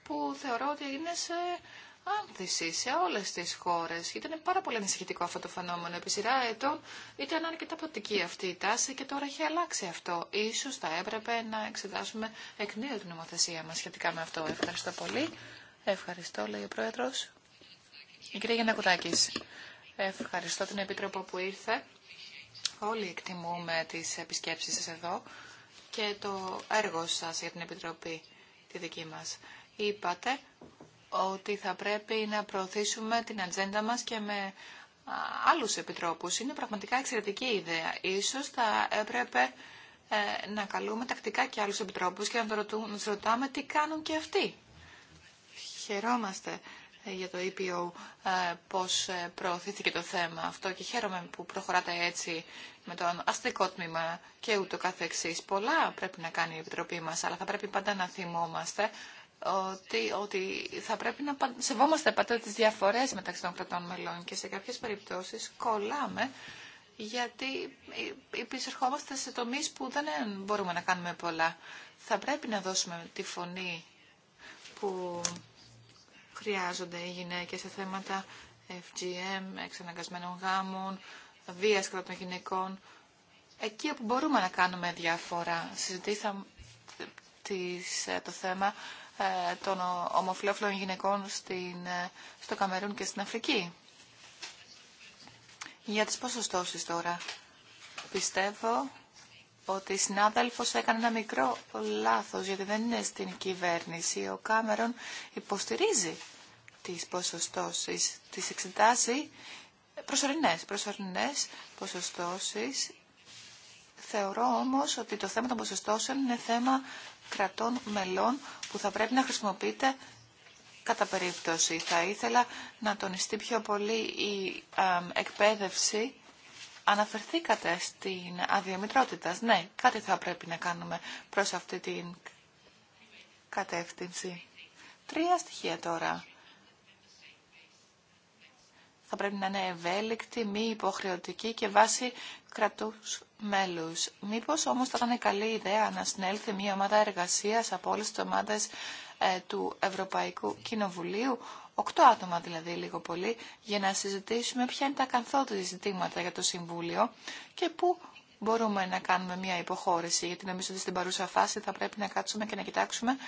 που θεωρώ ότι είναι σε άνθηση σε όλε τι χώρε. Ήταν πάρα πολύ ανησυχητικό αυτό το φαινόμενο. Επί σειρά ετών ήταν αρκετά ποτική αυτή η τάση και τώρα έχει αλλάξει αυτό. σω θα έπρεπε να εξετάσουμε εκ νέου την νομοθεσία μα σχετικά με αυτό. Ευχαριστώ πολύ. Ευχαριστώ, λέει ο Πρόεδρος. Η κυρία Κουτάκη. ευχαριστώ την Επίτροπο που ήρθε. Όλοι εκτιμούμε τις επισκέψεις σα εδώ και το έργο σας για την Επιτροπή, τη δική μας. Είπατε ότι θα πρέπει να προωθήσουμε την ατζέντα μας και με άλλους επιτρόπους. Είναι πραγματικά εξαιρετική ιδέα. Ίσως θα έπρεπε ε, να καλούμε τακτικά και άλλους επιτρόπους και να τους ρωτάμε τι κάνουν και αυτοί Χαιρόμαστε ε, για το EPO ε, πώς ε, προωθήθηκε το θέμα αυτό και χαίρομαι που προχωράτε έτσι με το αστικό τμήμα και ούτω καθεξής. Πολλά πρέπει να κάνει η Επιτροπή μας, αλλά θα πρέπει πάντα να θυμόμαστε ότι, ότι θα πρέπει να σεβόμαστε πάντα τις διαφορές μεταξύ των κρατών μελών και σε κάποιες περιπτώσεις κολλάμε γιατί επισερχόμαστε σε τομείς που δεν μπορούμε να κάνουμε πολλά. Θα πρέπει να δώσουμε τη φωνή που χρειάζονται οι γυναίκες σε θέματα FGM, εξαναγκασμένων γάμων, βίας κατά των γυναικών. Εκεί όπου μπορούμε να κάνουμε διαφορά. Συζητήσαμε ε, το θέμα ε, των ομοφυλόφιλων γυναικών στην, ε, στο Καμερούν και στην Αφρική. Για τις ποσοστώσεις τώρα. Πιστεύω ότι η συνάδελφος έκανε ένα μικρό λάθος, γιατί δεν είναι στην κυβέρνηση. Ο Κάμερον υποστηρίζει τις ποσοστώσεις, τις εξετάζει προσωρινές, προσωρινές ποσοστώσεις. Θεωρώ όμως ότι το θέμα των ποσοστώσεων είναι θέμα κρατών μελών που θα πρέπει να χρησιμοποιείται κατά περίπτωση. Θα ήθελα να τονιστεί πιο πολύ η ε, εκπαίδευση Αναφερθήκατε στην αδιαμητρότητα. Ναι, κάτι θα πρέπει να κάνουμε προς αυτή την κατεύθυνση. Τρία στοιχεία τώρα. Θα πρέπει να είναι ευέλικτη, μη υποχρεωτική και βάση κρατούς μέλους. Μήπως όμως θα ήταν καλή ιδέα να συνέλθει μια ομάδα εργασίας από όλες τις ομάδες ε, του Ευρωπαϊκού Κοινοβουλίου, Οκτώ άτομα δηλαδή λίγο πολύ, για να συζητήσουμε ποια είναι τα καθότητα ζητήματα για το Συμβούλιο και πού μπορούμε να κάνουμε μια υποχώρηση, γιατί νομίζω ότι στην παρούσα φάση θα πρέπει να κάτσουμε και να κοιτάξουμε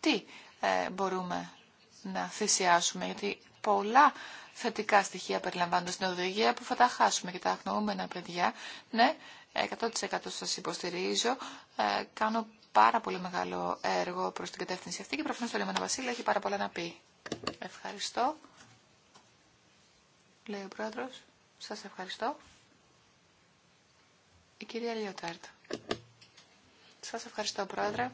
τι ε, μπορούμε να θυσιάσουμε, γιατί πολλά θετικά στοιχεία περιλαμβάνονται στην οδηγία που θα τα χάσουμε και τα αγνοούμενα παιδιά. Ναι, 100% ε, σας υποστηρίζω. Ε, κάνω πάρα πολύ μεγάλο έργο προς την κατεύθυνση αυτή και προφανώς το Λίμανο Βασίλη έχει πάρα πολλά να πει. Ευχαριστώ. Λέει ο πρόεδρος. Σας ευχαριστώ. Η κυρία Λιωτάρτ. Σας ευχαριστώ πρόεδρε.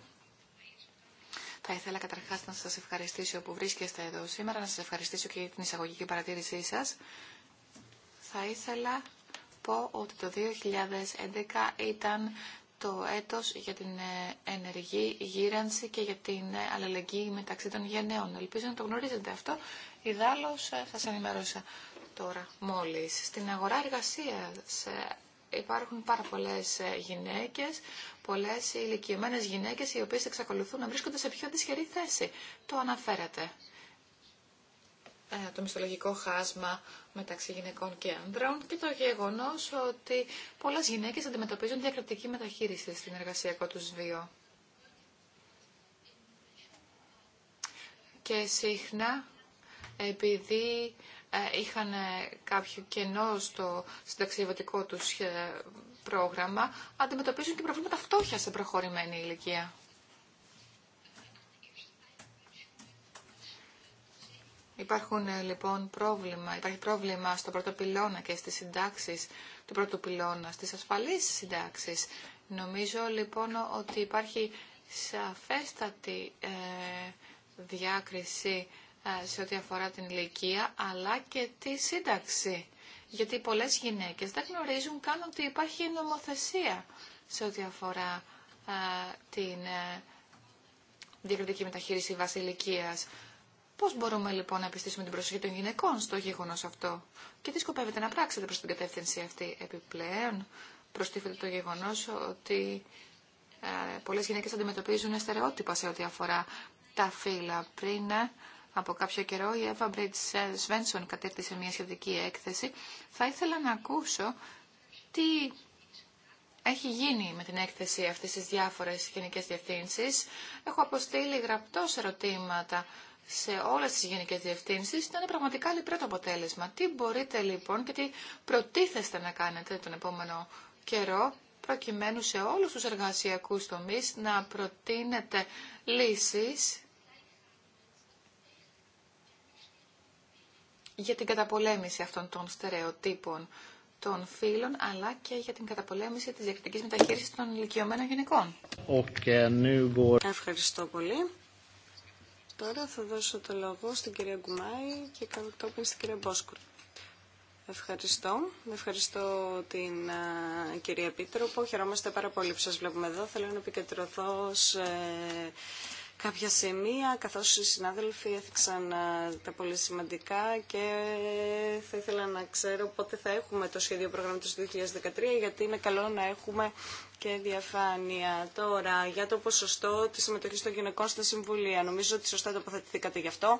Θα ήθελα καταρχάς να σας ευχαριστήσω που βρίσκεστε εδώ σήμερα, να σας ευχαριστήσω και για την εισαγωγική παρατήρησή σας. Θα ήθελα πω ότι το 2011 ήταν το έτος για την ε, ενεργή γύρανση και για την ε, αλληλεγγύη μεταξύ των γενναίων. Ελπίζω να το γνωρίζετε αυτό. Ε, θα σας ενημέρωσα τώρα μόλις. Στην αγορά εργασίας υπάρχουν πάρα πολλές γυναίκες, πολλές ηλικιωμένες γυναίκες οι οποίες εξακολουθούν να βρίσκονται σε πιο δυσχερή θέση. Το αναφέρατε. Ε, το μισθολογικό χάσμα μεταξύ γυναικών και ανδρών και το γεγονός ότι πολλές γυναίκες αντιμετωπίζουν διακριτική μεταχείριση στην εργασιακό τους βίο. Και συχνά, επειδή ε, είχαν ε, κάποιο κενό στο συνταξιδοτικό τους πρόγραμμα, αντιμετωπίζουν και προβλήματα φτώχεια σε προχωρημένη ηλικία. Υπάρχουν ε, λοιπόν πρόβλημα, υπάρχει πρόβλημα στο πρώτο πυλώνα και στις συντάξεις του πρώτου πυλώνα, στις ασφαλείς συντάξεις. Νομίζω λοιπόν ότι υπάρχει σαφέστατη ε, διάκριση ε, σε ό,τι αφορά την ηλικία, αλλά και τη σύνταξη. Γιατί πολλές γυναίκες δεν γνωρίζουν καν ότι υπάρχει νομοθεσία σε ό,τι αφορά ε, την διακριτική μεταχείριση βασιλικίας. Πώ μπορούμε λοιπόν να επιστήσουμε την προσοχή των γυναικών στο γεγονό αυτό και τι σκοπεύετε να πράξετε προ την κατεύθυνση αυτή επιπλέον. Προστίθεται το γεγονό ότι ε, πολλές γυναίκες αντιμετωπίζουν στερεότυπα σε ό,τι αφορά τα φύλλα. Πριν ε, από κάποιο καιρό η Εύα Μπριτ ε, Σβένσον κατέκτησε μια σχετική έκθεση. Θα ήθελα να ακούσω τι έχει γίνει με την έκθεση αυτή στι διάφορε γενικέ διευθύνσει. Έχω αποστείλει γραπτό ερωτήματα σε όλες τις γενικές διευθύνσεις ήταν πραγματικά λιπρό το αποτέλεσμα. Τι μπορείτε λοιπόν και τι προτίθεστε να κάνετε τον επόμενο καιρό προκειμένου σε όλους τους εργασιακούς τομείς να προτείνετε λύσεις για την καταπολέμηση αυτών των στερεοτύπων των φύλων, αλλά και για την καταπολέμηση της διακριτικής μεταχείρισης των ηλικιωμένων γυναικών. Ευχαριστώ πολύ. Τώρα θα δώσω το λόγο στην κυρία Γκουμάη και κατόπιν στην κυρία Μπόσκουρ. Ευχαριστώ. Ευχαριστώ την κυρία Πίτροπο. Χαιρόμαστε πάρα πολύ που σας βλέπουμε εδώ. Θέλω να επικεντρωθώ σε κάποια σημεία, καθώς οι συνάδελφοι έθιξαν τα πολύ σημαντικά και θα ήθελα να ξέρω πότε θα έχουμε το σχέδιο προγράμματος του 2013, γιατί είναι καλό να έχουμε και διαφάνεια. Τώρα, για το ποσοστό της συμμετοχής των γυναικών στα συμβουλία. Νομίζω ότι σωστά τοποθετηθήκατε γι' αυτό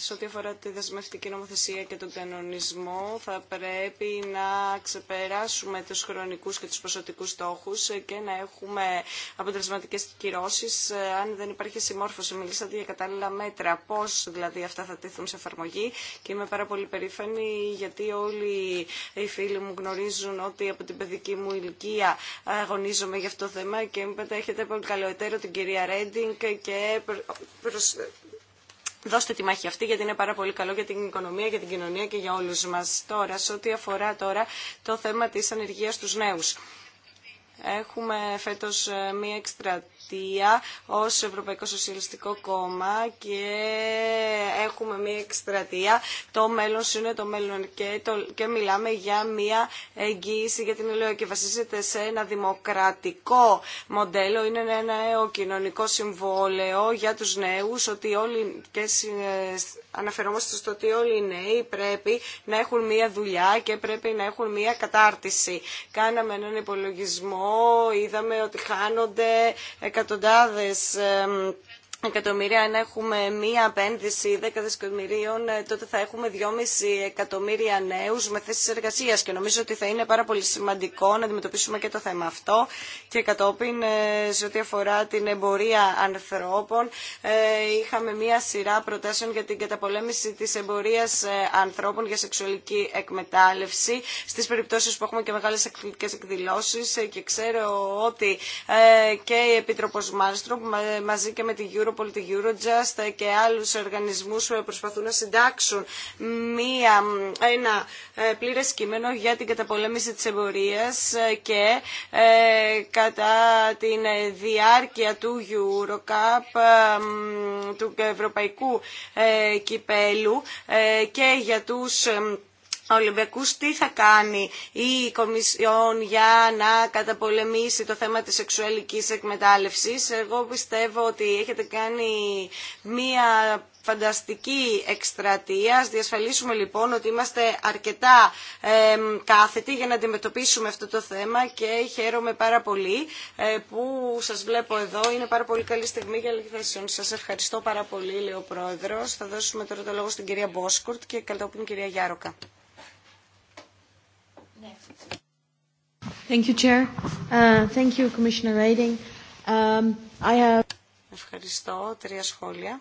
σε ό,τι αφορά τη δεσμευτική νομοθεσία και τον κανονισμό θα πρέπει να ξεπεράσουμε τους χρονικούς και τους ποσοτικούς στόχους και να έχουμε αποτελεσματικές κυρώσεις αν δεν υπάρχει συμμόρφωση. Μιλήσατε για κατάλληλα μέτρα, πώς δηλαδή αυτά θα τεθούν σε εφαρμογή και είμαι πάρα πολύ περήφανη γιατί όλοι οι φίλοι μου γνωρίζουν ότι από την παιδική μου ηλικία αγωνίζομαι για αυτό το θέμα και μου έχετε πολύ καλό εταίρο την κυρία Ρέντινγκ και δώστε τη μάχη αυτή γιατί είναι πάρα πολύ καλό για την οικονομία, για την κοινωνία και για όλους μας. Τώρα, σε ό,τι αφορά τώρα το θέμα της ανεργίας στους νέους. Έχουμε φέτος ε, μία εκστρατεία Δημοκρατία ως Ευρωπαϊκό Σοσιαλιστικό Κόμμα και έχουμε μία εκστρατεία το μέλλον σου είναι το μέλλον και, το, και μιλάμε για μία εγγύηση για την ελληνική και βασίζεται σε ένα δημοκρατικό μοντέλο, είναι ένα νέο κοινωνικό συμβόλαιο για τους νέους ότι όλοι και αναφερόμαστε στο ότι όλοι οι νέοι πρέπει να έχουν μία δουλειά και πρέπει να έχουν μία κατάρτιση. Κάναμε έναν υπολογισμό, είδαμε ότι χάνονται εκατοντάδες εκατομμύρια, αν έχουμε μία επένδυση 10 δισεκατομμυρίων, ε, τότε θα έχουμε 2,5 εκατομμύρια νέους με θέσεις εργασίας και νομίζω ότι θα είναι πάρα πολύ σημαντικό να αντιμετωπίσουμε και το θέμα αυτό και κατόπιν ε, σε ό,τι αφορά την εμπορία ανθρώπων ε, είχαμε μία σειρά προτάσεων για την καταπολέμηση της εμπορίας ανθρώπων για σεξουαλική εκμετάλλευση στις περιπτώσεις που έχουμε και μεγάλες εκκλητικές εκδηλώσεις και ξέρω ότι και η Επίτροπος Μάλστρομ μαζί και με την Euro Europol, Eurojust και άλλους οργανισμούς που προσπαθούν να συντάξουν μία, ένα ε, πλήρες κείμενο για την καταπολέμηση της εμπορίας ε, και ε, κατά τη διάρκεια του Eurocup, του Ευρωπαϊκού Κυπέλου και για τους Ολυμπιακούς τι θα κάνει η Κομισιόν για να καταπολεμήσει το θέμα της σεξουαλικής εκμετάλλευσης. Εγώ πιστεύω ότι έχετε κάνει μία φανταστική εκστρατεία. Διασφαλίσουμε λοιπόν ότι είμαστε αρκετά ε, κάθετοι για να αντιμετωπίσουμε αυτό το θέμα και χαίρομαι πάρα πολύ ε, που σας βλέπω εδώ. Είναι πάρα πολύ καλή στιγμή για λεγθέσεων. Σας ευχαριστώ πάρα πολύ, λέει ο Πρόεδρος. Θα δώσουμε τώρα το λόγο στην κυρία Μπόσκουρτ και κατόπιν κυρία Γιάροκα. you, uh, um, Ευχαριστώ. Τρία σχόλια.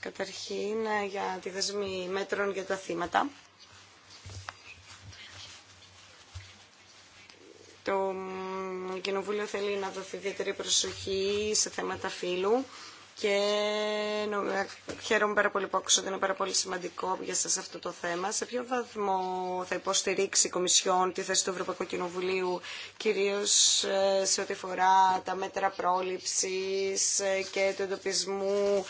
Καταρχήν ε, για τη δεσμή μέτρων για τα θύματα. Το Κοινοβούλιο θέλει να δοθεί ιδιαίτερη προσοχή σε θέματα φύλου και ε, χαίρομαι πάρα πολύ που άκουσα ότι είναι πάρα πολύ σημαντικό για σας αυτό το θέμα. Σε ποιο βαθμό θα υποστηρίξει η Κομισιόν τη θέση του Ευρωπαϊκού Κοινοβουλίου, κυρίως ε, σε ό,τι φορά τα μέτρα πρόληψης ε, και του εντοπισμού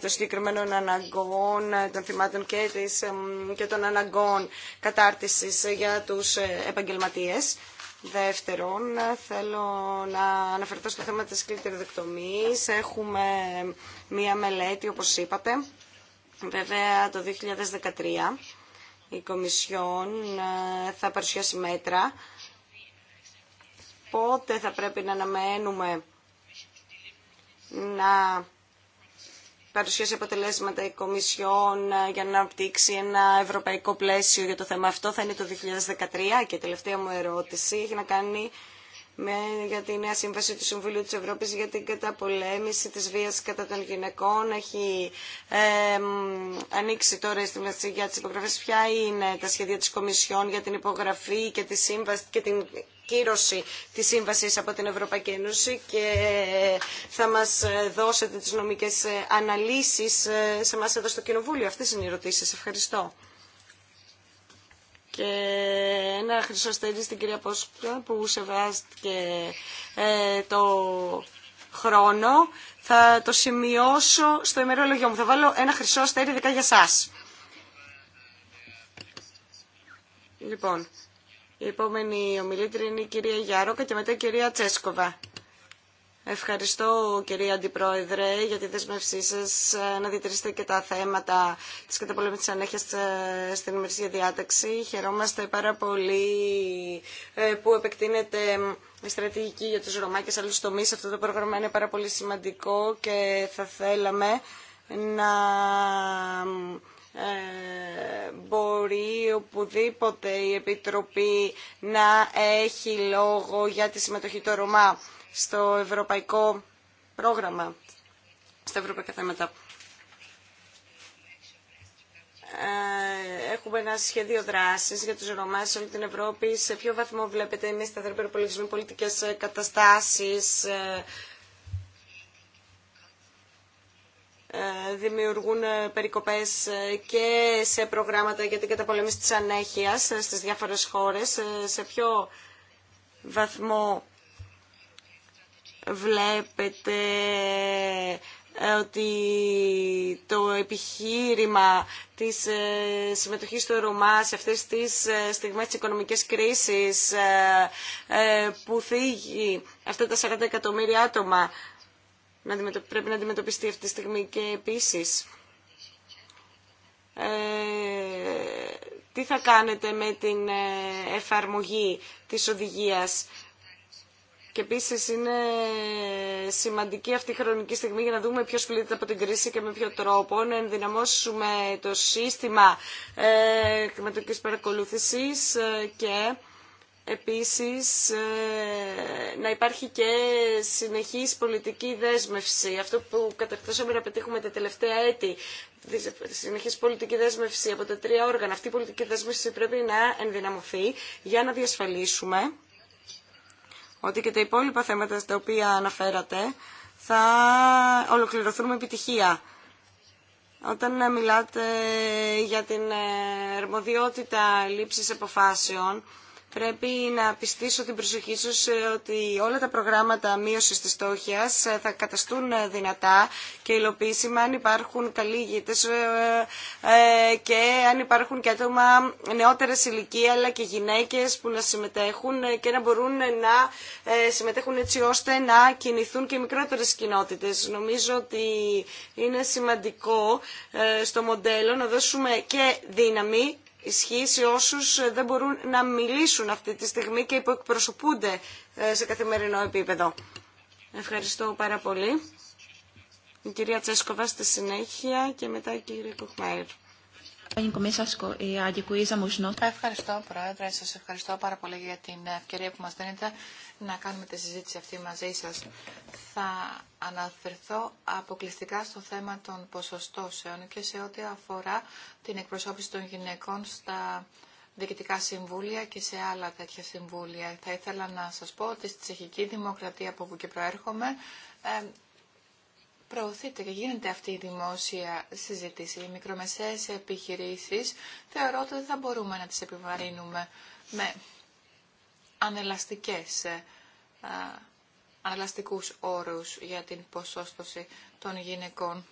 των συγκεκριμένων αναγκών, των θυμάτων και, και των αναγκών κατάρτισης για τους επαγγελματίες. Δεύτερον, θέλω να αναφερθώ στο θέμα της δεκτομής. Έχουμε μία μελέτη, όπως είπατε, βέβαια το 2013. Η Κομισιόν ε, θα παρουσιάσει μέτρα. Πότε θα πρέπει να αναμένουμε να παρουσίασε αποτελέσματα η Κομισιόν ε, για να αναπτύξει ένα ευρωπαϊκό πλαίσιο για το θέμα αυτό. Θα είναι το 2013 και η τελευταία μου ερώτηση έχει να κάνει με, για τη νέα σύμβαση του Συμβουλίου της Ευρώπης για την καταπολέμηση της βίας κατά των γυναικών. Έχει ανοίξει τώρα στη στιγμή για τις υπογραφές. Ποια είναι τα σχέδια της Κομισιόν για την υπογραφή και, τη σύμβαση, και την κύρωση της σύμβασης από την Ευρωπαϊκή Ένωση και θα μας δώσετε τις νομικές αναλύσεις ε, σε μας εδώ στο Κοινοβούλιο. Αυτές είναι οι ερωτήσεις. Ευχαριστώ. Και ένα χρυσό αστέρι στην κυρία Πόσκα που σεβάστηκε ε, το χρόνο. Θα το σημειώσω στο ημερολογιό μου. Θα βάλω ένα χρυσό αστέρι δικά για σας. Λοιπόν, η επόμενη ομιλήτρια είναι η κυρία Γιάροκα και μετά η κυρία Τσέσκοβα. Ευχαριστώ κυρία Αντιπρόεδρε για τη δέσμευσή σας ε, να διατηρήσετε και τα θέματα της καταπολέμησης της ανέχειας ε, στην ημερησία διάταξη. Χαιρόμαστε πάρα πολύ ε, που επεκτείνεται η στρατηγική για τους Ρωμά και σε άλλους Αυτό το πρόγραμμα είναι πάρα πολύ σημαντικό και θα θέλαμε να ε, μπορεί οπουδήποτε η Επιτροπή να έχει λόγο για τη συμμετοχή του Ρωμά στο ευρωπαϊκό πρόγραμμα, στα ευρωπαϊκά θέματα. Ε, έχουμε ένα σχέδιο δράση για του Ρωμά σε όλη την Ευρώπη. Σε ποιο βαθμό βλέπετε εμεί τα ευρωπαϊκά πολιτικέ ε, καταστάσει Ε, δημιουργούν ε, περικοπές ε, και σε προγράμματα για την καταπολέμηση της ανέχειας στις διάφορες χώρες. Σε ποιο βαθμό βλέπετε ότι το επιχείρημα της συμμετοχής του Ρωμά σε αυτές τις στιγμές της οικονομικής κρίσης που θίγει αυτά τα 40 εκατομμύρια άτομα πρέπει να αντιμετωπιστεί αυτή τη στιγμή και επίσης ε, τι θα κάνετε με την ε, εφαρμογή της οδηγίας και επίση είναι σημαντική αυτή η χρονική στιγμή για να δούμε ποιο πλήττεται από την κρίση και με ποιο τρόπο να ενδυναμώσουμε το σύστημα ε, κλιματική παρακολούθηση ε, και Επίσης, ε, να υπάρχει και συνεχής πολιτική δέσμευση. Αυτό που κατακτώσαμε να πετύχουμε τα τελευταία έτη, συνεχής πολιτική δέσμευση από τα τρία όργανα. Αυτή η πολιτική δέσμευση πρέπει να ενδυναμωθεί για να διασφαλίσουμε ότι και τα υπόλοιπα θέματα στα οποία αναφέρατε θα ολοκληρωθούν με επιτυχία. Όταν μιλάτε για την ερμοδιότητα λήψης αποφάσεων, Πρέπει να πιστήσω την προσοχή σα ότι όλα τα προγράμματα μείωσης της στόχιας ε, θα καταστούν ε, δυνατά και υλοποιήσιμα αν υπάρχουν καλοί ε, και αν υπάρχουν και άτομα νεότερες ηλικία αλλά και γυναίκες που να συμμετέχουν και να μπορούν να συμμετέχουν έτσι ώστε να κινηθούν και μικρότερες κοινότητες. Νομίζω ότι είναι σημαντικό στο μοντέλο να δώσουμε και δύναμη ισχύει σε όσους ε, δεν μπορούν να μιλήσουν αυτή τη στιγμή και υποεκπροσωπούνται ε, σε καθημερινό επίπεδο. Ευχαριστώ πάρα πολύ. Η κυρία Τσέσκοβα στη συνέχεια και μετά η κυρία Κοχμάιρ. Ευχαριστώ, Πρόεδρε. Σα ευχαριστώ πάρα πολύ για την ευκαιρία που μα δίνετε να κάνουμε τη συζήτηση αυτή μαζί σα. Θα αναφερθώ αποκλειστικά στο θέμα των ποσοστώσεων και σε ό,τι αφορά την εκπροσώπηση των γυναικών στα διοικητικά συμβούλια και σε άλλα τέτοια συμβούλια. Θα ήθελα να σα πω ότι στη τσεχική δημοκρατία από όπου και προέρχομαι ε, προωθείται και γίνεται αυτή η δημόσια συζήτηση. Οι μικρομεσαίες επιχειρήσεις θεωρώ ότι δεν θα μπορούμε να τις επιβαρύνουμε με ανελαστικές, ε, ανελαστικούς όρους για την ποσόστοση των γυναικών.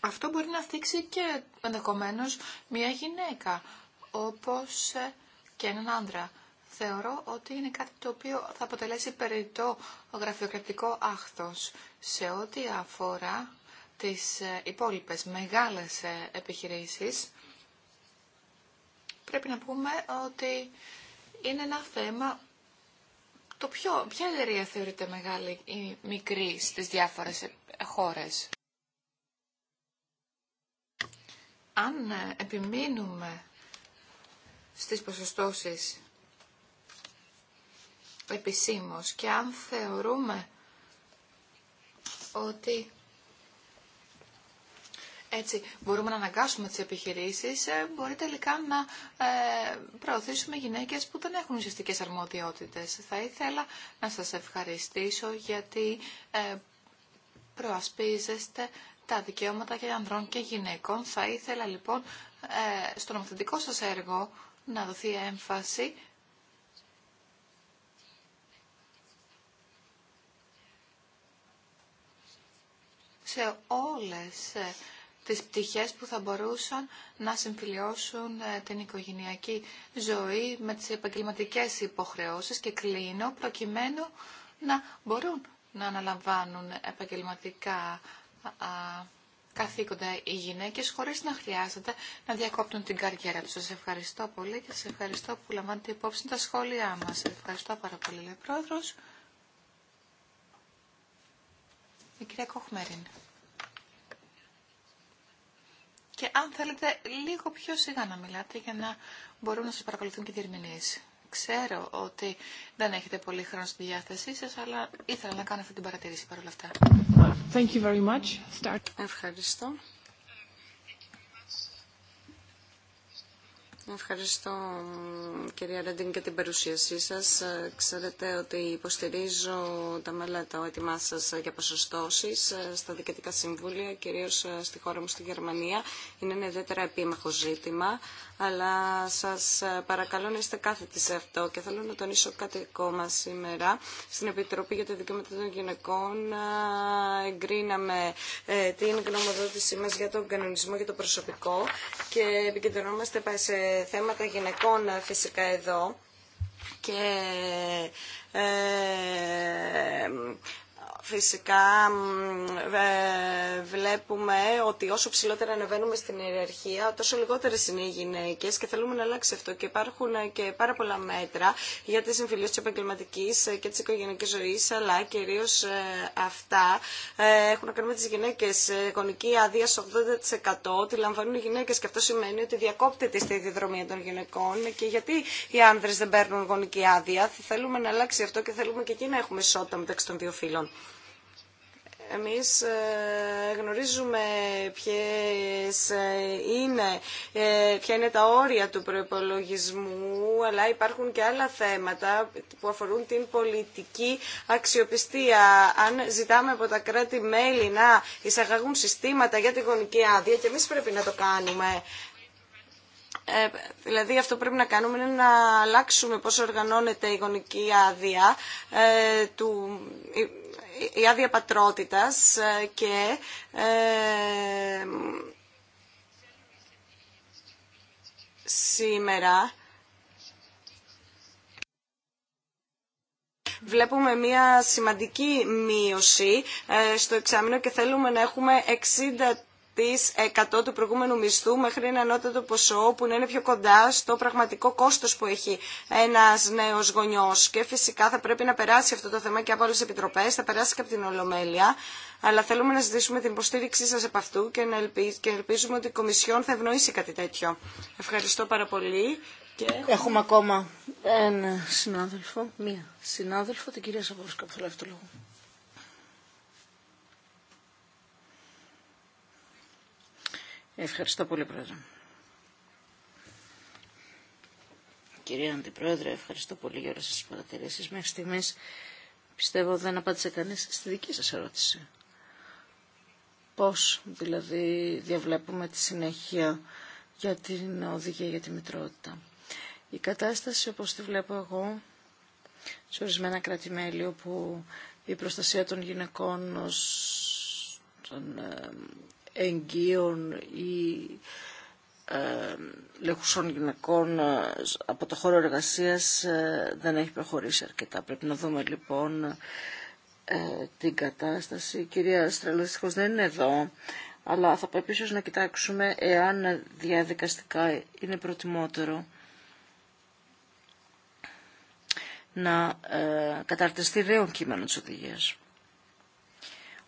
Αυτό μπορεί να θίξει και ενδεχομένω μια γυναίκα, όπως ε, και έναν άντρα θεωρώ ότι είναι κάτι το οποίο θα αποτελέσει περιττό γραφειοκρατικό άχθος σε ό,τι αφορά τις ε, υπόλοιπες μεγάλες ε, επιχειρήσεις. Πρέπει να πούμε ότι είναι ένα θέμα το πιο ποια εταιρεία θεωρείται μεγάλη ή μικρή στις διάφορες ε, χώρες. Αν επιμείνουμε στις ποσοστώσεις επισήμως και αν θεωρούμε ότι έτσι μπορούμε να αναγκάσουμε τις επιχειρήσεις, ε, μπορεί τελικά να ε, προωθήσουμε γυναίκες που δεν έχουν ουσιαστικέ αρμοδιότητες. Θα ήθελα να σας ευχαριστήσω γιατί ε, προασπίζεστε τα δικαιώματα και ανδρών και γυναίκων. Θα ήθελα λοιπόν στο νομοθετικό σας έργο να δοθεί έμφαση σε όλες ε, τις πτυχές που θα μπορούσαν να συμφιλιώσουν ε, την οικογενειακή ζωή με τις επαγγελματικές υποχρεώσεις και κλείνω προκειμένου να μπορούν να αναλαμβάνουν επαγγελματικά καθήκοντα οι γυναίκες χωρίς να χρειάζεται να διακόπτουν την καριέρα τους. Σας ευχαριστώ πολύ και σας ευχαριστώ που λαμβάνετε υπόψη τα σχόλιά μας. ευχαριστώ πάρα πολύ, λέει Η κυρία Κοχμέριν και αν θέλετε λίγο πιο σιγά να μιλάτε για να μπορούν να σας παρακολουθούν και διερμηνείς. Ξέρω ότι δεν έχετε πολύ χρόνο στη διάθεσή σας, αλλά ήθελα να κάνω αυτή την παρατηρήση παρόλα αυτά. Thank you very much. Start. Ευχαριστώ. Ευχαριστώ κυρία Ρέντιν για την παρουσίασή σας. Ξέρετε ότι υποστηρίζω τα μέλα τα έτοιμά σας για ποσοστώσεις ε, στα δικαιωτικά συμβούλια, κυρίως ε, στη χώρα μου στη Γερμανία. Είναι ένα ιδιαίτερα επίμαχο ζήτημα, αλλά σας ε, παρακαλώ να είστε κάθετοι σε αυτό και θέλω να τονίσω κάτι ακόμα σήμερα. Στην Επιτροπή για τα Δικαιώματα των Γυναικών ε, εγκρίναμε ε, την γνωμοδότησή μας για τον κανονισμό για το προσωπικό και επικεντρωνόμαστε σε θέματα γυναικών φυσικά εδώ και Φυσικά βλέπουμε ότι όσο ψηλότερα ανεβαίνουμε στην ιεραρχία, τόσο λιγότερε είναι οι γυναίκε και θέλουμε να αλλάξει αυτό. Και υπάρχουν και πάρα πολλά μέτρα για τι συμφιλίε τη επαγγελματική και τη οικογενειακή ζωή, αλλά κυρίω ε, αυτά ε, έχουν να κάνουν με τι γυναίκε. Ε, γονική άδεια 80% τη λαμβάνουν οι γυναίκε και αυτό σημαίνει ότι διακόπτεται στη διδρομία των γυναικών. Και γιατί οι άνδρε δεν παίρνουν γονική άδεια, θέλουμε να αλλάξει αυτό και θέλουμε και εκεί να έχουμε ισότητα μεταξύ των δύο φύλων. Εμείς ε, γνωρίζουμε ποιες ε, είναι, ε, ποια είναι τα όρια του προϋπολογισμού, αλλά υπάρχουν και άλλα θέματα που αφορούν την πολιτική αξιοπιστία. Αν ζητάμε από τα κράτη-μέλη να εισαγαγούν συστήματα για τη γονική άδεια και εμείς πρέπει να το κάνουμε. δηλαδή αυτό πρέπει να κάνουμε είναι να αλλάξουμε πώς οργανώνεται η γονική άδεια ε, του, η άδεια πατρότητας ε, και ε, σήμερα βλέπουμε μια σημαντική μείωση ε, στο εξάμεινο και θέλουμε να έχουμε 60 της 100 του προηγούμενου μισθού μέχρι ένα ανώτατο ποσό που να είναι πιο κοντά στο πραγματικό κόστος που έχει ένας νέος γονιός. Και φυσικά θα πρέπει να περάσει αυτό το θέμα και από άλλε επιτροπές, θα περάσει και από την Ολομέλεια. Αλλά θέλουμε να ζητήσουμε την υποστήριξή σας από αυτού και, να ελπίζουμε ότι η Κομισιόν θα ευνοήσει κάτι τέτοιο. Ευχαριστώ πάρα πολύ. Και... Έχουμε ακόμα ένα συνάδελφο, μία συνάδελφο, την κυρία Σαββόρσκα που θα λάβει το λόγο. Ευχαριστώ πολύ, Πρόεδρε. Κυρία Αντιπρόεδρε, ευχαριστώ πολύ για όλες τις παρατηρήσεις. Μέχρι στιγμής πιστεύω δεν απάντησε κανείς στη δική σας ερώτηση. Πώς δηλαδή διαβλέπουμε τη συνέχεια για την οδηγία για τη μητρότητα. Η κατάσταση όπως τη βλέπω εγώ σε ορισμένα κράτη-μέλη όπου η προστασία των γυναικών ως ε, εγγύων ή λεχουσών γυναικών ε, από το χώρο εργασίας ε, δεν έχει προχωρήσει αρκετά. Πρέπει να δούμε λοιπόν ε, την κατάσταση. Η κυρία Στρελαστικός δεν είναι εδώ, αλλά θα πρέπει ίσως να κοιτάξουμε εάν διαδικαστικά είναι προτιμότερο να καταρτιστεί ρέον κείμενο της οδηγίας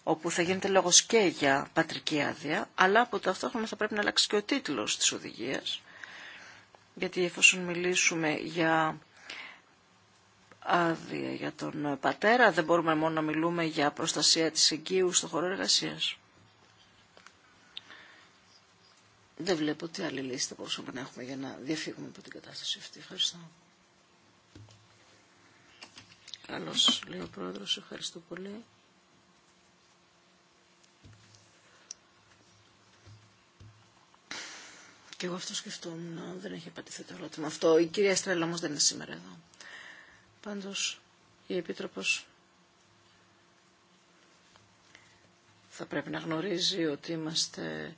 όπου θα γίνεται λόγο και για πατρική άδεια, αλλά από ταυτόχρονα θα πρέπει να αλλάξει και ο τίτλο τη οδηγία. γιατί εφόσον μιλήσουμε για άδεια για τον πατέρα, δεν μπορούμε μόνο να μιλούμε για προστασία της εγκύου στον χώρο εργασίας. Δεν βλέπω τι άλλη λύση θα μπορούσαμε να έχουμε για να διαφύγουμε από την κατάσταση αυτή. Ευχαριστώ. Καλώς λέει ο Πρόεδρος, ευχαριστώ πολύ. Και εγώ αυτό σκεφτόμουν, δεν έχει απαντηθεί το ερώτημα αυτό. Η κυρία Στρέλα όμω δεν είναι σήμερα εδώ. Πάντω η επίτροπο. θα πρέπει να γνωρίζει ότι είμαστε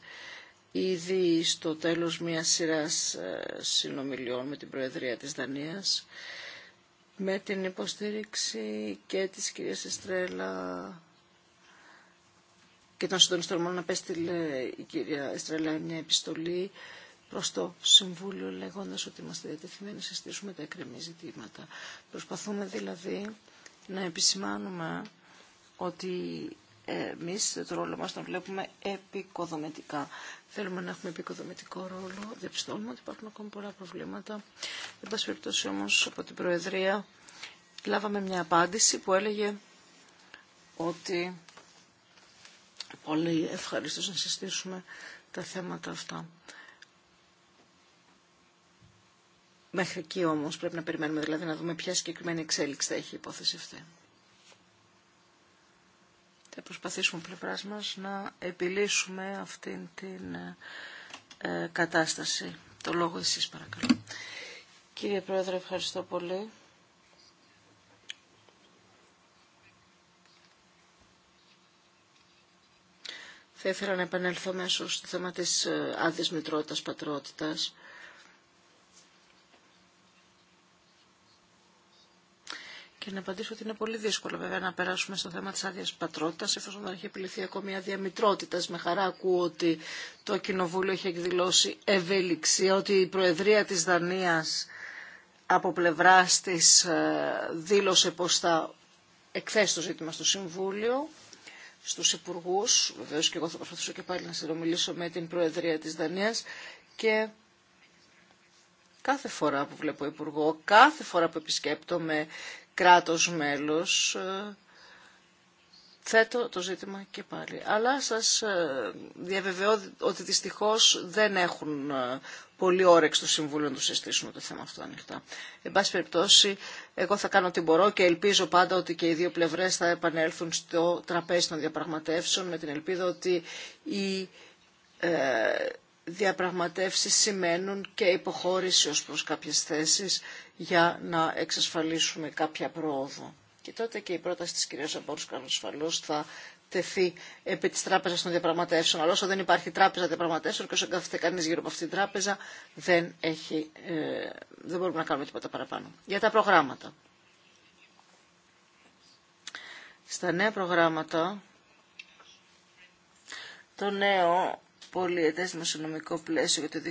ήδη στο τέλος μιας σειράς ε, συνομιλιών με την Προεδρία της Δανίας με την υποστήριξη και της κυρίας Εστρέλα και των συντονιστών μόνο να πέστειλε η κυρία Εστρέλα μια επιστολή Προ το Συμβούλιο λέγοντα ότι είμαστε διατεθειμένοι να συστήσουμε τα εκκρεμή ζητήματα. Προσπαθούμε δηλαδή να επισημάνουμε ότι εμεί το ρόλο μα τον βλέπουμε επικοδομητικά. Θέλουμε να έχουμε επικοδομητικό ρόλο, διαπιστώνουμε ότι υπάρχουν ακόμα πολλά προβλήματα. Εν πάση περιπτώσει όμω από την Προεδρία λάβαμε μια απάντηση που έλεγε ότι πολύ ευχαριστώ να συστήσουμε τα θέματα αυτά. Μέχρι εκεί όμως πρέπει να περιμένουμε δηλαδή να δούμε ποια συγκεκριμένη εξέλιξη θα έχει η υπόθεση αυτή. Θα προσπαθήσουμε πλευρά μας να επιλύσουμε αυτήν την ε, ε, κατάσταση. Το λόγο εσείς παρακαλώ. Κύριε Πρόεδρε, ευχαριστώ πολύ. Θα ήθελα να επανέλθω μέσω στο θέμα της ε, άδειας μητρότητας πατρότητας και να απαντήσω ότι είναι πολύ δύσκολο βέβαια να περάσουμε στο θέμα της άδεια πατρότητας εφόσον δεν έχει επιληθεί ακόμη άδεια Με χαρά ακούω ότι το Κοινοβούλιο έχει εκδηλώσει ευελιξία, ότι η Προεδρία της Δανίας από πλευρά τη, ε, δήλωσε πως θα εκθέσει το ζήτημα στο Συμβούλιο στους υπουργού, βεβαίω και εγώ θα προσπαθήσω και πάλι να συνομιλήσω με την Προεδρία της Δανίας και κάθε φορά που βλέπω υπουργό, κάθε φορά που επισκέπτομαι κράτος μέλος, ε, θέτω το ζήτημα και πάλι. Αλλά σας ε, διαβεβαιώ ότι δυστυχώς δεν έχουν ε, πολύ όρεξη του Συμβούλιο να το συστήσουν το θέμα αυτό ανοιχτά. Εν πάση περιπτώσει, εγώ θα κάνω ό,τι μπορώ και ελπίζω πάντα ότι και οι δύο πλευρές θα επανέλθουν στο τραπέζι των διαπραγματεύσεων με την ελπίδα ότι η διαπραγματεύσεις σημαίνουν και υποχώρηση ως προς κάποιες θέσεις για να εξασφαλίσουμε κάποια πρόοδο. Και τότε και η πρόταση της κυρίας Αμπόρσκα ασφαλώς θα τεθεί επί της τράπεζας των διαπραγματεύσεων. Αλλά όσο δεν υπάρχει τράπεζα διαπραγματεύσεων και όσο κάθεται κανείς γύρω από αυτήν την τράπεζα δεν, έχει, ε, δεν μπορούμε να κάνουμε τίποτα παραπάνω. Για τα προγράμματα. Στα νέα προγράμματα το νέο πολιετές δημοσιονομικό πλαίσιο για το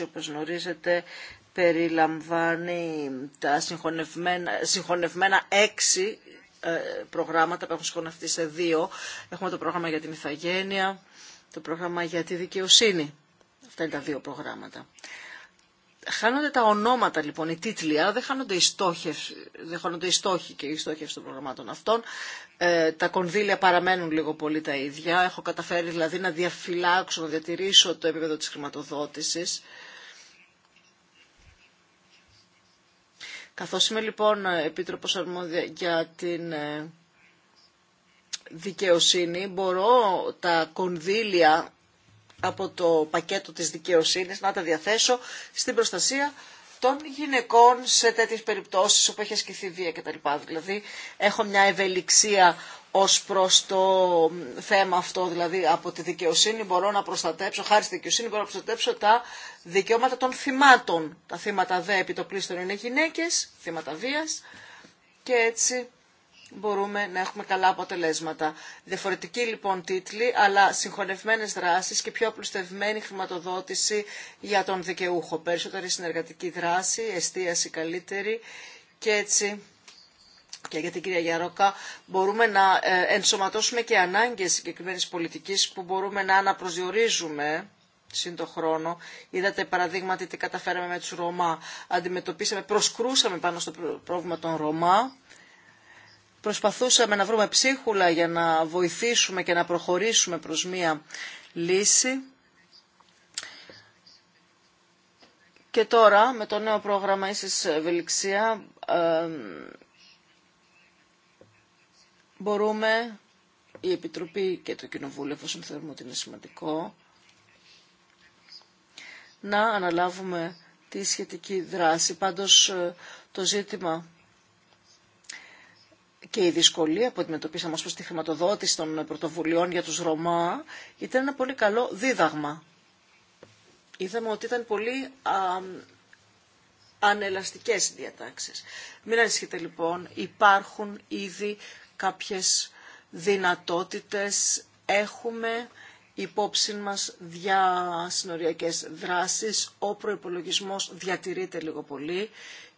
2013-2020, όπως γνωρίζετε, περιλαμβάνει τα συγχωνευμένα, συγχωνευμένα έξι ε, προγράμματα που έχουν συγχωνευτεί σε δύο. Έχουμε το πρόγραμμα για την Ιθαγένεια, το πρόγραμμα για τη δικαιοσύνη. Αυτά είναι τα δύο προγράμματα. Χάνονται τα ονόματα λοιπόν, οι τίτλοι, αλλά δεν χάνονται οι, δεν οι στόχοι και οι στόχευση των προγραμμάτων αυτών. Ε, τα κονδύλια παραμένουν λίγο πολύ τα ίδια. Έχω καταφέρει δηλαδή να διαφυλάξω, να διατηρήσω το επίπεδο της χρηματοδότησης. Καθώς είμαι λοιπόν επίτροπος αρμόδια για την ε, δικαιοσύνη, μπορώ τα κονδύλια από το πακέτο της δικαιοσύνης να τα διαθέσω στην προστασία των γυναικών σε τέτοιες περιπτώσεις όπου έχει ασκηθεί βία κτλ. Δηλαδή έχω μια ευελιξία ως προς το θέμα αυτό, δηλαδή από τη δικαιοσύνη μπορώ να προστατέψω, χάρη στη δικαιοσύνη μπορώ να προστατέψω τα δικαιώματα των θυμάτων. Τα θύματα δε το είναι γυναίκες, θύματα βίας και έτσι μπορούμε να έχουμε καλά αποτελέσματα. Διαφορετικοί λοιπόν τίτλοι, αλλά συγχωνευμένες δράσεις και πιο απλουστευμένη χρηματοδότηση για τον δικαιούχο. Περισσότερη συνεργατική δράση, εστίαση καλύτερη και έτσι και για την κυρία Γιαρόκα, μπορούμε να ε, ενσωματώσουμε και ανάγκες συγκεκριμένη πολιτικής που μπορούμε να αναπροσδιορίζουμε σύν το χρόνο. Είδατε παραδείγματι τι καταφέραμε με τους Ρωμά. Αντιμετωπίσαμε, προσκρούσαμε πάνω στο πρόβλημα των Ρωμά Προσπαθούσαμε να βρούμε ψίχουλα για να βοηθήσουμε και να προχωρήσουμε προς μία λύση. Και τώρα με το νέο πρόγραμμα Ίσης Ευελιξία μπορούμε, η Επιτροπή και το Κοινοβούλιο, εφόσον θεωρούμε ότι είναι σημαντικό, να αναλάβουμε τη σχετική δράση. Πάντως ε, το ζήτημα και η δυσκολία που αντιμετωπίσαμε ως προς τη χρηματοδότηση των πρωτοβουλειών για τους Ρωμά ήταν ένα πολύ καλό δίδαγμα. Είδαμε ότι ήταν πολύ α, ανελαστικές οι διατάξεις. Μην ανησυχείτε λοιπόν, υπάρχουν ήδη κάποιες δυνατότητες, έχουμε υπόψη μας διασυνοριακές δράσεις, ο προϋπολογισμός διατηρείται λίγο πολύ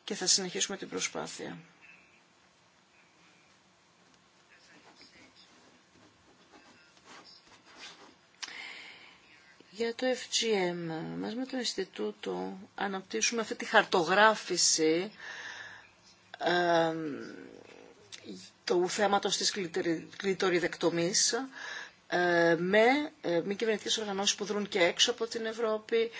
και θα συνεχίσουμε την προσπάθεια. Για το FGM, μαζί με το Ινστιτούτο αναπτύσσουμε αυτή τη χαρτογράφηση ε, του θέματος της κλειτοριδεκτομής ε, με ε, μη κυβερνητικέ οργανώσεις που δρούν και έξω από την Ευρώπη,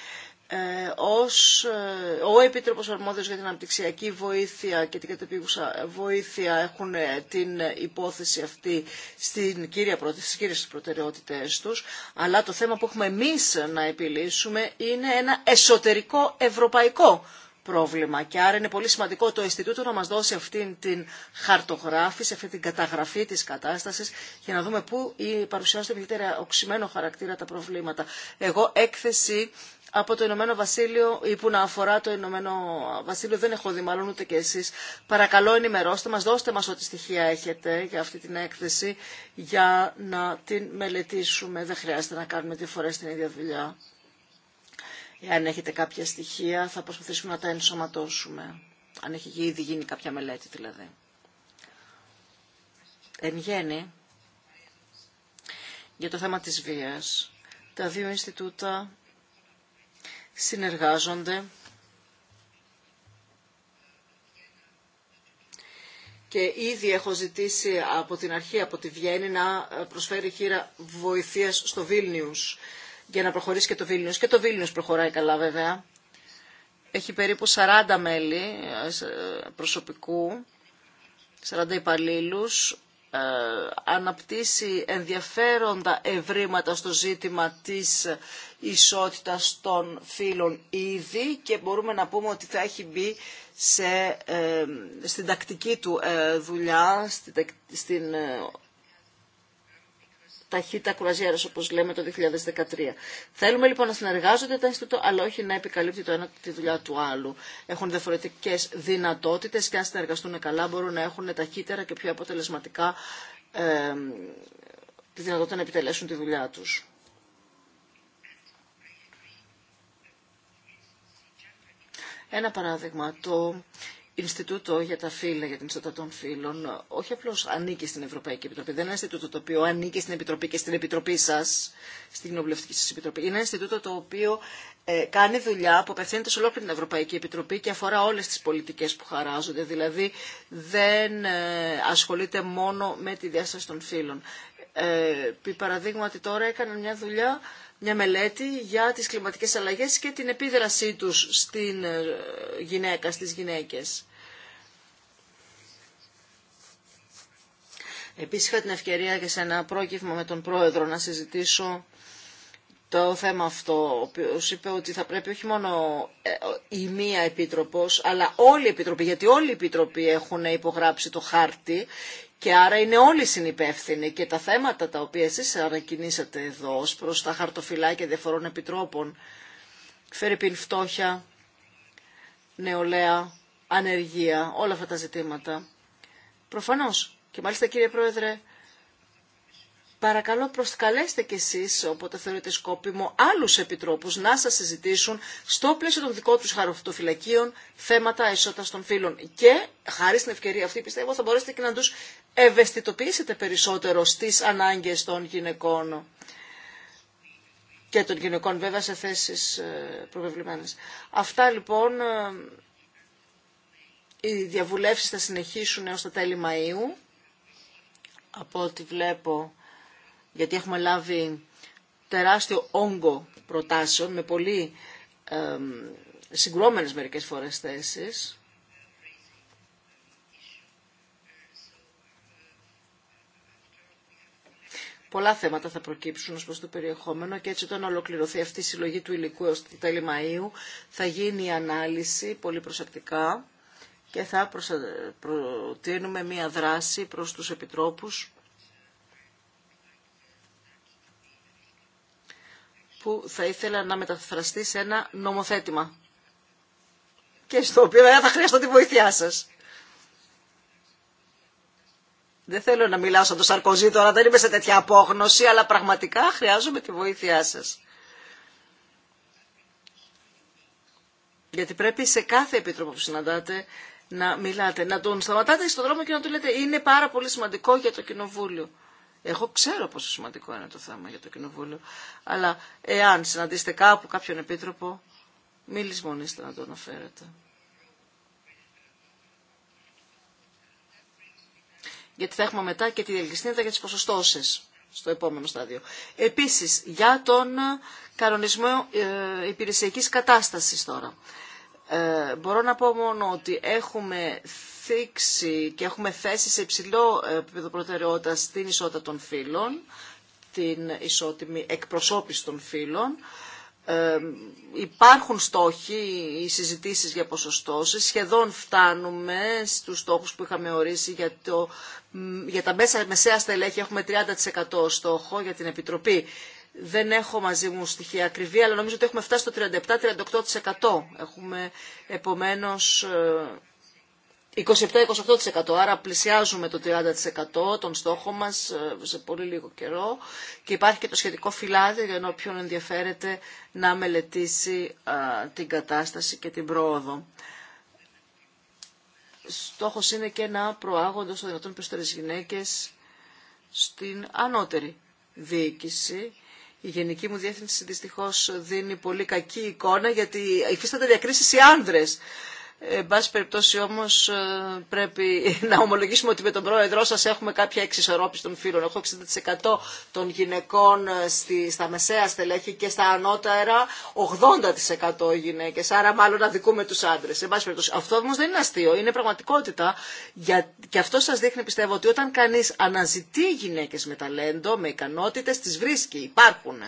ε, ε, ο Επίτροπος Αρμόδιος για την Αναπτυξιακή Βοήθεια και την Κατεπίγουσα Βοήθεια έχουν ε, την υπόθεση αυτή στην κύρια πρώτη, στις κύριες προτεραιότητες τους, αλλά το θέμα που έχουμε εμείς να επιλύσουμε είναι ένα εσωτερικό ευρωπαϊκό πρόβλημα και άρα είναι πολύ σημαντικό το Ινστιτούτο να μας δώσει αυτήν την χαρτογράφηση, αυτή την καταγραφή της κατάστασης για να δούμε πού παρουσιάζονται μεγαλύτερα οξυμένο χαρακτήρα τα προβλήματα. Εγώ έκθεση από το Ηνωμένο Βασίλειο ή που να αφορά το Ηνωμένο Βασίλειο. Δεν έχω δει μάλλον ούτε και εσείς. Παρακαλώ ενημερώστε μας, δώστε μας ό,τι στοιχεία έχετε για αυτή την έκθεση για να την μελετήσουμε. Δεν χρειάζεται να κάνουμε δύο φορές την ίδια δουλειά. Εάν έχετε κάποια στοιχεία θα προσπαθήσουμε να τα ενσωματώσουμε. Αν έχει ήδη γίνει κάποια μελέτη δηλαδή. Εν γέννη, για το θέμα της βίας, τα δύο Ινστιτούτα συνεργάζονται και ήδη έχω ζητήσει από την αρχή, από τη Βιέννη, να προσφέρει χείρα βοηθείας στο Βίλνιους για να προχωρήσει και το Βίλνιους. Και το Βίλνιους προχωράει καλά βέβαια. Έχει περίπου 40 μέλη ε, προσωπικού, 40 υπαλλήλους ε, αναπτύσσει ενδιαφέροντα ευρήματα στο ζήτημα της ισότητας των φύλων ήδη και μπορούμε να πούμε ότι θα έχει μπει σε, ε, στην τακτική του ε, δουλειά, στην ταχύτητα κουραζιέρα, όπω λέμε το 2013. Θέλουμε λοιπόν να συνεργάζονται τα Ινστιτούτα, αλλά όχι να επικαλύπτει το ένα τη δουλειά του άλλου. Έχουν διαφορετικέ δυνατότητε και αν συνεργαστούν καλά μπορούν να έχουν ταχύτερα και πιο αποτελεσματικά ε, τη δυνατότητα να επιτελέσουν τη δουλειά του. Ένα παράδειγμα, το Ινστιτούτο για τα φύλλα, για την ισότητα των φύλων, όχι απλώ ανήκει στην Ευρωπαϊκή Επιτροπή. Δεν είναι ένα Ινστιτούτο το οποίο ανήκει στην Επιτροπή και στην Επιτροπή σα, στην Κοινοβουλευτική σα Επιτροπή. Είναι ένα Ινστιτούτο το οποίο ε, κάνει δουλειά που απευθύνεται σε ολόκληρη την Ευρωπαϊκή Επιτροπή και αφορά όλε τι πολιτικέ που χαράζονται. Δηλαδή δεν ε, ασχολείται μόνο με τη διάσταση των φύλων. Ε, επί παραδείγματι τώρα έκαναν μια δουλειά, μια μελέτη για τις κλιματικές αλλαγές και την επίδρασή τους στην ε, γυναίκα, στις γυναίκες. Επίσης είχα την ευκαιρία και σε ένα πρόγευμα με τον πρόεδρο να συζητήσω το θέμα αυτό, ο οποίος είπε ότι θα πρέπει όχι μόνο ε, η μία επίτροπος, αλλά όλοι οι επιτροποί, γιατί όλοι οι επιτροποί έχουν υπογράψει το χάρτη και άρα είναι όλοι συνυπεύθυνοι και τα θέματα τα οποία εσείς ανακοινήσατε εδώ ως προς τα χαρτοφυλάκια διαφορών επιτρόπων, φερειπίν φτώχεια, νεολαία, ανεργία, όλα αυτά τα ζητήματα. Προφανώς και μάλιστα κύριε Πρόεδρε παρακαλώ προσκαλέστε κι εσείς, όποτε θεωρείτε σκόπιμο, άλλους επιτρόπους να σας συζητήσουν στο πλαίσιο των δικών τους χαροφυλακίων θέματα ισότητας των φύλων. Και χάρη στην ευκαιρία αυτή πιστεύω θα μπορέσετε και να τους ευαισθητοποιήσετε περισσότερο στις ανάγκες των γυναικών και των γυναικών βέβαια σε θέσεις ε, προβεβλημένες. Αυτά λοιπόν ε, οι διαβουλεύσεις θα συνεχίσουν έως τα τέλη Μαΐου. Από ό,τι βλέπω γιατί έχουμε λάβει τεράστιο όγκο προτάσεων με πολύ ε, συγκρόμενες μερικές φορές θέσεις. Πολλά θέματα θα προκύψουν ως προς το περιεχόμενο και έτσι όταν ολοκληρωθεί αυτή η συλλογή του υλικού έως το τέλη Μαΐου θα γίνει η ανάλυση πολύ προσεκτικά και θα προτείνουμε μία δράση προς τους επιτρόπους που θα ήθελα να μεταφραστεί σε ένα νομοθέτημα. Και στο οποίο θα χρειαστώ τη βοήθειά σας. Δεν θέλω να μιλάω σαν το Σαρκοζή τώρα, δεν είμαι σε τέτοια απόγνωση, αλλά πραγματικά χρειάζομαι τη βοήθειά σας. Γιατί πρέπει σε κάθε επίτροπο που συναντάτε να μιλάτε, να τον σταματάτε στον δρόμο και να του λέτε είναι πάρα πολύ σημαντικό για το κοινοβούλιο. Εγώ ξέρω πόσο σημαντικό είναι το θέμα για το Κοινοβούλιο, αλλά εάν συναντήσετε κάπου κάποιον επίτροπο, μη λησμονήσετε να τον αναφέρετε. Γιατί θα έχουμε μετά και τη διελκυστήνητα για τις ποσοστώσεις στο επόμενο στάδιο. Επίσης, για τον κανονισμό ε, υπηρεσιακής κατάστασης τώρα. Ε, μπορώ να πω μόνο ότι έχουμε θίξει και έχουμε θέσει σε υψηλό επίπεδο προτεραιότητα στην ισότητα των φύλων, την ισότιμη εκπροσώπηση των φύλων. Ε, υπάρχουν στόχοι, οι συζητήσεις για ποσοστώσεις, σχεδόν φτάνουμε στους στόχους που είχαμε ορίσει για, το, για τα μέσα μεσαία στελέχη έχουμε 30% στόχο για την Επιτροπή δεν έχω μαζί μου στοιχεία ακριβή, αλλά νομίζω ότι έχουμε φτάσει στο 37-38%. Έχουμε επομένως 27-28%. Ε, Άρα πλησιάζουμε το 30% τον στόχο μας ε, σε πολύ λίγο καιρό και υπάρχει και το σχετικό φυλάδι για όποιον ενδιαφέρεται να μελετήσει την κατάσταση και την πρόοδο. Στόχος είναι και να προάγονται όσο δυνατόν περισσότερες γυναίκες στην ανώτερη διοίκηση η γενική μου διεύθυνση δυστυχώς δίνει πολύ κακή εικόνα γιατί υφίστανται διακρίσεις οι άνδρες Εν πάση περιπτώσει όμω, ε, πρέπει να ομολογήσουμε ότι με τον πρόεδρό σα έχουμε κάποια εξισορρόπηση των φύλων. Έχω 60% των γυναικών ε, στη, στα μεσαία στελέχη και στα ανώτερα 80% γυναίκε. Άρα μάλλον αδικούμε τους άντρες. Εν πάση περιπτώσει. Αυτό όμω δεν είναι αστείο, είναι πραγματικότητα. Για, και αυτό σα δείχνει πιστεύω ότι όταν κανείς αναζητεί γυναίκε με ταλέντο, με ικανότητε, τι βρίσκει, υπάρχουν.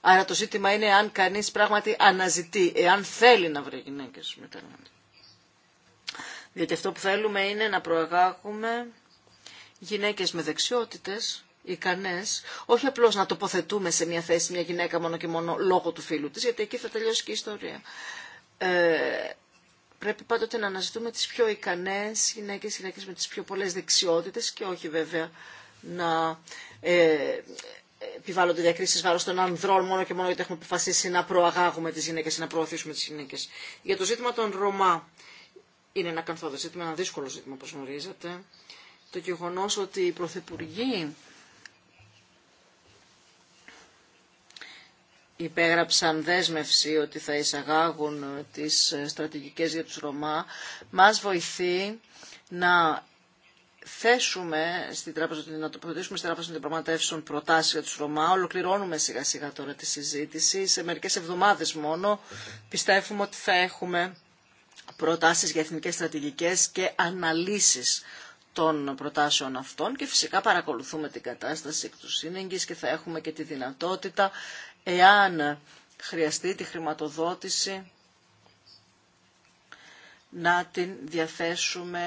Άρα το ζήτημα είναι αν κανείς πράγματι αναζητεί, εάν θέλει να βρει γυναίκες μετανάστες. Διότι αυτό που θέλουμε είναι να προαγάγουμε γυναίκες με δεξιότητες, ικανές, όχι απλώς να τοποθετούμε σε μια θέση μια γυναίκα μόνο και μόνο λόγω του φίλου της, γιατί εκεί θα τελειώσει και η ιστορία. Ε, πρέπει πάντοτε να αναζητούμε τις πιο ικανές γυναίκες, γυναίκες με τις πιο πολλές δεξιότητες και όχι βέβαια να ε, επιβάλλονται διακρίσει βάρο των ανδρών μόνο και μόνο γιατί έχουμε αποφασίσει να προαγάγουμε τι γυναίκε ή να προωθήσουμε τι γυναίκε. Για το ζήτημα των Ρωμά είναι ένα καθόδο ζήτημα, ένα δύσκολο ζήτημα όπω γνωρίζετε. Το γεγονό ότι οι πρωθυπουργοί υπέγραψαν δέσμευση ότι θα εισαγάγουν τις στρατηγικές για τους Ρωμά, μας βοηθεί να θέσουμε στην τράπεζα, να τοποθετήσουμε στην τράπεζα των διαπραγματεύσεων προτάσει για του Ρωμά. Ολοκληρώνουμε σιγά σιγά τώρα τη συζήτηση. Σε μερικέ εβδομάδε μόνο πιστεύουμε ότι θα έχουμε προτάσεις για εθνικέ στρατηγικές και αναλύσεις των προτάσεων αυτών και φυσικά παρακολουθούμε την κατάσταση εκ του σύνεγγυ και θα έχουμε και τη δυνατότητα εάν χρειαστεί τη χρηματοδότηση να την διαθέσουμε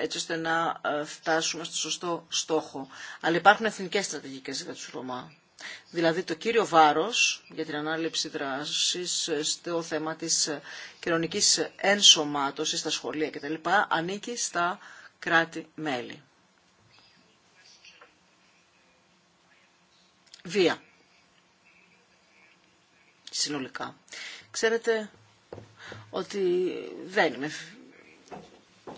έτσι ώστε να ε, φτάσουμε στο σωστό στόχο. Αλλά υπάρχουν εθνικές στρατηγικές για τους Ρωμά. Δηλαδή το κύριο βάρος για την ανάληψη δράσης ε, στο θέμα της ε, κοινωνικής ενσωμάτωσης στα σχολεία κτλ. ανήκει στα κράτη-μέλη. Βία. Συνολικά. Ξέρετε, ότι δεν είμαι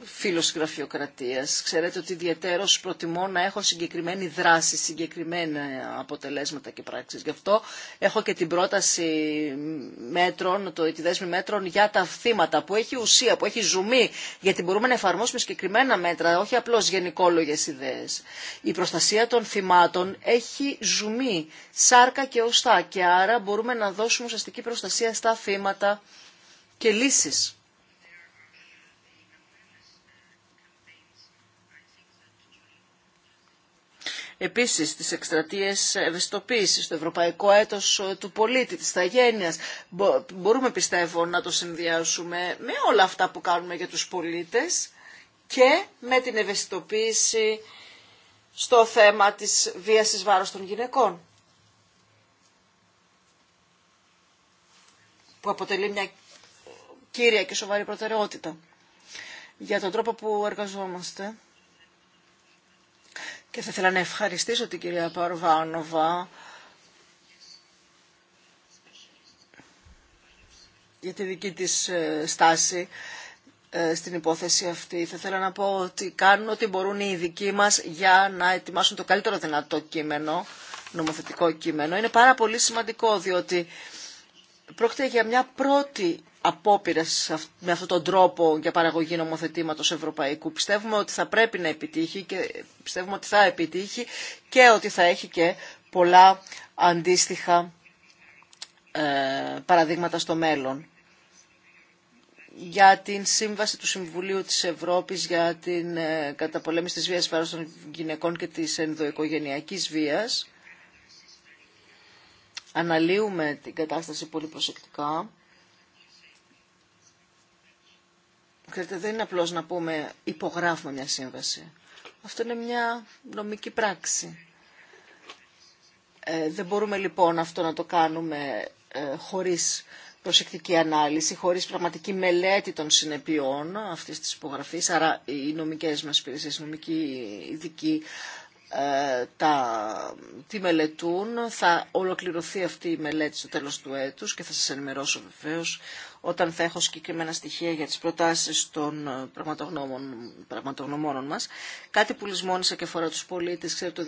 φίλος γραφειοκρατίας. Ξέρετε ότι ιδιαίτερος προτιμώ να έχω συγκεκριμένη δράση, συγκεκριμένα αποτελέσματα και πράξεις. Γι' αυτό έχω και την πρόταση μέτρων, το, τη δέσμη μέτρων για τα θύματα που έχει ουσία, που έχει ζουμί, γιατί μπορούμε να εφαρμόσουμε συγκεκριμένα μέτρα, όχι απλώς γενικόλογες ιδέες. Η προστασία των θυμάτων έχει ζουμί, σάρκα και οστά και άρα μπορούμε να δώσουμε ουσιαστική προστασία στα θύματα και λύσεις. Επίσης, τις εκστρατείες ευαισθητοποίησης, το ευρωπαϊκό έτος του πολίτη, της ταγένειας, μπορούμε πιστεύω να το συνδυάσουμε με όλα αυτά που κάνουμε για τους πολίτες και με την ευαισθητοποίηση στο θέμα της βίας εις βάρος των γυναικών. Που αποτελεί μια κύρια και σοβαρή προτεραιότητα για τον τρόπο που εργαζόμαστε. Και θα ήθελα να ευχαριστήσω την κυρία Παρβάνοβα για τη δική της ε, στάση ε, στην υπόθεση αυτή. Θα ήθελα να πω ότι κάνουν ό,τι μπορούν οι ειδικοί μας για να ετοιμάσουν το καλύτερο δυνατό κείμενο, νομοθετικό κείμενο. Είναι πάρα πολύ σημαντικό διότι πρόκειται για μια πρώτη απόπειρε με αυτόν τον τρόπο για παραγωγή νομοθετήματο ευρωπαϊκού. Πιστεύουμε ότι θα πρέπει να επιτύχει και πιστεύουμε ότι θα επιτύχει και ότι θα έχει και πολλά αντίστοιχα ε, παραδείγματα στο μέλλον. Για την σύμβαση του Συμβουλίου της Ευρώπης για την ε, καταπολέμηση της βίας βάρος των γυναικών και της ενδοοικογενειακής βίας αναλύουμε την κατάσταση πολύ προσεκτικά Ξέρετε, δεν είναι απλώς να πούμε υπογράφουμε μια σύμβαση. Αυτό είναι μια νομική πράξη. Ε, δεν μπορούμε λοιπόν αυτό να το κάνουμε ε, χωρίς προσεκτική ανάλυση, χωρίς πραγματική μελέτη των συνεπειών αυτής της υπογραφής, άρα οι νομικές μας υπηρεσίες, οι νομικοί ειδικοί ε, τα, τι μελετούν. Θα ολοκληρωθεί αυτή η μελέτη στο τέλος του έτους και θα σας ενημερώσω βεβαίως όταν θα έχω συγκεκριμένα στοιχεία για τις προτάσεις των πραγματογνωμόνων μας. Κάτι που λησμόνισε και φορά τους πολίτες. Ξέρω το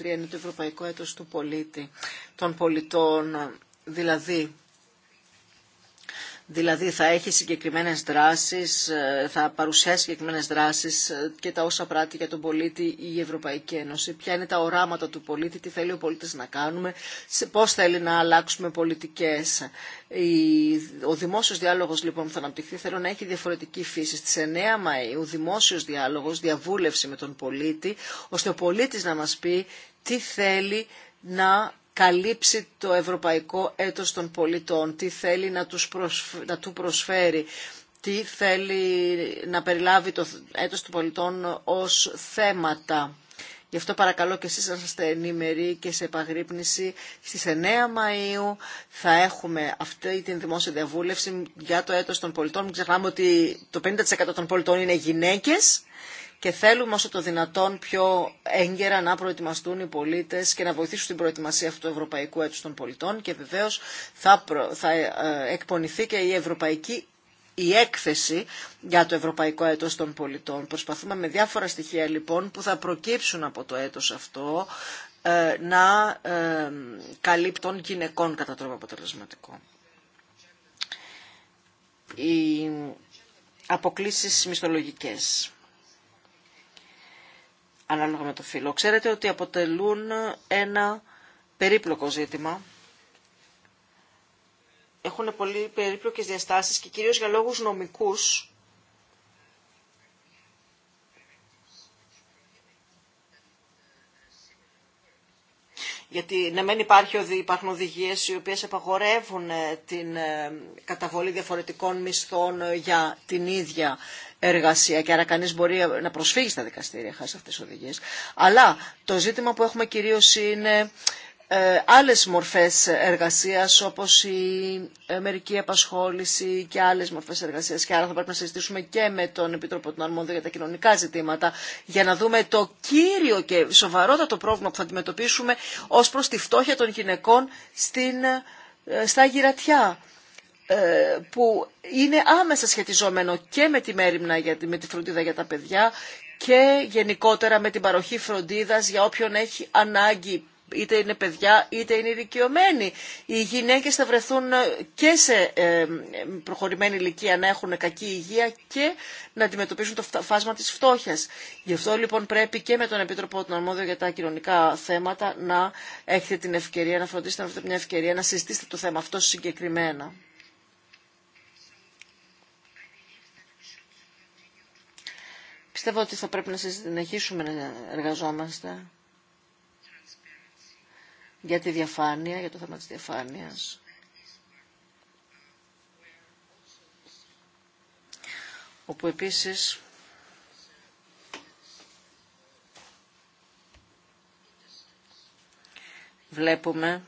2013 είναι το Ευρωπαϊκό Έτος του Πολίτη, των πολιτών. Δηλαδή, Δηλαδή θα έχει συγκεκριμένες δράσεις, ε, θα παρουσιάσει συγκεκριμένες δράσεις ε, και τα όσα πράττει για τον πολίτη η Ευρωπαϊκή Ένωση. Ποια είναι τα οράματα του πολίτη, τι θέλει ο πολίτης να κάνουμε, πώ πώς θέλει να αλλάξουμε πολιτικές. Ο δημόσιος διάλογος λοιπόν που θα αναπτυχθεί θέλω να έχει διαφορετική φύση. Στις 9 Μαΐου δημόσιος διάλογος, διαβούλευση με τον πολίτη, ώστε ο πολίτης να μας πει τι θέλει να καλύψει το ευρωπαϊκό έτος των πολιτών, τι θέλει να, τους να του προσφέρει, τι θέλει να περιλάβει το έτος των πολιτών ως θέματα. Γι' αυτό παρακαλώ και εσείς να είστε ενήμεροι και σε επαγρύπνηση. Στις 9 Μαΐου θα έχουμε αυτή την δημόσια διαβούλευση για το έτος των πολιτών. Μην ξεχνάμε ότι το 50% των πολιτών είναι γυναίκες και θέλουμε όσο το δυνατόν πιο έγκαιρα να προετοιμαστούν οι πολίτε και να βοηθήσουν την προετοιμασία αυτού του Ευρωπαϊκού Έτου των Πολιτών και βεβαίω θα, θα ε, εκπονηθεί και η Ευρωπαϊκή η έκθεση για το Ευρωπαϊκό Έτος των Πολιτών. Προσπαθούμε με διάφορα στοιχεία λοιπόν που θα προκύψουν από το έτος αυτό ε, να ε, καλύπτουν γυναικών κατά τρόπο αποτελεσματικό. Οι αποκλήσεις μισθολογικές ανάλογα με το φύλλο. Ξέρετε ότι αποτελούν ένα περίπλοκο ζήτημα. Έχουν πολύ περίπλοκες διαστάσεις και κυρίως για λόγους νομικούς. Γιατί ναι μεν υπάρχει, υπάρχουν οδηγίες οι οποίες απαγορεύουν ε, την ε, καταβολή διαφορετικών μισθών ε, για την ίδια εργασία και άρα κανείς μπορεί να προσφύγει στα δικαστήρια χάρη σε αυτές τις οδηγίες. Αλλά το ζήτημα που έχουμε κυρίως είναι ε, άλλες μορφές εργασίας όπως η ε, μερική απασχόληση και άλλες μορφές εργασίας και άρα θα πρέπει να συζητήσουμε και με τον Επίτροπο των Αρμόντων για τα κοινωνικά ζητήματα για να δούμε το κύριο και σοβαρότατο πρόβλημα που θα αντιμετωπίσουμε ως προς τη φτώχεια των γυναικών στην, ε, στα γυρατιά. Ε, που είναι άμεσα σχετιζόμενο και με τη μέρημνα, με τη φροντίδα για τα παιδιά και γενικότερα με την παροχή φροντίδας για όποιον έχει ανάγκη είτε είναι παιδιά είτε είναι ηλικιωμένοι. Οι γυναίκες θα βρεθούν ε, και σε ε, προχωρημένη ηλικία να έχουν κακή υγεία και να αντιμετωπίσουν το φάσμα της φτώχειας. Γι' αυτό λοιπόν πρέπει και με τον Επίτροπο των Αρμόδιο για τα κοινωνικά θέματα να έχετε την ευκαιρία, να φροντίσετε να βρείτε μια ευκαιρία να συζητήσετε το θέμα αυτό συγκεκριμένα. Πιστεύω ότι θα πρέπει να συνεχίσουμε να εργαζόμαστε για τη διαφάνεια, για το θέμα της διαφάνειας. Όπου επίσης βλέπουμε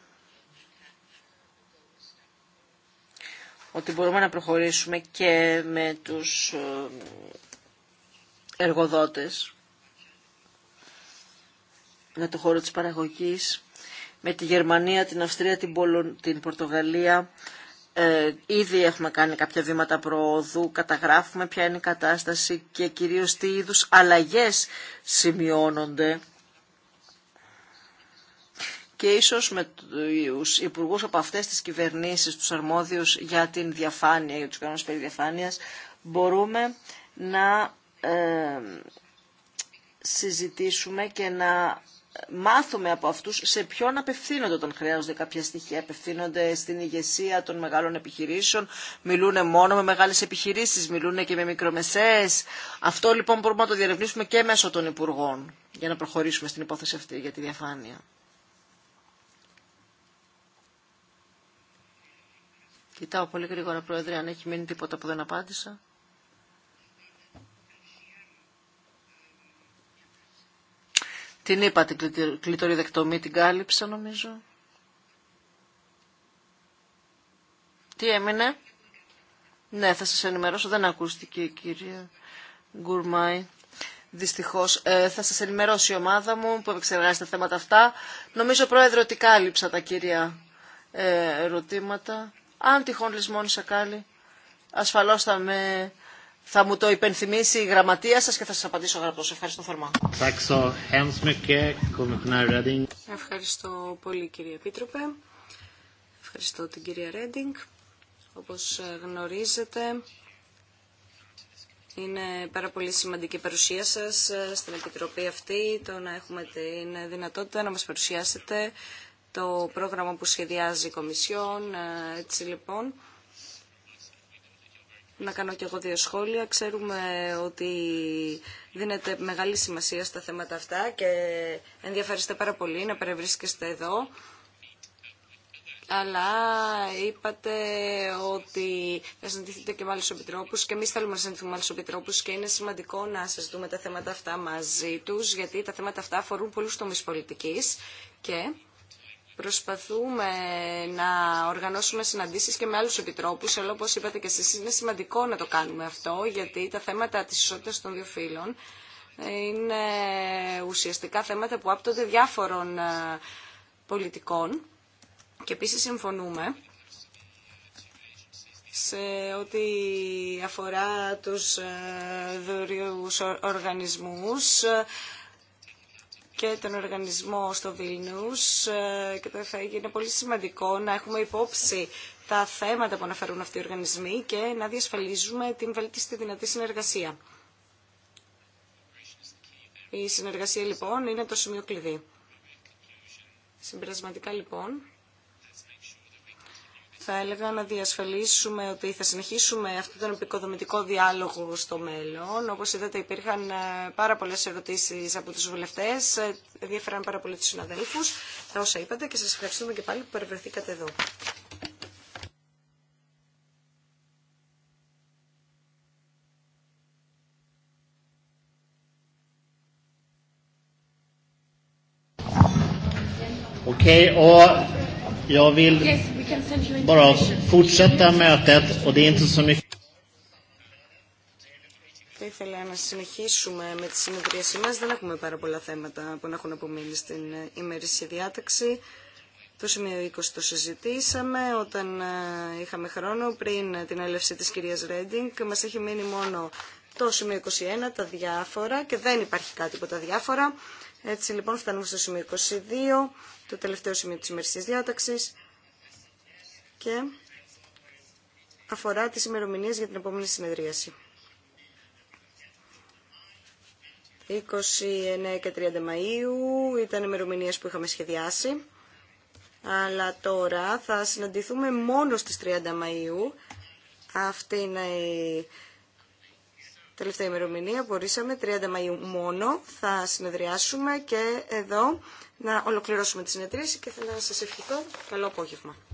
ότι μπορούμε να προχωρήσουμε και με τους ε, εργοδότες με το χώρο της παραγωγής, με τη Γερμανία, την Αυστρία, την, Πολο... την Πορτογαλία. Ε, ήδη έχουμε κάνει κάποια βήματα προόδου, καταγράφουμε ποια είναι η κατάσταση και κυρίως τι είδους αλλαγές σημειώνονται. Και ίσως με τους υπουργού από αυτές τις κυβερνήσεις, τους αρμόδιους για την διαφάνεια, για τους κανόνες περί μπορούμε να συζητήσουμε και να μάθουμε από αυτούς σε ποιον απευθύνονται όταν χρειάζονται κάποια στοιχεία. Απευθύνονται στην ηγεσία των μεγάλων επιχειρήσεων, μιλούν μόνο με μεγάλες επιχειρήσεις, μιλούν και με μικρομεσαίες. Αυτό λοιπόν μπορούμε να το διαρευνήσουμε και μέσω των Υπουργών για να προχωρήσουμε στην υπόθεση αυτή για τη διαφάνεια. Κοιτάω πολύ γρήγορα, Πρόεδρε, αν έχει μείνει τίποτα που δεν απάντησα. Την είπα την κλειτοριδεκτομή, την κάλυψα νομίζω. Τι έμεινε. Ναι, θα σας ενημερώσω. Δεν ακούστηκε η κυρία Γκουρμάη. Δυστυχώς. Ε, θα σας ενημερώσει η ομάδα μου που επεξεργάζεται θέματα αυτά. Νομίζω, Πρόεδρε, ότι κάλυψα τα κύρια ε, ερωτήματα. Αν τυχόν λησμόνησα κάλλη, ασφαλώς θα με θα μου το υπενθυμίσει η γραμματεία σας και θα σας απαντήσω γραπτός. Ευχαριστώ θερμά. Ευχαριστώ πολύ κύριε Επίτροπε. Ευχαριστώ την κυρία Ρέντινγκ. Όπως ε, γνωρίζετε, είναι πάρα πολύ σημαντική η παρουσία σας ε, στην Επιτροπή αυτή, το να έχουμε την δυνατότητα να μας παρουσιάσετε το πρόγραμμα που σχεδιάζει η Κομισιόν. Ε, έτσι λοιπόν, να κάνω και εγώ δύο σχόλια. Ξέρουμε ότι δίνεται μεγάλη σημασία στα θέματα αυτά και ενδιαφέρεστε πάρα πολύ να παρευρίσκεστε εδώ. Αλλά είπατε ότι θα συναντηθείτε και με άλλου επιτρόπου και εμεί θέλουμε να συναντηθούμε με άλλου επιτρόπου και είναι σημαντικό να δούμε τα θέματα αυτά μαζί του, γιατί τα θέματα αυτά αφορούν πολλού τομεί πολιτική και Προσπαθούμε να οργανώσουμε συναντήσεις και με άλλους επιτρόπους, αλλά όπως είπατε και εσείς είναι σημαντικό να το κάνουμε αυτό, γιατί τα θέματα της ισότητας των δύο φύλων είναι ουσιαστικά θέματα που άπτονται διάφορων ε, πολιτικών και επίσης συμφωνούμε σε ό,τι αφορά τους ε, δωρεούς οργανισμούς και τον οργανισμό στο Βιλνούς ε, και το ΕΦΕΓ είναι πολύ σημαντικό να έχουμε υπόψη τα θέματα που αναφέρουν αυτοί οι οργανισμοί και να διασφαλίζουμε την βελτίστη δυνατή συνεργασία. Η συνεργασία λοιπόν είναι το σημείο κλειδί. Συμπερασματικά λοιπόν, θα έλεγα να διασφαλίσουμε ότι θα συνεχίσουμε αυτόν τον επικοδομητικό διάλογο στο μέλλον. Όπως είδατε υπήρχαν ε, πάρα πολλές ερωτήσεις από τους βουλευτές, ε, ενδιαφέραν πάρα πολύ τους συναδέλφους, τα όσα είπατε και σας ευχαριστούμε και πάλι που παρευρεθήκατε εδώ. Okay, or... vill Bara fortsätta mötet och det är inte så mycket. Θα ήθελα να συνεχίσουμε με τη συνεδρίασή μας. Δεν έχουμε πάρα πολλά θέματα που να έχουν απομείνει στην ε, ημερήσια διάταξη. Το σημείο 20 το συζητήσαμε όταν ε, είχαμε χρόνο πριν την έλευση της κυρίας Ρέντινγκ. Μας έχει μείνει μόνο το σημείο 21, τα διάφορα και δεν υπάρχει κάτι από τα διάφορα. Έτσι λοιπόν φτάνουμε στο σημείο 22, το τελευταίο σημείο της ημερησίας διάταξης και αφορά τις ημερομηνίες για την επόμενη συνεδρίαση. 29 και 30 Μαΐου ήταν ημερομηνίες που είχαμε σχεδιάσει, αλλά τώρα θα συναντηθούμε μόνο στις 30 Μαΐου. Αυτή είναι η τελευταία ημερομηνία που ορίσαμε, 30 Μαΐου μόνο. Θα συνεδριάσουμε και εδώ να ολοκληρώσουμε τη συνεδρίαση και θέλω να σας ευχηθώ καλό απόγευμα.